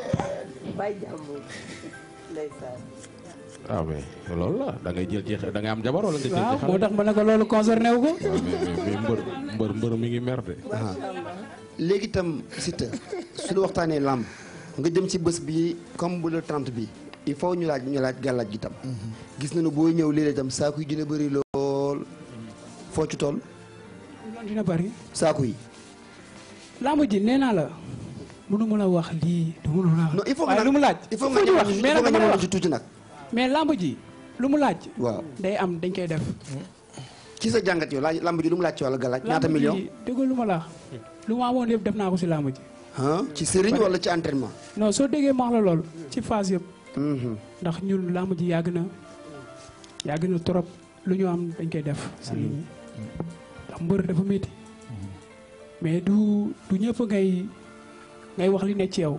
ah oui loolu la da jël jeex da am jabar wala nga jël jeex. waaw moo tax ma ne ko loolu concerné wu ko. waaw ah, mbër mbër mbër mi ngi merde. Ah. léegi itam Siteu suñu waxtaanee làmb nga jëm ci bës bi comme bu le 30 bi il faut ñu laaj ñu laaj gàllaaj gi tam. Mhm. gis nañu booy ñëw léeg-léeg itam saako yi dina bëri lool foo ci toll. dina bëri. saako yi. làmb ji nee naa la. mënu mën a wax lii a wax. non il lu mu laaj. il faut que ñu a wax tuuti nag. mais lamb ji lu mu laaj. waaw day am dañ koy def. ci sa jàngat yow laaj lamb ji lu mu laaj ci wàllu galaaj. ñaata million lamb ji lu ma la lu ma amoon yëpp def naa ko si lamb ji. ci sëriñ wala ci entraînement. non soo déggee ma la lool ci phase yëpp. Mm-hmm. ndax ñun lamb ji yàgg na yàgg na trop lu ñu am dañ koy def. si nit ñi ndax mbër dafa métti. mais du ñëpp ngay ngay wax li ne ci yow.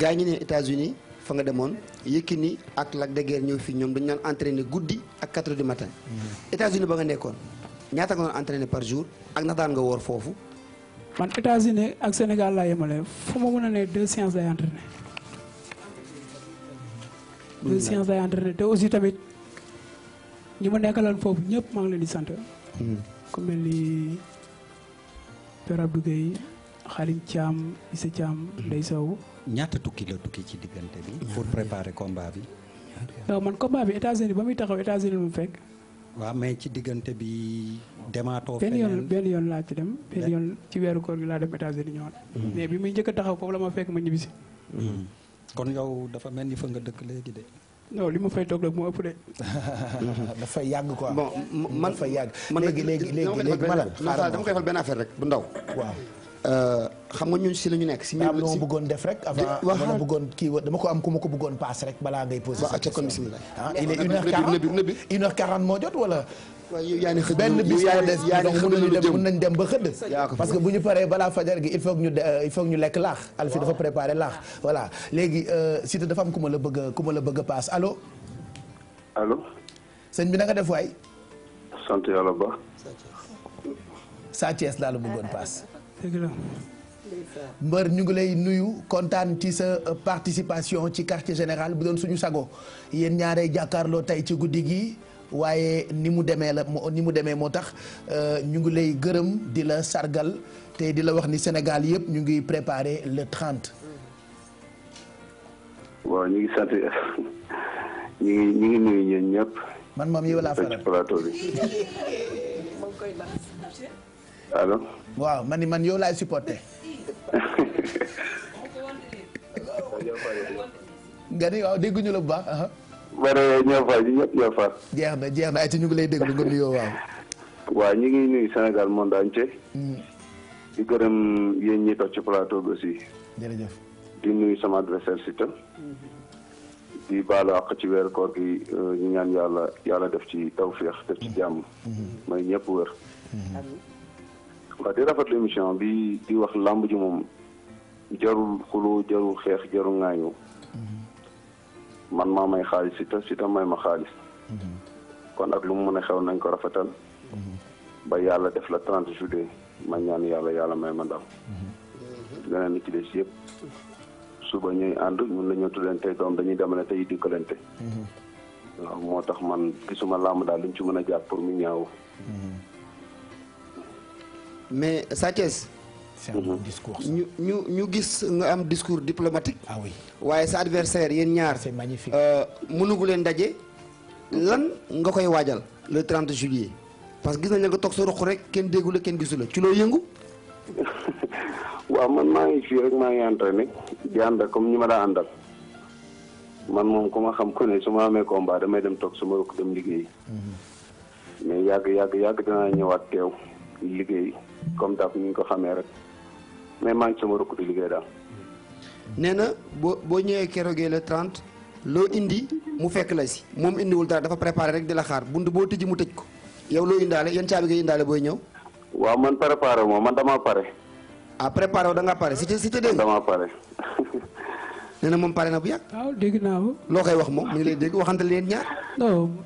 gaa ñi ne États-Unis fa nga demoon Yékini ak la de Guiers ñëw fii ñoom dañu naan entraîner guddi ak 4 heures du matin. Mm-hmm. États-Unis ba nga nekkoon ñaata nga doon entraîner par jour ak na daan nga woor foofu. man États-Unis ak Sénégal laa yemale fu ma mën a ne deux séances lay entraîner. deux te aussi tamit ñi ma nekkaloon foofu ñëpp maa ngi leen di sant. Mm-hmm. ku mel ni Père Abdou Gueye Xarim Thiam Issa Thiam mm-hmm. Ndeye Sow. ñaata tukki la tukki ci diggante bi. pour préparer combat bi. waaw man combat bi États-Unis ba muy taxaw États-Unis mu fekk. waaw mais ci diggante bi demaatoo. benn yoon benn yoon laa ci dem benn yoon ci weeru koor gi laa dem États-Unis ñëwaat. Mm-hmm. mais bi muy jëkk a taxaw foofu la ma fekk ma ñibbisi. Mm-hmm. kon yow dafa mel ni fa nga dëkk léegi de. li ma fay toog rek moo ëpp de. dafa yàgg quoi. bon man fa yàgg. man léegi léegi léegi léegi ma la. dama koy defal benn affaire rek bu ndaw. waaw. Euh, xam nga ñun si la ñu nekk si. ñu am lu bëggoon def rek avant. wala bëggoon kii dama ko am ku ma ko bëggoon paas rek balaa ngay posé. waaw acca kon bismillah ah, il est une wala. waaw benn bis yaa des donc mën nañ dem ba xëdd parce que bu ñu paree balaa fajar gi il faut ñu il faut ñu lekk laax Alfi dafa préparé laax ah. voilà léegi euh, Siteu dafa am ku ma la bëgg a ku a paas allo allo bi na def waay sant yàlla ba Sa Thiès laa la bëggoon paas mbër ñu ngi lay nuyu kontaan ci sa euh, participation ci quartier général bu doon suñu sago yéen ñaaree jàkkaarloo tey ci guddi gi waaye ni mu demee la ni mu demee moo tax euh, ñu ngi lay gërëm di la sargal te di la wax ni Sénégal yëpp ñu ngi préparé le 30. waaw ñu man moom yow laa faral waaw man ni man yow laay supporté. nga ni waaw dégguñu la bu baax. bare ñoo far ñu far. jeex na jeex na ay ci ñu ngi lay déglu nga nuyoo waaw. waaw ñu ngi nuyu Sénégal monde entier. Hmm. di gërëm yéen ñi toog ci plateau bi aussi. jërëjëf di nuyu sama adversaire si tam. di baalu àq ci weer koor gi euh, ñu ñaan yàlla yàlla def ci tawféex def ci jàmm. Hmm. Hmm. may ñëpp wër. waaw di rafetlu émission bi di wax làmb ji moom jarul xuloo jarul xeex jarul ŋaañoo mm-hmm. man maa may xaalis si ta si ta may ma xaalis mm-hmm. kon ak lu mu mën a xew nañ ko rafetal mm-hmm. ba yàlla def la trent juillet ma ñaan yàlla yàlla may ma ndaw leneen li ci des yëpp suba ñuy ànd ñun la leen tuddante doom dañuy demale tey dikkalante waaw moo tax man gisuma làmb daal luñ ci mën a jàpp pour mu ñaaw mais Sa Thiès mhm. discours ñu ñu ñu gis nga am discours diplomatique. ah waaye sa adversaire yéen ñaar. c'est magnifique euh, mënugu leen daje. lan nga koy waajal. le 30 juillet. parce que gis nañ nga toog sa roq rek kenn déggu la kenn gisu la ci loo yëngu. waaw man maa ngi fii rek maa ngi entraîné di ànd comme ñu ma daa àndal man moom ku ma xam ku su ma amee combat damay dem toog sama roq dem liggéey mhm. mais yàgg yàgg yàgg danaa ñëwaat teew liggéey. comme daf ñu ko xamee rek mais maa ngi sama rëkk di liggéey daal. nee na boo boo ñëwee keroogee la 30 loo indi mu fekk la si moom indiwul dara dafa préparé rek di la xaar bunt boo tijji mu tëj ko yow loo indaale yan caabi ngay indaale booy ñëw. waaw man préparé wu ma man damaa pare. ah préparé wu da ngaa si si ca dégg damaa pare. na moom pare na bu yàgg. waaw naa loo koy wax moom mu ngi lay dégg waxante leen ñaar. non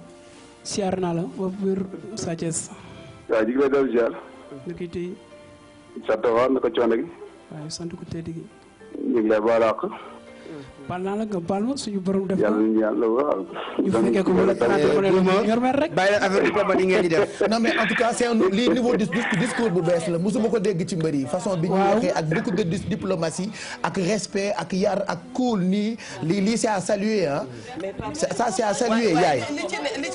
naa la waa biir Sa Thiès. na koy téye. sant waaw na ko gi. waaye sant ko tedd gi. ñu ngi lay baal baal naa la nga baal ma suñu borom def yi ngeen di def non mais tout ko dégg ci mbër yi façon bi ñu waxee ak beaucoup de diplomatie ak ak yar ak li ci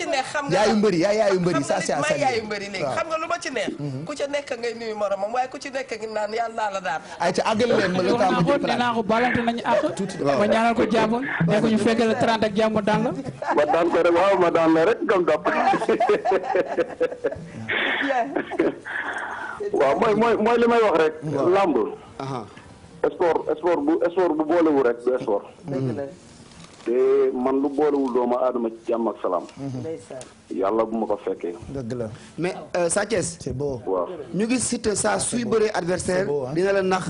neex xam nga yaayu mbëri yaay yaayu mbëri ça c'est à saluer yaayu mbëri léegi xam nga lu ma ci neex mhm. ku ci nekk ngay nuyu moromam waaye ku ci nekk ngi naan yàlla la daal ay ñaanal ko jàmm ne ko ñu fekk la 30 ak jàmm daan la. ma daan ko rek waaw ma daan la rek gam dàpp. waaw mooy mooy mooy li may wax rek. làmb sport sport bu sport bu boolewu rek du sport. te man lu boolewul doomu aadama ci jàmm ak salaam. yàlla bu ma ko fekkee. dëgg la mais euh, Sa Thiès. c'est beau waaw ñu gis Siteu saa suy bëree adversaire dina la nax.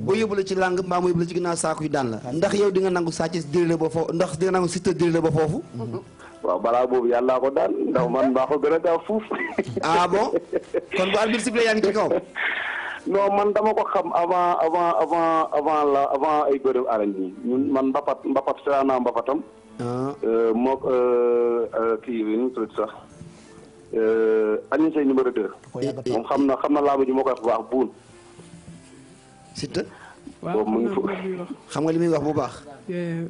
boo yóbbu la ci làng mbaam mu yóbbu la ci ginnaaw saako yi daan la ah. ndax yow di nga nangu Sa Thiès diri la ba foofu ndax di nga nangu Siteu diri la ba foofu. Mm-hmm. waaw balaa boobu yàllaa ko daan ndax man mbaa ko gën a gaaw fuuf. ah bon kon bu arbitre sifflé yaa ngi ci kaw. non man dama ko xam avant avant avant avant la avant ay bërëb arañ yi man mbapat mbapat seraa naa mbapatam ah. euh, moo euh, euh, kii bi nu mu tudd sax Alioune Seye numéro deux moom xam na xam na laamu ji moo koy wax buun Siteu boobu mu ngi fo xam nga li muy wax bu baax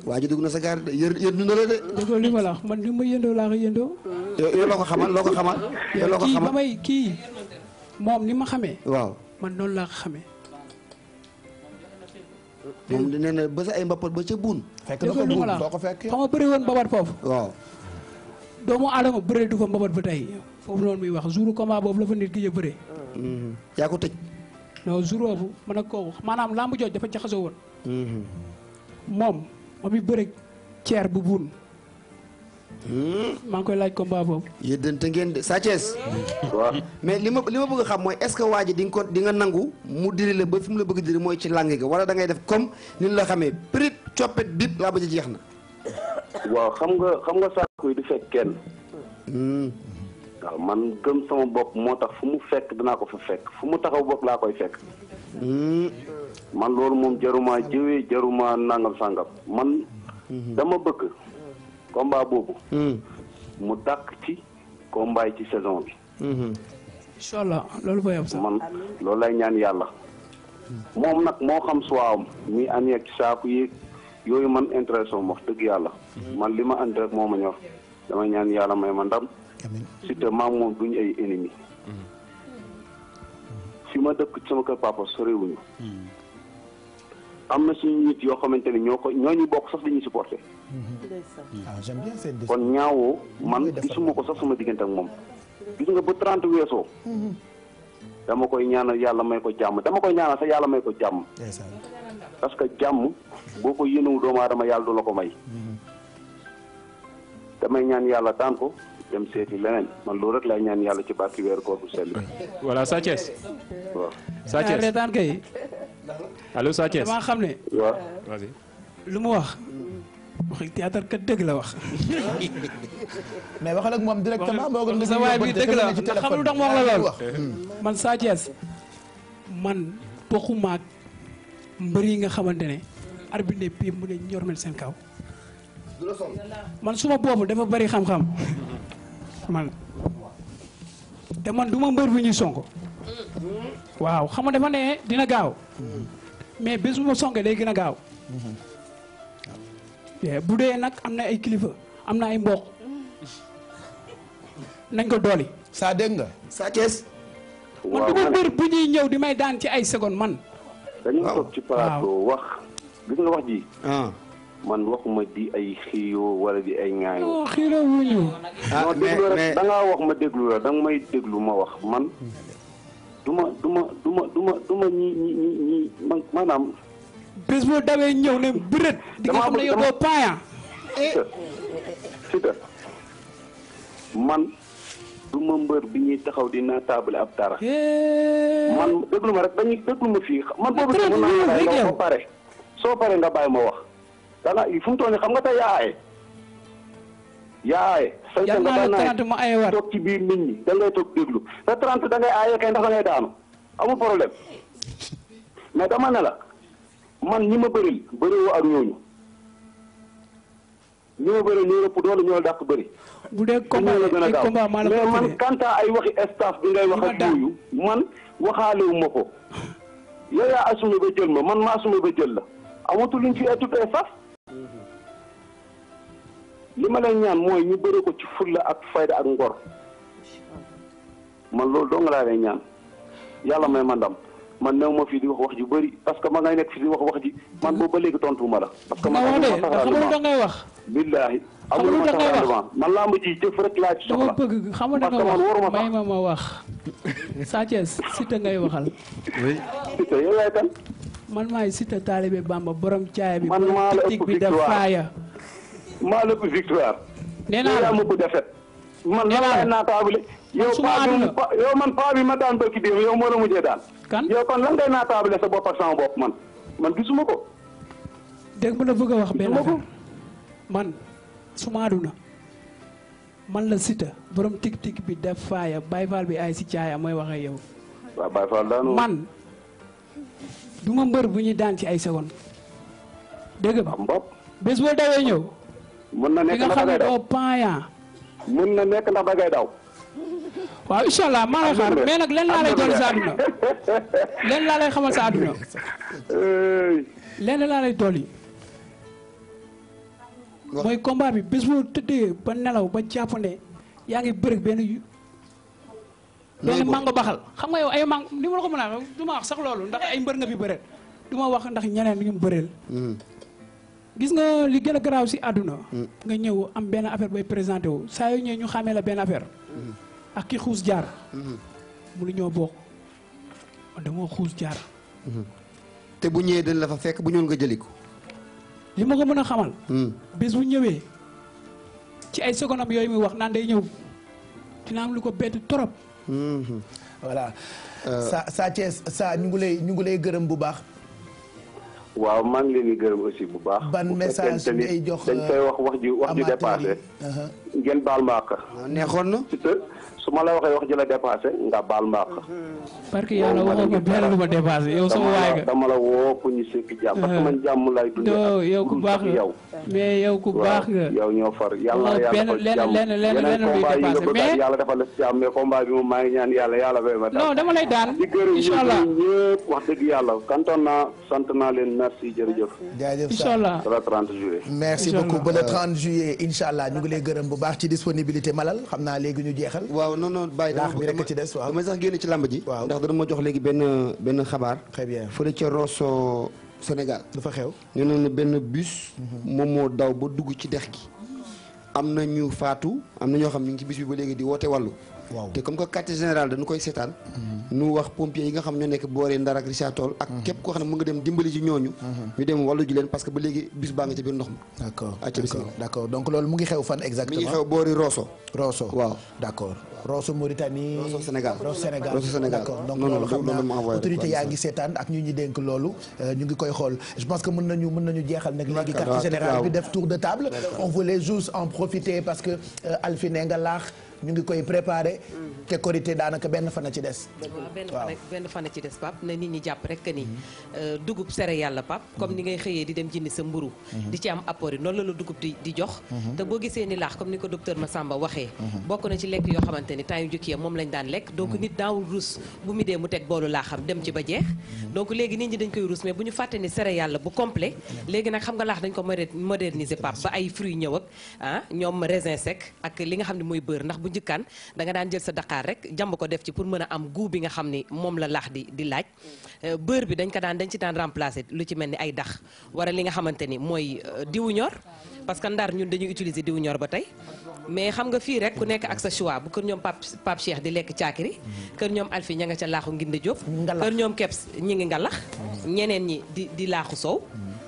waa ji dugg na sa gaar yër yër dund la de déggoo li ma la wax man li ma yëndoo laa ko yëndoo yow xamal loo ko xamal yow loo xamal kii ba may kii moom ni ma xamee waaw man noonu laa ko xamee. moom nee na ba sa ay mbapat ba ca buun. fekk na ko buun doo fekk xam nga bëri woon mbapat foofu. waaw. doomu aadama bëre du ko mbapat ba tey foofu noonu muy wax jour combat boobu la fa nit ki ja bëre. Mm-hmm. yaa ko tëj. non jour boobu man ak kooku maanaam lamb jooj dafa jaxasoo woon. Mm-hmm. moom moom i bëre ceer bu buun. maa koy laaj combat boobu. yëddante ngeen de Sa Thiès. waaw mais li ma li ma bëgg a xam mooy est ce que waa ji di nga ko di nga nangu mu diri la ba fi mu la bëgg diri mooy ci làng ga wala da ngay def comme ni la xamee prit coppet bip laa ba jeex na. waaw xam nga xam nga saako yi du fekk kenn. Hmm. man gëm sama bopp moo tax fu mu fekk danaa ko fu fekk fu mu taxaw bopp laa koy fekk. Hmm. man loolu moom jaruma jëwee jaruma nangam sangam man. dama bëgg. combat boobu. Hmm. mu dàq ci kombay ci saison bi. Hmm. incha allah loolu mooy sax. man loolu lay ñaan yàlla. moom nag moo xam suwaawam mi am yeeg saaku yi yooyu man intéressé wax dëgg yàlla. Hmm. man li ma andi rek moo ma ñor damay ñaan yàlla may ma ndam. amiin surtout maam moom duñu ay ennemi. fi ma dëkk ci sama kër papa soriwuñu. am na suñu nit yoo xamante ne ñoo ko ñoo ñu bokk sax dañuy supporté. Ah, kon ñaawoo man gisuma ko sax sama diggante ak moom. gis nga ba trente weesoo. dama koy ñaanal yàlla may ko jàmm dama koy ñaanal sax yàlla may ko jàmm. parce que jàmm boo ko yéenewu doomu aadama yàlla du la ko may. Mhm. damay ñaan yàlla daan ko. dem seeti leneen man loolu rek laay ñaan yàlla ci barki weeru koor bu sell. voilà Sa Thiès. allo Sa Thiès xam ne. lu mu wax. wax théâtre kat dëgg la wax. mais waxal ak moom directement. boo ko nga sa waay bi dëgg la ndax xam lu tax ma wax la hmm. lool. man Sa Thiès man toxuma ak mbër yi nga xamante ne. arbitre ne bii mu ne ñor mel seen kaw. man suma boobu dafa bari xam-xam man. te man du mbër bi ñuy sonko waaw xam nga dafa ne dina gaaw mais bés bu ma songee day gën a gaaw bu dee nag am na ay kilifa am na ay mbokk nañ ko dooli saa dégg nga saa Thiès man du ma ñëw di may daan ci ay seconde man dañu toog ci plateau wax gis nga wax ji ah. man waxuma di ay xiyo wala di ay ŋaayo. non xiiro wuñu. ah mais mais da ngaa wax ma déglu la da may déglu ma wax man. du ma du ma du ma du ma ma maanaam. bés bu dawee ñëw ne bërët. di xam ne yow doo paayaa. Siteu eh. man du ma mbër bi ñuy taxaw di naa taabale ab dara. Eh. man déglu ma rek dañuy déglu ma fii man boobu. dëgg la dëgg la soo paree nga bàyyi ma wax. dana fu mu toll nii xam nga te yaa yaay saytal nga gànnaay ma ay war toog ci biir nit ñi dañ lay toog déglu sa 30 da ngay kay ndax da daanu amul problème mais dama ne la man ñi ma bëril bëriwoo ak ñooñu ñi ma bëril ñoo ëpp doole ñoo dàq bëri. bu dee combat la a gaaw mais man kanta ay waxi staff bi ngay wax ak man waxaalewu ma ko yow yaa assumé ba jël ma man ma assumé ba jël la amatul luñ fi étude staff. li ma leen ñaan mooy ñu bëri ko ci fulla ak fayda ak ngor man loolu doo nga laa ñaan yàlla may ma ndam man new ma fii di wax wax ji bëri parce que ma ngay nekk fii di wax wax ji man boobu ba léegi que man xamul da ma sax rendement man làmb ji jëf rek laa ci soxla da nga wax may ma ma wax Sa Thiès Siteu ngay waxal Siteu yow yaay kan man maay Siteu taalibe Bamba borom caaya bi borom tik bi def faaya maa lépp victoire. nee naa la ko defet man lan laay naataabale. yow man paa ma daan bëgg démb yow moo la mujjee daan. kan yow kon man la bëgg a wax benn affaire man la sita borom tik tik bi def faaya Baye Fall bi ay si caaya mooy wax ak yow. waaw man du mbër bu ñuy daan ci ay secondes. dégg nga bés boo dawee ñëw. mën na nekk ndax da ngay daw doo paayaa. mën waaw incha allah maa lay xaar mais nag leen laa lay doon sa àdduna leen laa lay xamal tool yi mooy combat bi bés boo tëddee ba nelaw ba jàppande yaa ngi bërëg benn benn mango baxal xam nga yow ay mango ni ma la ko mën a du ma wax sax loolu ndax ay mbër nga fi bëreel du ma wax ndax ñeneen ñu bëreel hmm. gis nga li gën a garaaw si àdduna. nga ñëw am benn affaire booy présenté wu saa yoo ñëwee ñu xamee la benn affaire. ak ki xuus jaar. mu lu ñoo bokk dama xuus jaar. te bu ñëwee dañ la fa fekk bu ñëw nga jëli ko. li ma mën a xamal. Hmm. bés bu ñëwee ci ay secondes yooyu muy wax naan day ñëw dina am lu ko bett trop. Hmm. voilà. Euh. Sa Sa Thiès Sa ñu ngi lay ñu ngi lay gërëm bu baax. waaw maa ngi leen di gërëm aussi bu baax. ban message ngay jox dañ fay wax wax ju wax ju dépassé. Uh-huh. ngeen baal ma àq. neexoon na. su ma la waxee wax ji dépassé nga baal ma àq. parce que yàlla waxoo ko dara lu ma dépassé yow sama waay nga dama la woo pour ñu sekk jàmm. parce uh-huh. baax nga mais yow ku baax nga. yow ñoo far yàlla na oh, yàlla defal jàmm lenn lenn lenn mais yàlla defal bi moom maa ñaan yàlla yàlla fay ma. non dama lay daan incha allah di gërëm ñëpp wax dëgg yàlla kantoon naa sant naa leen merci jërëjëf. jaajëf incha allah ba la 30 juillet. merci beaucoup ba le 30 juillet incha allah ñu ngi lay gërëm bu baax ci disponibilité malal xam naa léegi ñu jeexal noonu non bàyyi laax bi rek ci des waaw damay sax génn ci làmb ji. waaw ndax dana ma jox léegi benn benn xabaar. très bien fële ca Rosso Sénégal. dafa xew ñu ne benn bus. Mhm. moom moo daw ba dugg ci dex gi. am na ñu faatu am na ñoo xam ñu ngi ci bis bi ba léegi di woote wallu waaw te comme que quartier général dañu koy seetaan. nu mhm. wax pompiers yi nga xam ñoo nekk booree Ndar ak Richard ak mhm. képp koo xam ne mu nga dem dimbali ji ñooñu. Mhm. ñu dem wàllu leen parce que ba léegi bis baa nga ci biir ndox mi. donc loolu mu ngi xew fan exactement mi ngi xew boori Rosso. Rosso waaw d' accord. Mauritanie. Rosso Sénégal Rosso Sénégal donc loolu xam naa autorité yaa ngi seetaan ak ñu ñi dénk loolu euh, ñu ngi koy xool je pense que mën nañu mën nañu ñu ngi koy préparé. te korité daanaka benn fan a ci des. waaw benn fan a ci des pap na nit ñi jàpp rek que ni euh, dugub sere yàlla pap comme ni ngay xëyee di dem jëndi sa mburu mhm. di ci am apport yi noonu la la dugub di di jox. Mhm. te boo gisee ni laax comme ni ko ma Massamba waxee. Mhm. bokk na ci lekk yoo xamante ni temps yu njëkk ya moom lañ daan lekk. donc nit daawul ruus bu mu dee mu teg boolu laaxam dem ci ba jeex. donc léegi nit ñi dañ koy ruus mais bu ñu fàtte ni sere yàlla bu complet léegi nag xam laax dañ ko moderniser pap ba ay fruits ñëw ak ah ñoom raisin sec ak li nga xam ne mooy beurre bu njëkkaan da nga daan jël sa daqaar rek jàmb ko def ci pour mën a am goût bi nga xam ni moom la laax di di laaj euh, beurre bi dañ ko daan dañ ci daan remplacer lu ci mel ni ay dax wala li nga xamante ni mooy euh, diwu ñor parce que ndar ñun dañuy utiliser diwu ñor ba tey mais xam nga fii rek ku nekk ak sa choix bu kër ñoom Pape Pape Cheikh di lekk caakiri kër ñoom Alfi ña nga ca laaxu Nginde Diop kër ñoom Keps ñi ngi ngalax ñeneen ñi di di laaxu soow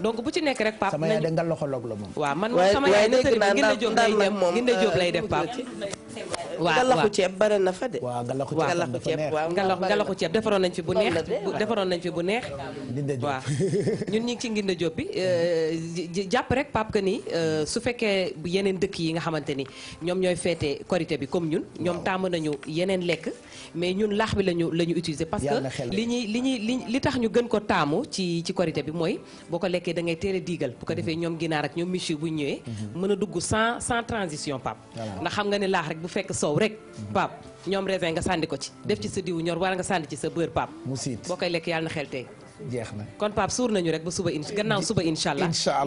donc bu ci nekk rek pap sama yaay de nga loxo log la moom waaw man moom sama yaay nag Ginda Diop lay def Ginda lay def pap waaw galaxu ceeb bare na fa de waaw galaxu ceeb galaxu ceeb defaroon nañ fi bu neex defaroon nañ fi bu neex waaw ñun ñi ngi ci Ginda Diop bi euh, jàpp rek pap que ni euh, su fekkee bu yeneen dëkk yi nga xamante ni ñoom ñooy feete korité bi comme ñun ñoom tàmm nañu yeneen lekk mais ñun laax bi lañu la ñu utiliser parce que li ñuy li ñuy li li tax ñu gën ko taamu ci ci korité bi mooy boo ko lekkee fekkee da ngay diigal bu ko defee ñoom ginaar ak ñoom michu bu ñëwee mhm. mën a dugg sans sans transition pap ndax xam nga ne laax rek bu fekk soow rek mhm. pap ñoom raisin nga sànni ko ci def ci sa diw ñor wala nga sànni ci sa beurre pap mu siit boo koy lekk yàlla na xel tey jeex na kon Pape suur nañu rek ba suba in gannaaw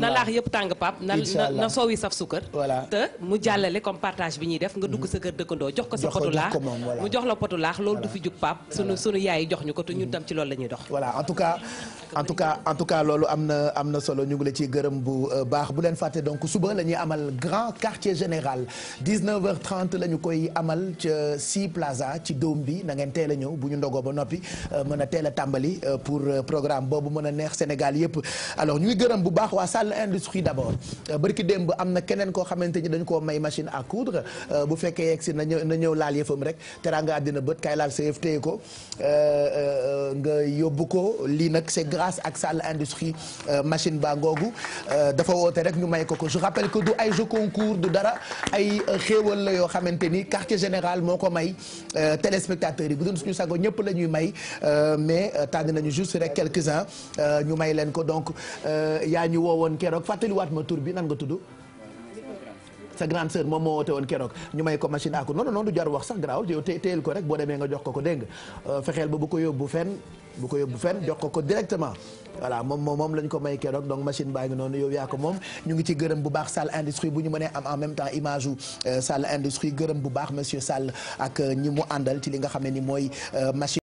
na laax yëpp tàng Pape na soow yi saf sukkar voilà te mu jàllale comme partage bi ñuy def nga dugg sa kër dëkkandoo jox ko sa potu laax mu jox la potu laax loolu du fi jub Pape sunu yaay jox ñu ko te ñun mhm. tam ci loolu la dox voilà en tout cas en tout cas loolu am na solo ñu ngi la ciy gërëm bu euh, baax bu leen fàtte donc suba la amal grand quartier général 19 koy amal ca Sea Plaza ci dóom bi na a euh, a a euh, programme boobu mën a neex Sénégal yëpp alors ñuy gërëm bu baax waa salle industrie d'abord euh, barki démb am na keneen koo xamante ni dañ koo may machine à coudre euh, bu fekkee yegg na ñëw laal yëfam rek teraanga àddina bët kaay laal sa yëf téye ko euh, nga yóbbu ko lii nag c'est grâce ak salle industrie machine baa ngoogu dafa woote rek ñu may ko ko je rappelle que du ay jeu concours du dara ay xéewal la xamante ni quartier général moo ko may téléspectateurs yi bu doon suñu sago ñëpp la Cousin euh, ñu may leen ko donc euh, yaa ñu woowoon keroog fàttaliwaat ma tur bi nan nga tudd. sa grande sœur moom moo woote woon keroog ñu may ko machine à non non du jar wax sax garaawul yow téyel ko rek boo demee nga jox ko ko dégg euh, fexeel ba bu ko yóbbu fenn bu ko yóbbu fenn jox ko ko directement. voilà moom moom lañ ko may keroog donc machine baa ngi noonu yow yaa ko moom ñu ngi ci gërëm bu baax salle industrie bu ñu mënee am en même temps image u industrie li nga xam ni mooy